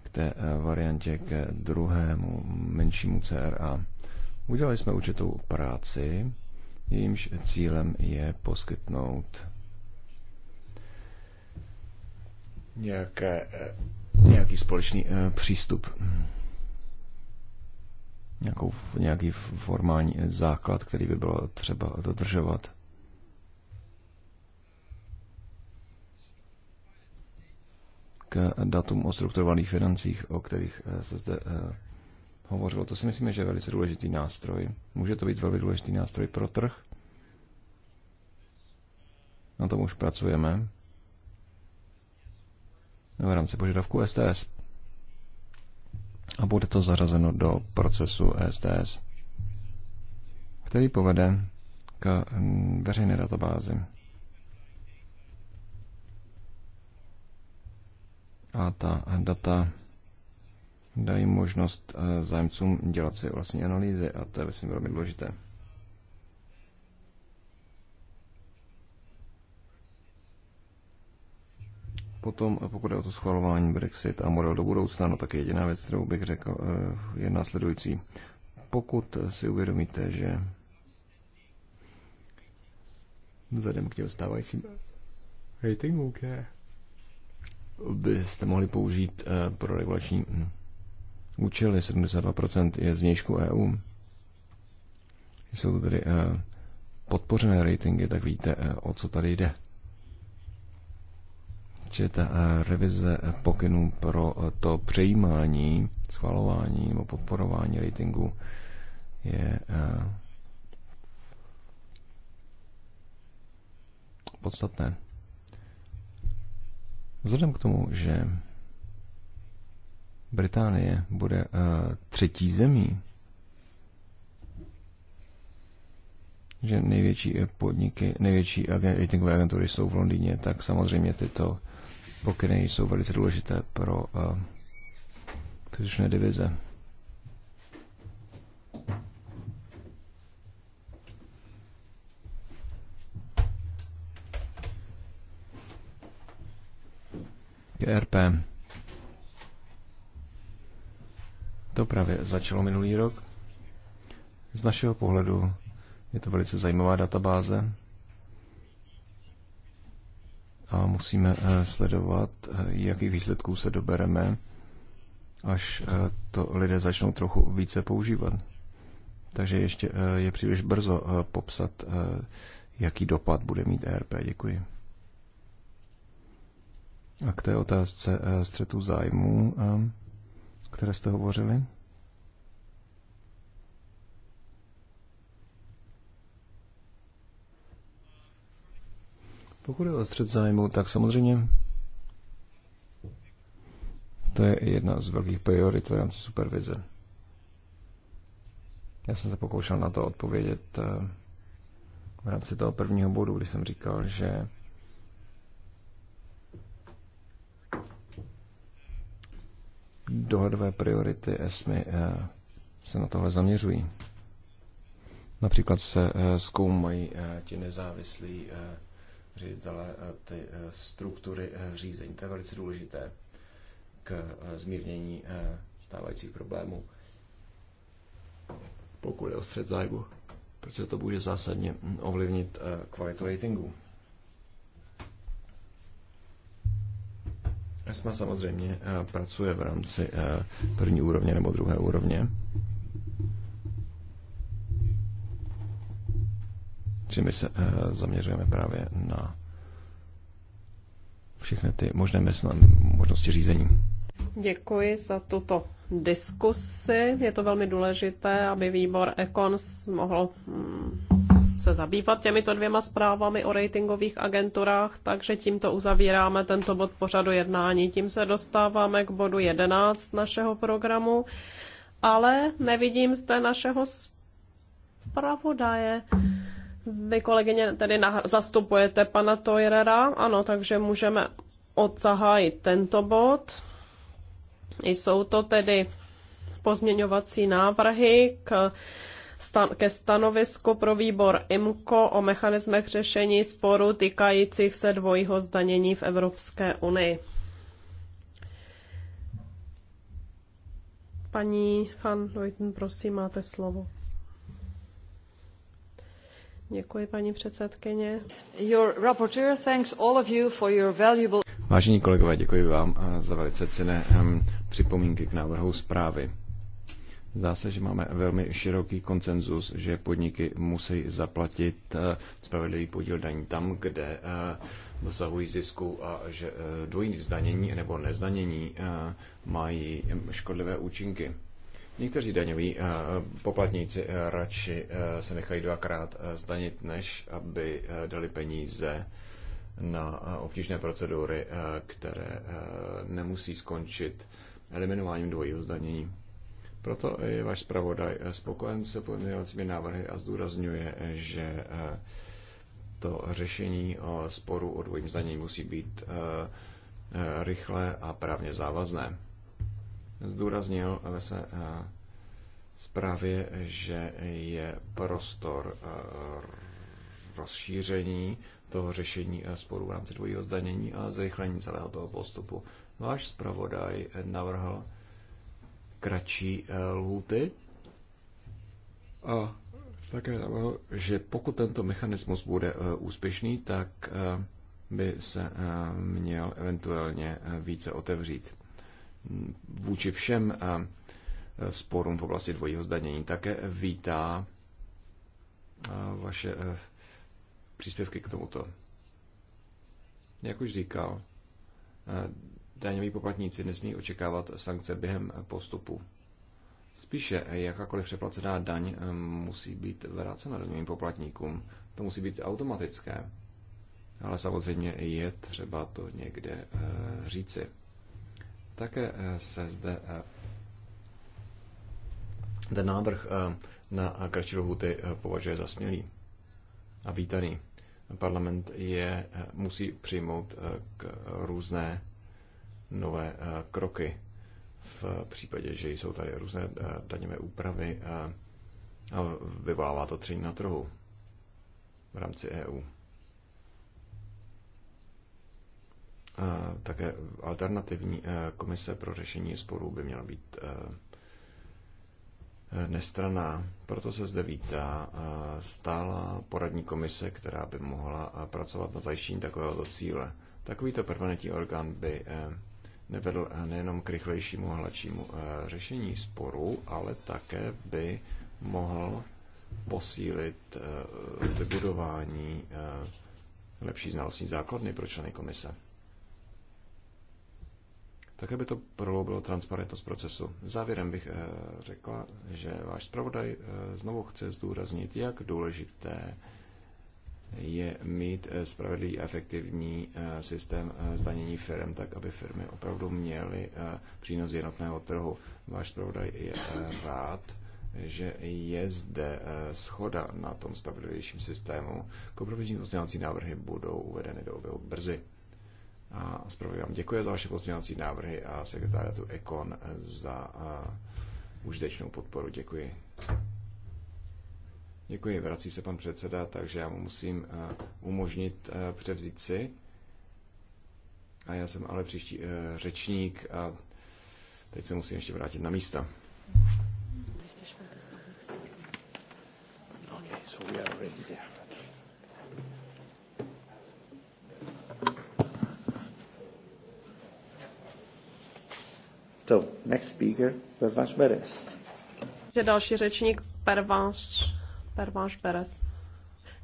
K té eh, variantě k druhému menšímu CRA. Udělali jsme určitou práci, jejímž cílem je poskytnout nějaké, nějaký společný eh, přístup, nějakou, nějaký formální základ, který by bylo třeba dodržovat. K datům o strukturovaných financích, o kterých eh, se zde eh, hovořilo. To si myslíme, že je velice důležitý nástroj. Může to být velmi důležitý nástroj pro trh. Na tom už pracujeme. V rámci požadavku STS. A bude to zařazeno do procesu STS, který povede k veřejné databázi. A ta data dají možnost eh, zájemcům dělat si vlastní analýzy a to je vlastně velmi důležité. Potom, eh, pokud je o to schvalování Brexit a model do budoucna, no tak jediná věc, kterou bych řekl, eh, je následující. Pokud si uvědomíte, že vzhledem k těm stávajícím ratingům, byste mohli použít pro regulační hm, účely, 72% je z vnějšku EU. Jsou to tedy eh, podpořené ratingy, tak víte, eh, o co tady jde. Čili ta eh, revize pokynů pro to přejímání, schvalování nebo podporování ratingu je podstatné. Vzhledem k tomu, že Británie bude eh, třetí zemí, že největší eh, podniky, největší ratingové agentury jsou v Londýně, tak samozřejmě tyto pokyny jsou velice důležité pro uh, příslušné divize. GRP. To právě začalo minulý rok. Z našeho pohledu je to velice zajímavá databáze a musíme eh, sledovat, eh, jakých výsledků se dobereme, až eh, to lidé začnou trochu více používat. Takže ještě je příliš brzo popsat, jaký dopad bude mít ERP. Děkuji. A k té otázce střetu zájmů které jste hovořili? Pokud je o střed zájmu, tak samozřejmě to je jedna z velkých priorit v rámci supervize. Já jsem se pokoušel na to odpovědět eh, v rámci toho prvního bodu, kdy jsem říkal, že dohadové priority ESMI eh, se na tohle zaměřují. Například se eh, zkoumají eh, ti nezávislí ředitele ty struktury řízení. To je velice důležité k zmírnění stávajících problémů, pokud je o střed zájmu, protože to bude zásadně hm, ovlivnit kvalitu ratingu. ESMA samozřejmě eh, pracuje v rámci eh, první úrovně nebo druhé úrovně. Čili my se eh, zaměřujeme právě na všechny ty možné možnosti řízení. Děkuji za tuto diskusi. Je to velmi důležité, aby výbor ECONS mohl mm, se zabývat těmito dvěma zprávami o ratingových agenturách, takže tímto uzavíráme tento bod pořadu jednání. Tím se dostáváme k bodu 11 našeho programu, ale nevidím zde našeho zpravodaje. Vy, kolegyně, tedy zastupujete pana Toirera, ano, takže můžeme odzahájit tento bod. Jsou to tedy pozměňovací návrhy k stan- ke stanovisku pro výbor IMCO o mechanismech řešení sporů týkajících se dvojího zdanění v Evropské unii. Paní Van Leuten, prosím, máte slovo. Děkuji, paní předsedkyně. Your rapporteur thanks all of you for your valuable... Vážení kolegové, děkuji vám eh, za velice cené ehm, připomínky k návrhu zprávy. Zdá se, že máme velmi široký konsenzus, že podniky musí zaplatit eh, spravedlivý podíl daní tam, kde eh, dosahují zisku a že eh, dvojí zdanění nebo nezdanění mají škodlivé účinky. Někteří daňoví poplatníci radši se nechají dvakrát zdanit, než aby dali peníze na obtížné procedury, které nemusí skončit eliminováním dvojího zdanění. Proto je váš zpravodaj spokojen se pozměňovacími návrhy a zdůrazňuje, že eh, to řešení o sporu o dvojím zdanění musí být eh, eh, rychlé a právně závazné. Zdůraznil ve své zprávě, že je prostor rozšíření toho řešení sporu v rámci dvojího zdanění a zrychlení celého toho postupu. Váš zpravodaj navrhl kratší eh, lhuty. A také navrhl, že pokud tento mechanismus bude eh, úspěšný, tak eh, by se měl eventuálně více otevřít hm, vůči všem sporům v oblasti dvojího zdanění. Také vítá vaše příspěvky k tomuto. Jak už říkal, daňoví poplatníci nesmí očekávat sankce během postupu. Spíše jakákoliv přeplacená daň eh, musí být vrácena daňovým poplatníkům. To musí být automatické. Ale samozřejmě je třeba to někde eh, říci. Také eh, se zde ten návrh na kratší lhuty považuje za smělý a vítaný. Parlament je musí přijmout k různé nové eh, kroky v případě, že jsou tady různé eh, daňové úpravy eh, a vyvolává to tření na trhu v rámci EU. A také alternativní komise pro řešení sporů by měla být nestraná. Proto se zde vítá stála poradní komise, která by mohla pracovat na zajištění takového cíle. Takovýto permanentní orgán by nevedl eh, nejenom k rychlejšímu a hladšímu eh, řešení sporu, ale také by mohl posílit eh, vybudování lepší znalostní základny pro členy komise. Také by to prohloubilo transparentnost procesu. Závěrem bych řekla, že váš zpravodaj znovu chce zdůraznit, jak důležité je mít eh, spravedlivý a efektivní eh, systém eh, zdanění firm, tak aby firmy opravdu měly přínos jednotného trhu. Váš zpravodaj je rád, že je zde schoda na tom spravedlivějším systému. Kompromisní pozměňovací návrhy budou uvedeny do oběhu brzy. A zpravodaj vám děkuji za vaše pozměňovací návrhy a sekretářatu Ekon za užitečnou podporu. Děkuji. Děkuji, vrací se pan předseda, takže já mu musím eh, umožnit eh, převzít si. A já jsem ale příští eh, řečník a teď se musím ještě vrátit na místa. so next speaker, Pervaš Beres. Další řečník Pervaš Pervanš Perez.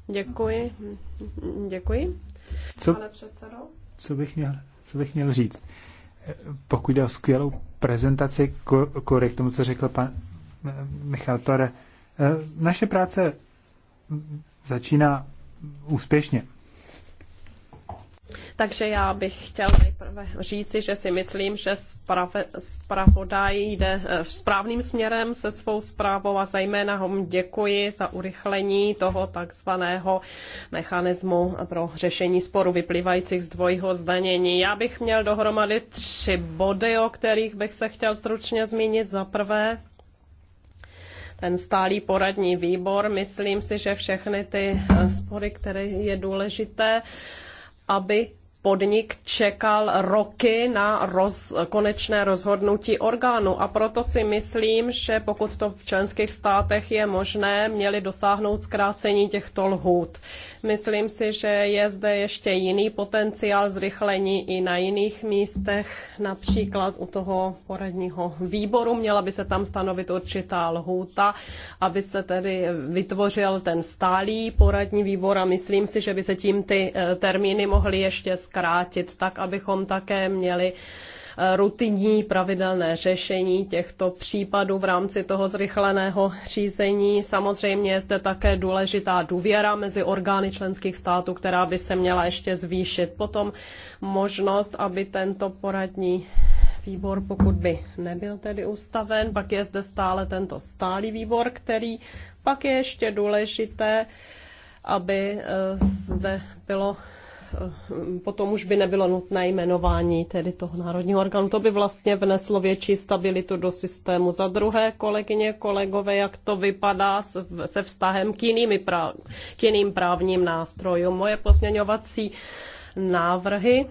Děkuji. Děkuji. Co, Pane předsedo. Co bych měl, co bych měl říct? Pokud jde o skvělou prezentaci kory k tomu, co řekl pan Michal Tore, eh, naše práce začíná úspěšně. Takže já bych chtěl nejprve říci, že si myslím, že zpravodaj jde eh, správným směrem se svou zprávou a zejména ho děkuji za urychlení toho takzvaného mechanismu pro řešení sporu vyplývajících z dvojího zdanění. Já bych měl dohromady tři body, o kterých bych se chtěl stručně zmínit. Za prvé, ten stálý poradní výbor. Myslím si, že všechny ty eh, spory, které je důležité, aby podnik čekal roky na roz, konečné rozhodnutí orgánu a proto si myslím, že pokud to v členských státech je možné, měli dosáhnout zkrácení těchto lhůt. Myslím si, že je zde ještě jiný potenciál zrychlení i na jiných místech, například u toho poradního výboru měla by se tam stanovit určitá lhůta, aby se tedy vytvořil ten stálý poradní výbor a myslím si, že by se tím ty eh, termíny mohly ještě zkrátit zkrátit, tak abychom také měli eh, rutinní pravidelné řešení těchto případů v rámci toho zrychleného řízení. Samozřejmě je zde také důležitá důvěra mezi orgány členských států, která by se měla ještě zvýšit. Potom možnost, aby tento poradní výbor, pokud by nebyl tedy ustaven, pak je zde stále tento stálý výbor, který pak je ještě důležité, aby eh, zde bylo Eh, potom už by nebylo nutné jmenování tedy toho národního orgánu. To by vlastně vneslo větší stabilitu do systému. Za druhé, kolegyně, kolegové, jak to vypadá se vztahem k, jinými práv, k jiným právním nástrojům. Moje pozměňovací návrhy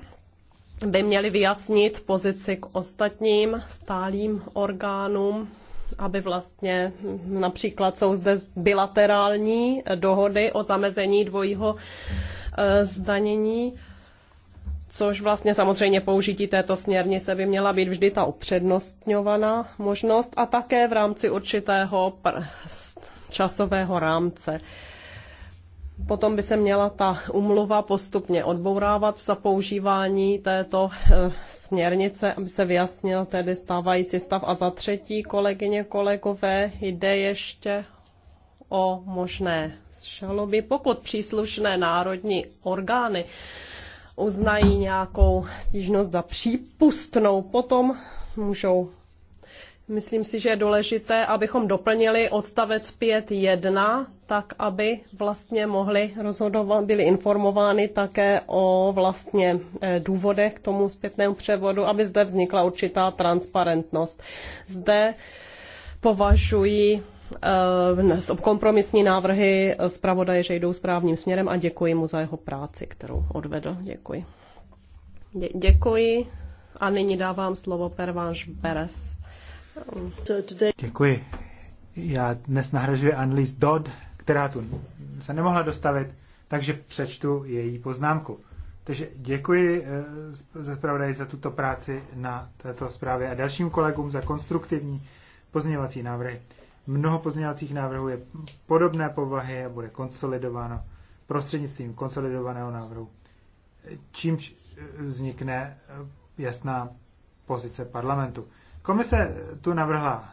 by měly vyjasnit pozici k ostatním stálým orgánům aby vlastně například jsou zde bilaterální dohody o zamezení dvojího E, zdanění, což vlastně samozřejmě použití této směrnice by měla být vždy ta upřednostňovaná možnost a také v rámci určitého časového rámce. Potom by se měla ta umluva postupně odbourávat za používání této e, směrnice, aby se vyjasnil tedy stávající stav. A za třetí, kolegyně, kolegové, jde ještě o možné žaloby, pokud příslušné národní orgány uznají nějakou stížnost za přípustnou, potom můžou. Myslím si, že je důležité, abychom doplnili odstavec 5.1, tak aby vlastně mohli rozhodovat, byli informovány také o vlastně eh, důvodech k tomu zpětnému převodu, aby zde vznikla určitá transparentnost. Zde považuji Eh, kompromisní návrhy eh, zpravodaje, že jdou správným směrem a děkuji mu za jeho práci, kterou odvedl. Děkuji. Dě- děkuji a nyní dávám slovo Pervanš Beres. Děkuji. Já dnes nahražuji Annelies Dodd, která tu se nemohla dostavit, takže přečtu její poznámku. Takže děkuji eh, za zpravodaji za tuto práci na této zprávě a dalším kolegům za konstruktivní pozměňovací návrhy. Mnoho pozměňovacích návrhů je podobné povahy a bude konsolidováno prostřednictvím konsolidovaného návrhu, čímž eh, vznikne eh, jasná pozice parlamentu. Komise tu navrhla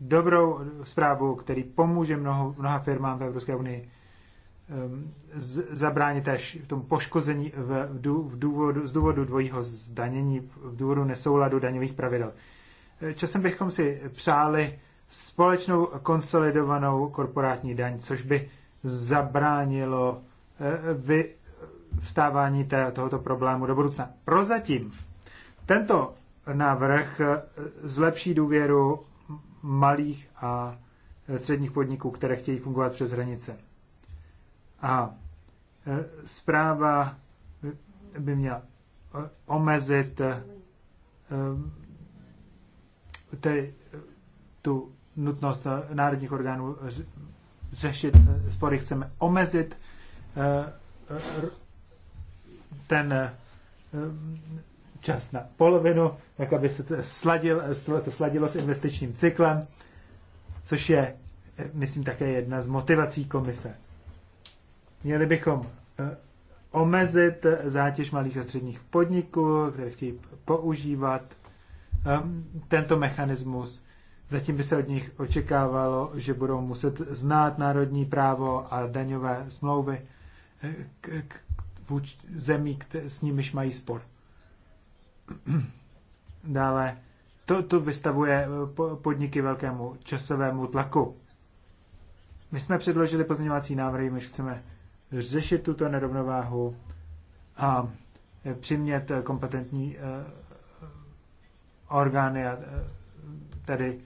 dobrou zprávu, který pomůže mnoho, mnoha firmám v Evropské unii ehm, z, zabránit až v tom poškození v, v důvodu, z důvodu dvojího zdanění, v důvodu nesouladu daňových pravidel. Eh, časem bychom si přáli společnou konsolidovanou korporátní daň, což by zabránilo eh, vy, vstávání té, tohoto problému do budoucna. Prozatím tento návrh eh, zlepší důvěru malých a středních podniků, které chtějí fungovat přes hranice. A eh, zpráva by měla omezit tedy tu nutnost eh, národních orgánů řešit eh, spory, chceme omezit eh, ten čas na polovinu, tak aby se to, sladil, to sladilo s investičním cyklem, což je, myslím, také jedna z motivací komise. Měli bychom omezit zátěž malých a středních podniků, které chtějí používat tento mechanismus Zatím by se od nich očekávalo, že budou muset znát národní právo a daňové smlouvy eh, k, k, vůč, zemí, které, s nimiž mají spor. Dále, to, to vystavuje eh, podniky velkému časovému tlaku. My jsme předložili pozměňovací návrhy, my chceme řešit tuto nerovnováhu a eh, přimět kompetentní orgány a tady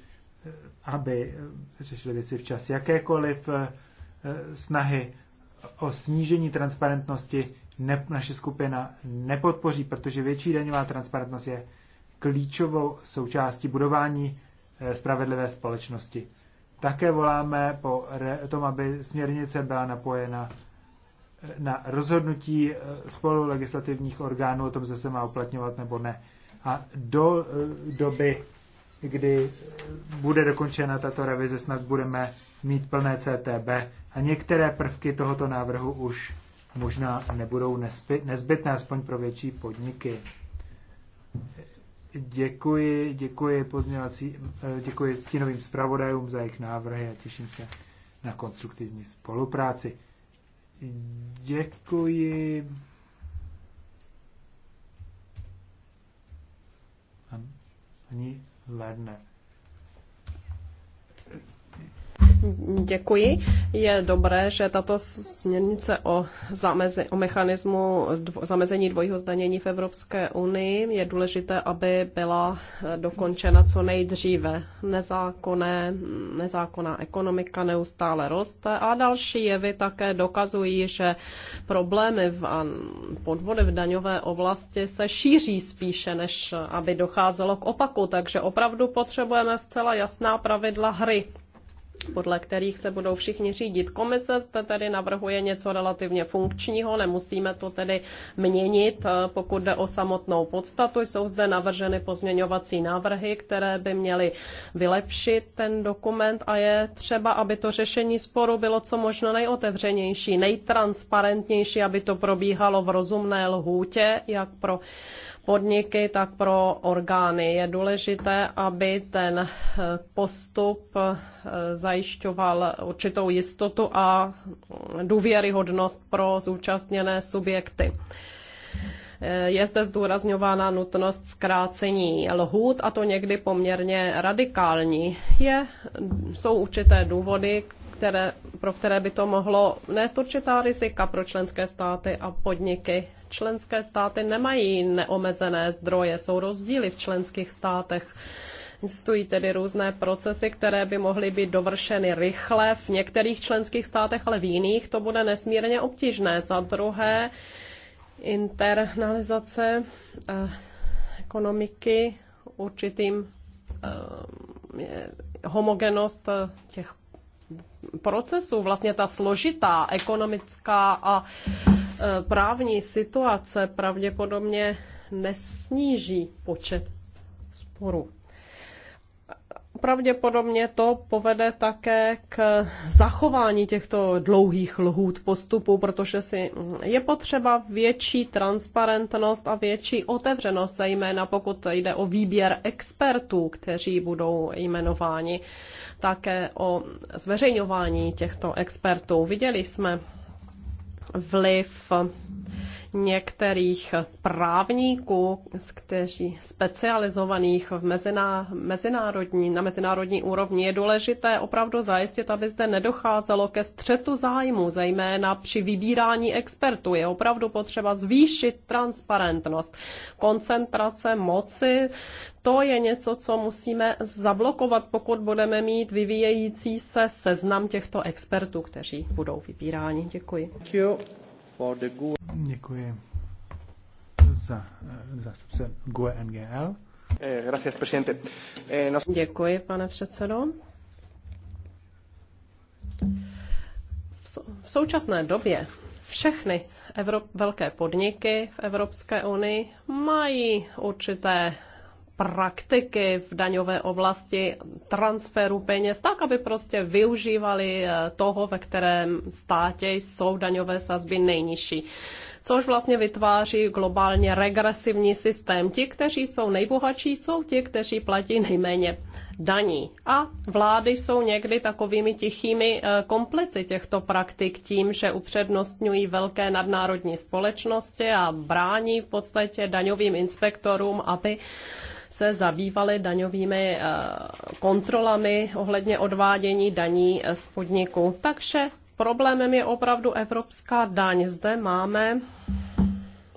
aby řešili věci včas. Jakékoliv eh, snahy o snížení transparentnosti ne, naše skupina nepodpoří, protože větší daňová transparentnost je klíčovou součástí budování eh, spravedlivé společnosti. Také voláme po tom, aby směrnice byla napojena eh, na rozhodnutí spolu legislativních orgánů o tom, zda se má uplatňovat nebo ne. A do doby kdy bude dokončena tato revize, snad budeme mít plné CTB a některé prvky tohoto návrhu už možná nebudou nezbytné, aspoň pro větší podniky. Děkuji, děkuji pozměňovací, eh, děkuji stínovým zpravodajům za jejich návrhy a těším se na konstruktivní spolupráci. Děkuji. Ani ledne. Děkuji. Je dobré, že tato směrnice o, o mechanismu dvo, zamezení dvojího zdanění v Evropské unii je důležité, aby byla eh, dokončena co nejdříve. Nezákonné, nezákonná ekonomika neustále roste a další jevy také dokazují, že problémy v, podvody v daňové oblasti se šíří spíše, než aby docházelo k opaku. Takže opravdu potřebujeme zcela jasná pravidla hry podle kterých se budou všichni řídit. Komise zde tedy navrhuje něco relativně funkčního, nemusíme to tedy měnit, eh, pokud jde o samotnou podstatu. Jsou zde navrženy pozměňovací návrhy, které by měly vylepšit ten dokument a je třeba, aby to řešení sporu bylo co možno nejotevřenější, nejtransparentnější, aby to probíhalo v rozumné lhůtě, jak pro podniky, tak pro orgány. Je důležité, aby ten eh, postup eh, zajišťoval určitou jistotu a důvěryhodnost pro zúčastněné subjekty. Eh, je zde zdůrazňována nutnost zkrácení lhůt a to někdy poměrně radikální. Je, jsou určité důvody, které, pro které by to mohlo nést určitá rizika pro členské státy a podniky. Členské státy nemají neomezené zdroje, jsou rozdíly v členských státech. Existují tedy různé procesy, které by mohly být dovršeny rychle v některých členských státech, ale v jiných to bude nesmírně obtížné. Za druhé, internalizace eh, ekonomiky určitým eh, homogenost eh, těch procesů. Vlastně ta složitá ekonomická a e, právní situace pravděpodobně nesníží počet sporů pravděpodobně to povede také k zachování těchto dlouhých lhůt postupů, protože si je potřeba větší transparentnost a větší otevřenost, zejména pokud jde o výběr expertů, kteří budou jmenováni, také o zveřejňování těchto expertů. Viděli jsme vliv některých právníků, z kteří specializovaných v mezina, mezinárodní, na mezinárodní úrovni, je důležité opravdu zajistit, aby zde nedocházelo ke střetu zájmu, zejména při vybírání expertů. Je opravdu potřeba zvýšit transparentnost, koncentrace moci, to je něco, co musíme zablokovat, pokud budeme mít vyvíjející se seznam těchto expertů, kteří budou vybíráni. Děkuji. Děkuji. Děkuji za eh, zástupce GUE NGL. Eh, eh, Děkuji, pane předsedo. V současné době všechny Evrop, velké podniky v Evropské unii mají určité praktiky v daňové oblasti transferu peněz, tak aby prostě využívali eh, toho, ve kterém státě jsou daňové sazby nejnižší. Což vlastně vytváří globálně regresivní systém. Ti, kteří jsou nejbohatší, jsou ti, kteří platí nejméně daní. A vlády jsou někdy takovými tichými eh, komplici těchto praktik tím, že upřednostňují velké nadnárodní společnosti a brání v podstatě daňovým inspektorům, aby se zabývali daňovými eh, kontrolami ohledně odvádění daní eh, z podniku. Takže problémem je opravdu evropská daň. Zde máme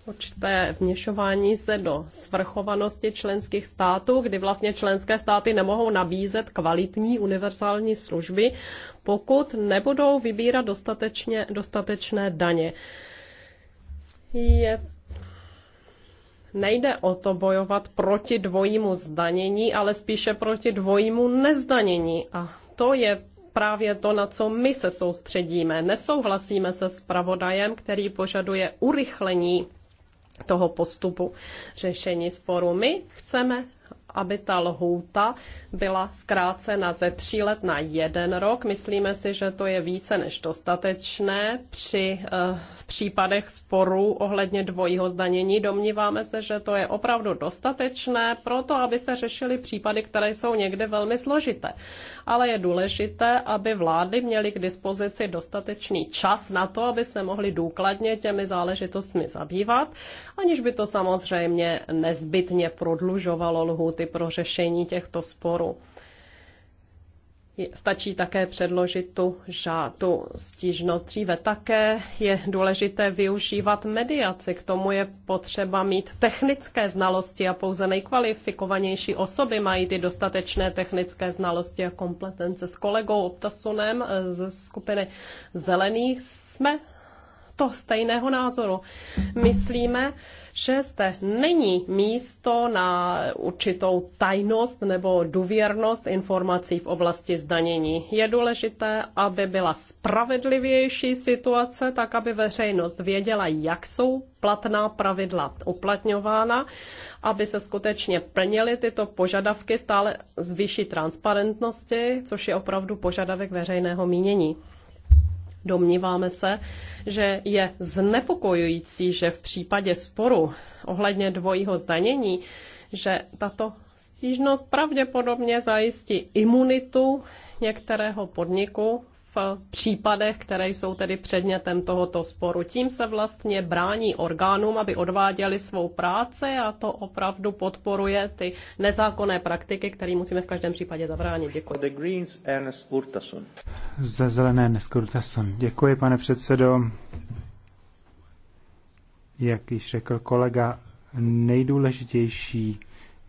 určité vněšování se do svrchovanosti členských států, kdy vlastně členské státy nemohou nabízet kvalitní univerzální služby, pokud nebudou vybírat dostatečně, dostatečné daně. Je nejde o to bojovat proti dvojímu zdanění, ale spíše proti dvojímu nezdanění. A to je právě to, na co my se soustředíme. Nesouhlasíme se s pravodajem, který požaduje urychlení toho postupu řešení sporu. My chceme aby ta lhůta byla zkrácena ze tří let na jeden rok. Myslíme si, že to je více než dostatečné. Při uh, případech sporů ohledně dvojího zdanění domníváme se, že to je opravdu dostatečné pro to, aby se řešily případy, které jsou někde velmi složité. Ale je důležité, aby vlády měly k dispozici dostatečný čas na to, aby se mohly důkladně těmi záležitostmi zabývat, aniž by to samozřejmě nezbytně prodlužovalo lhůty lhuty pro řešení těchto sporů. Stačí také předložit tu, žá, tu stížnost dříve. Také je důležité využívat mediaci. K tomu je potřeba mít technické znalosti a pouze nejkvalifikovanější osoby mají ty dostatečné technické znalosti a kompetence. S kolegou Optasunem eh, ze skupiny Zelených jsme naprosto stejného názoru. Myslíme, že zde není místo na určitou tajnost nebo důvěrnost informací v oblasti zdanění. Je důležité, aby byla spravedlivější situace, tak aby veřejnost věděla, jak jsou platná pravidla uplatňována, aby se skutečně plnily tyto požadavky stále z vyšší transparentnosti, což je opravdu požadavek veřejného mínění. Domníváme se, že je znepokojující, že v případě sporu ohledně dvojího zdanění, že tato stížnost pravděpodobně zajistí imunitu některého podniku v případech, které jsou tedy předmětem tohoto sporu. Tím se vlastně brání orgánům, aby odváděli svou práci a to opravdu podporuje ty nezákonné praktiky, které musíme v každém případě zabránit. Děkuji. The Greens, Ernest Urtason. Za zelené Ernest Urtason. Děkuji, pane předsedo. Jak již řekl kolega, nejdůležitější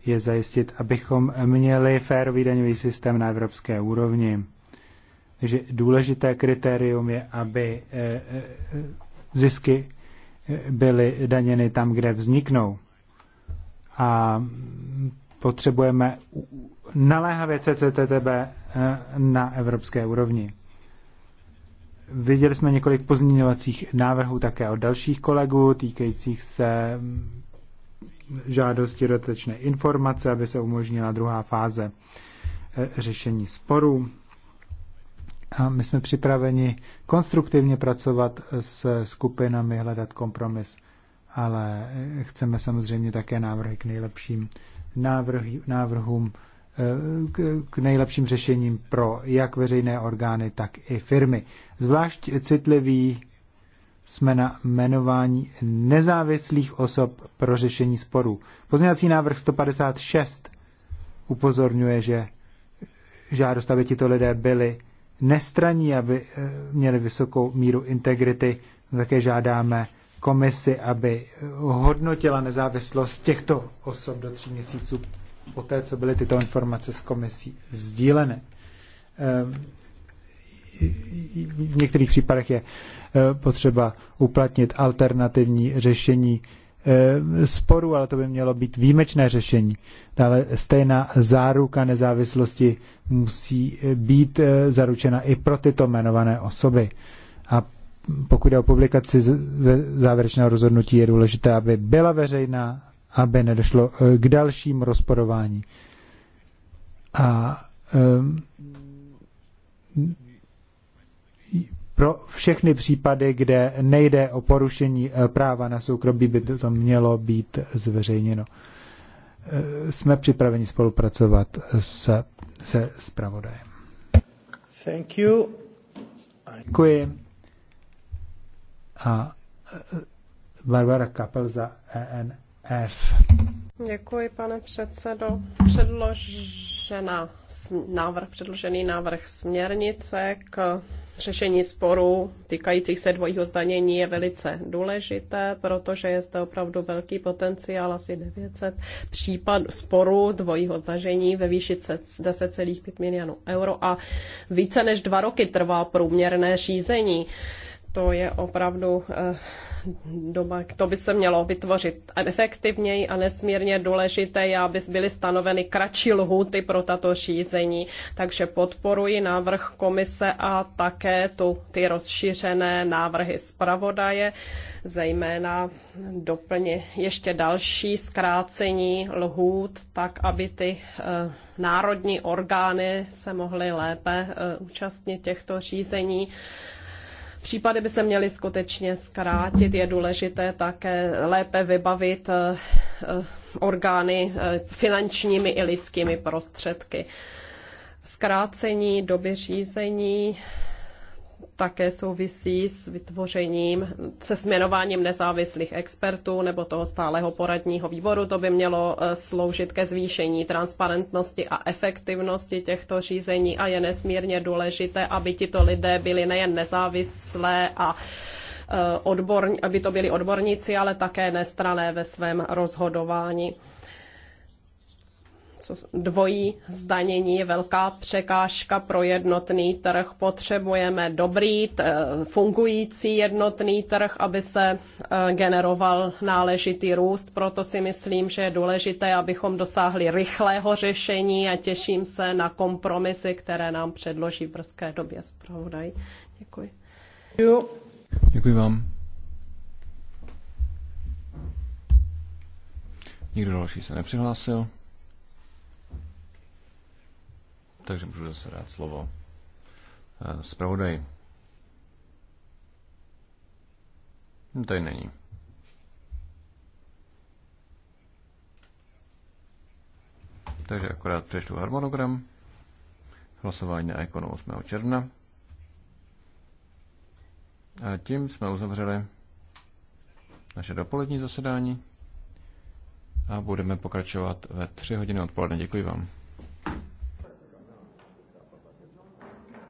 je zajistit, abychom měli férový daňový systém na evropské úrovni. Takže důležité kritérium je, aby eh, eh, zisky eh, byly daněny tam, kde vzniknou. A potřebujeme naléhavě CCTB na evropské úrovni. Viděli jsme několik pozměňovacích návrhů také od dalších kolegů týkajících se mm, žádosti dodatečné informace, aby se umožnila druhá fáze řešení sporů. A my jsme připraveni konstruktivně pracovat s skupinami, hledat kompromis, ale chceme samozřejmě také návrhy k nejlepším návrh, návrhům, eh, k nejlepším řešením pro jak veřejné orgány, tak i firmy. Zvlášť citliví jsme na jmenování nezávislých osob pro řešení sporů. Pozměňovací návrh 156 upozorňuje, že žádost, aby tito lidé byli nestraní, aby eh, měli vysokou míru integrity. Také žádáme komisi, aby eh, hodnotila nezávislost těchto osob do tří měsíců po té, co byly tyto informace s komisí sdíleny. Eh, v některých případech je potřeba uplatnit alternativní řešení Eh, sporů, ale to by mělo být výjimečné řešení. Dále stejná záruka nezávislosti musí být eh, zaručena i pro tyto jmenované osoby. A pokud je o publikaci závěrečného rozhodnutí, je důležité, aby byla veřejná, aby nedošlo eh, k dalším rozporování. A um, pro všechny případy, kde nejde o porušení eh, práva na soukromí, by to mělo být zveřejněno. Eh, jsme připraveni spolupracovat se, se zpravodajem. Thank you. Děkuji. A eh, Barbara Kapel za ENF. Děkuji, pane předsedo. Předložená, návrh, předložený návrh směrnice k řešení sporů týkajících se dvojího zdanění je velice důležité, protože je zde opravdu velký potenciál, asi 900 případ sporů dvojího zdanění ve výši 10,5 milionů euro a více než dva roky trvá průměrné řízení to je opravdu eh, doba, to by se mělo vytvořit efektivněji a nesmírně důležité, aby byly stanoveny kratší lhuty pro tato řízení. Takže podporuji návrh komise a také tu, ty rozšířené návrhy zpravodaje, zejména doplně ještě další zkrácení lhůt, tak aby ty eh, národní orgány se mohly lépe eh, účastnit těchto řízení Případy by se měly skutečně zkrátit. Je důležité také lépe vybavit eh, eh, orgány eh, finančními i lidskými prostředky. Zkrácení doby řízení také souvisí s vytvořením, se směnováním nezávislých expertů nebo toho stáleho poradního výboru. To by mělo eh, sloužit ke zvýšení transparentnosti a efektivnosti těchto řízení a je nesmírně důležité, aby tito lidé byli nejen nezávislé a eh, odborní, aby to byli odborníci, ale také nestrané ve svém rozhodování co dvojí zdanění je velká překážka pro jednotný trh. Potřebujeme dobrý, eh, fungující jednotný trh, aby se eh, generoval náležitý růst. Proto si myslím, že je důležité, abychom dosáhli rychlého řešení a těším se na kompromisy, které nám předloží v brzké době zpravodaj. Děkuji. Jo. Děkuji vám. Nikdo další se nepřihlásil. Takže můžu zase dát slovo eh, zpravodaj. No, hm, tady není. Takže akorát přečtu harmonogram. Hlasování na ikonu 8. června. A tím jsme uzavřeli naše dopolední zasedání a budeme pokračovat ve 3 hodiny odpoledne. Děkuji vám.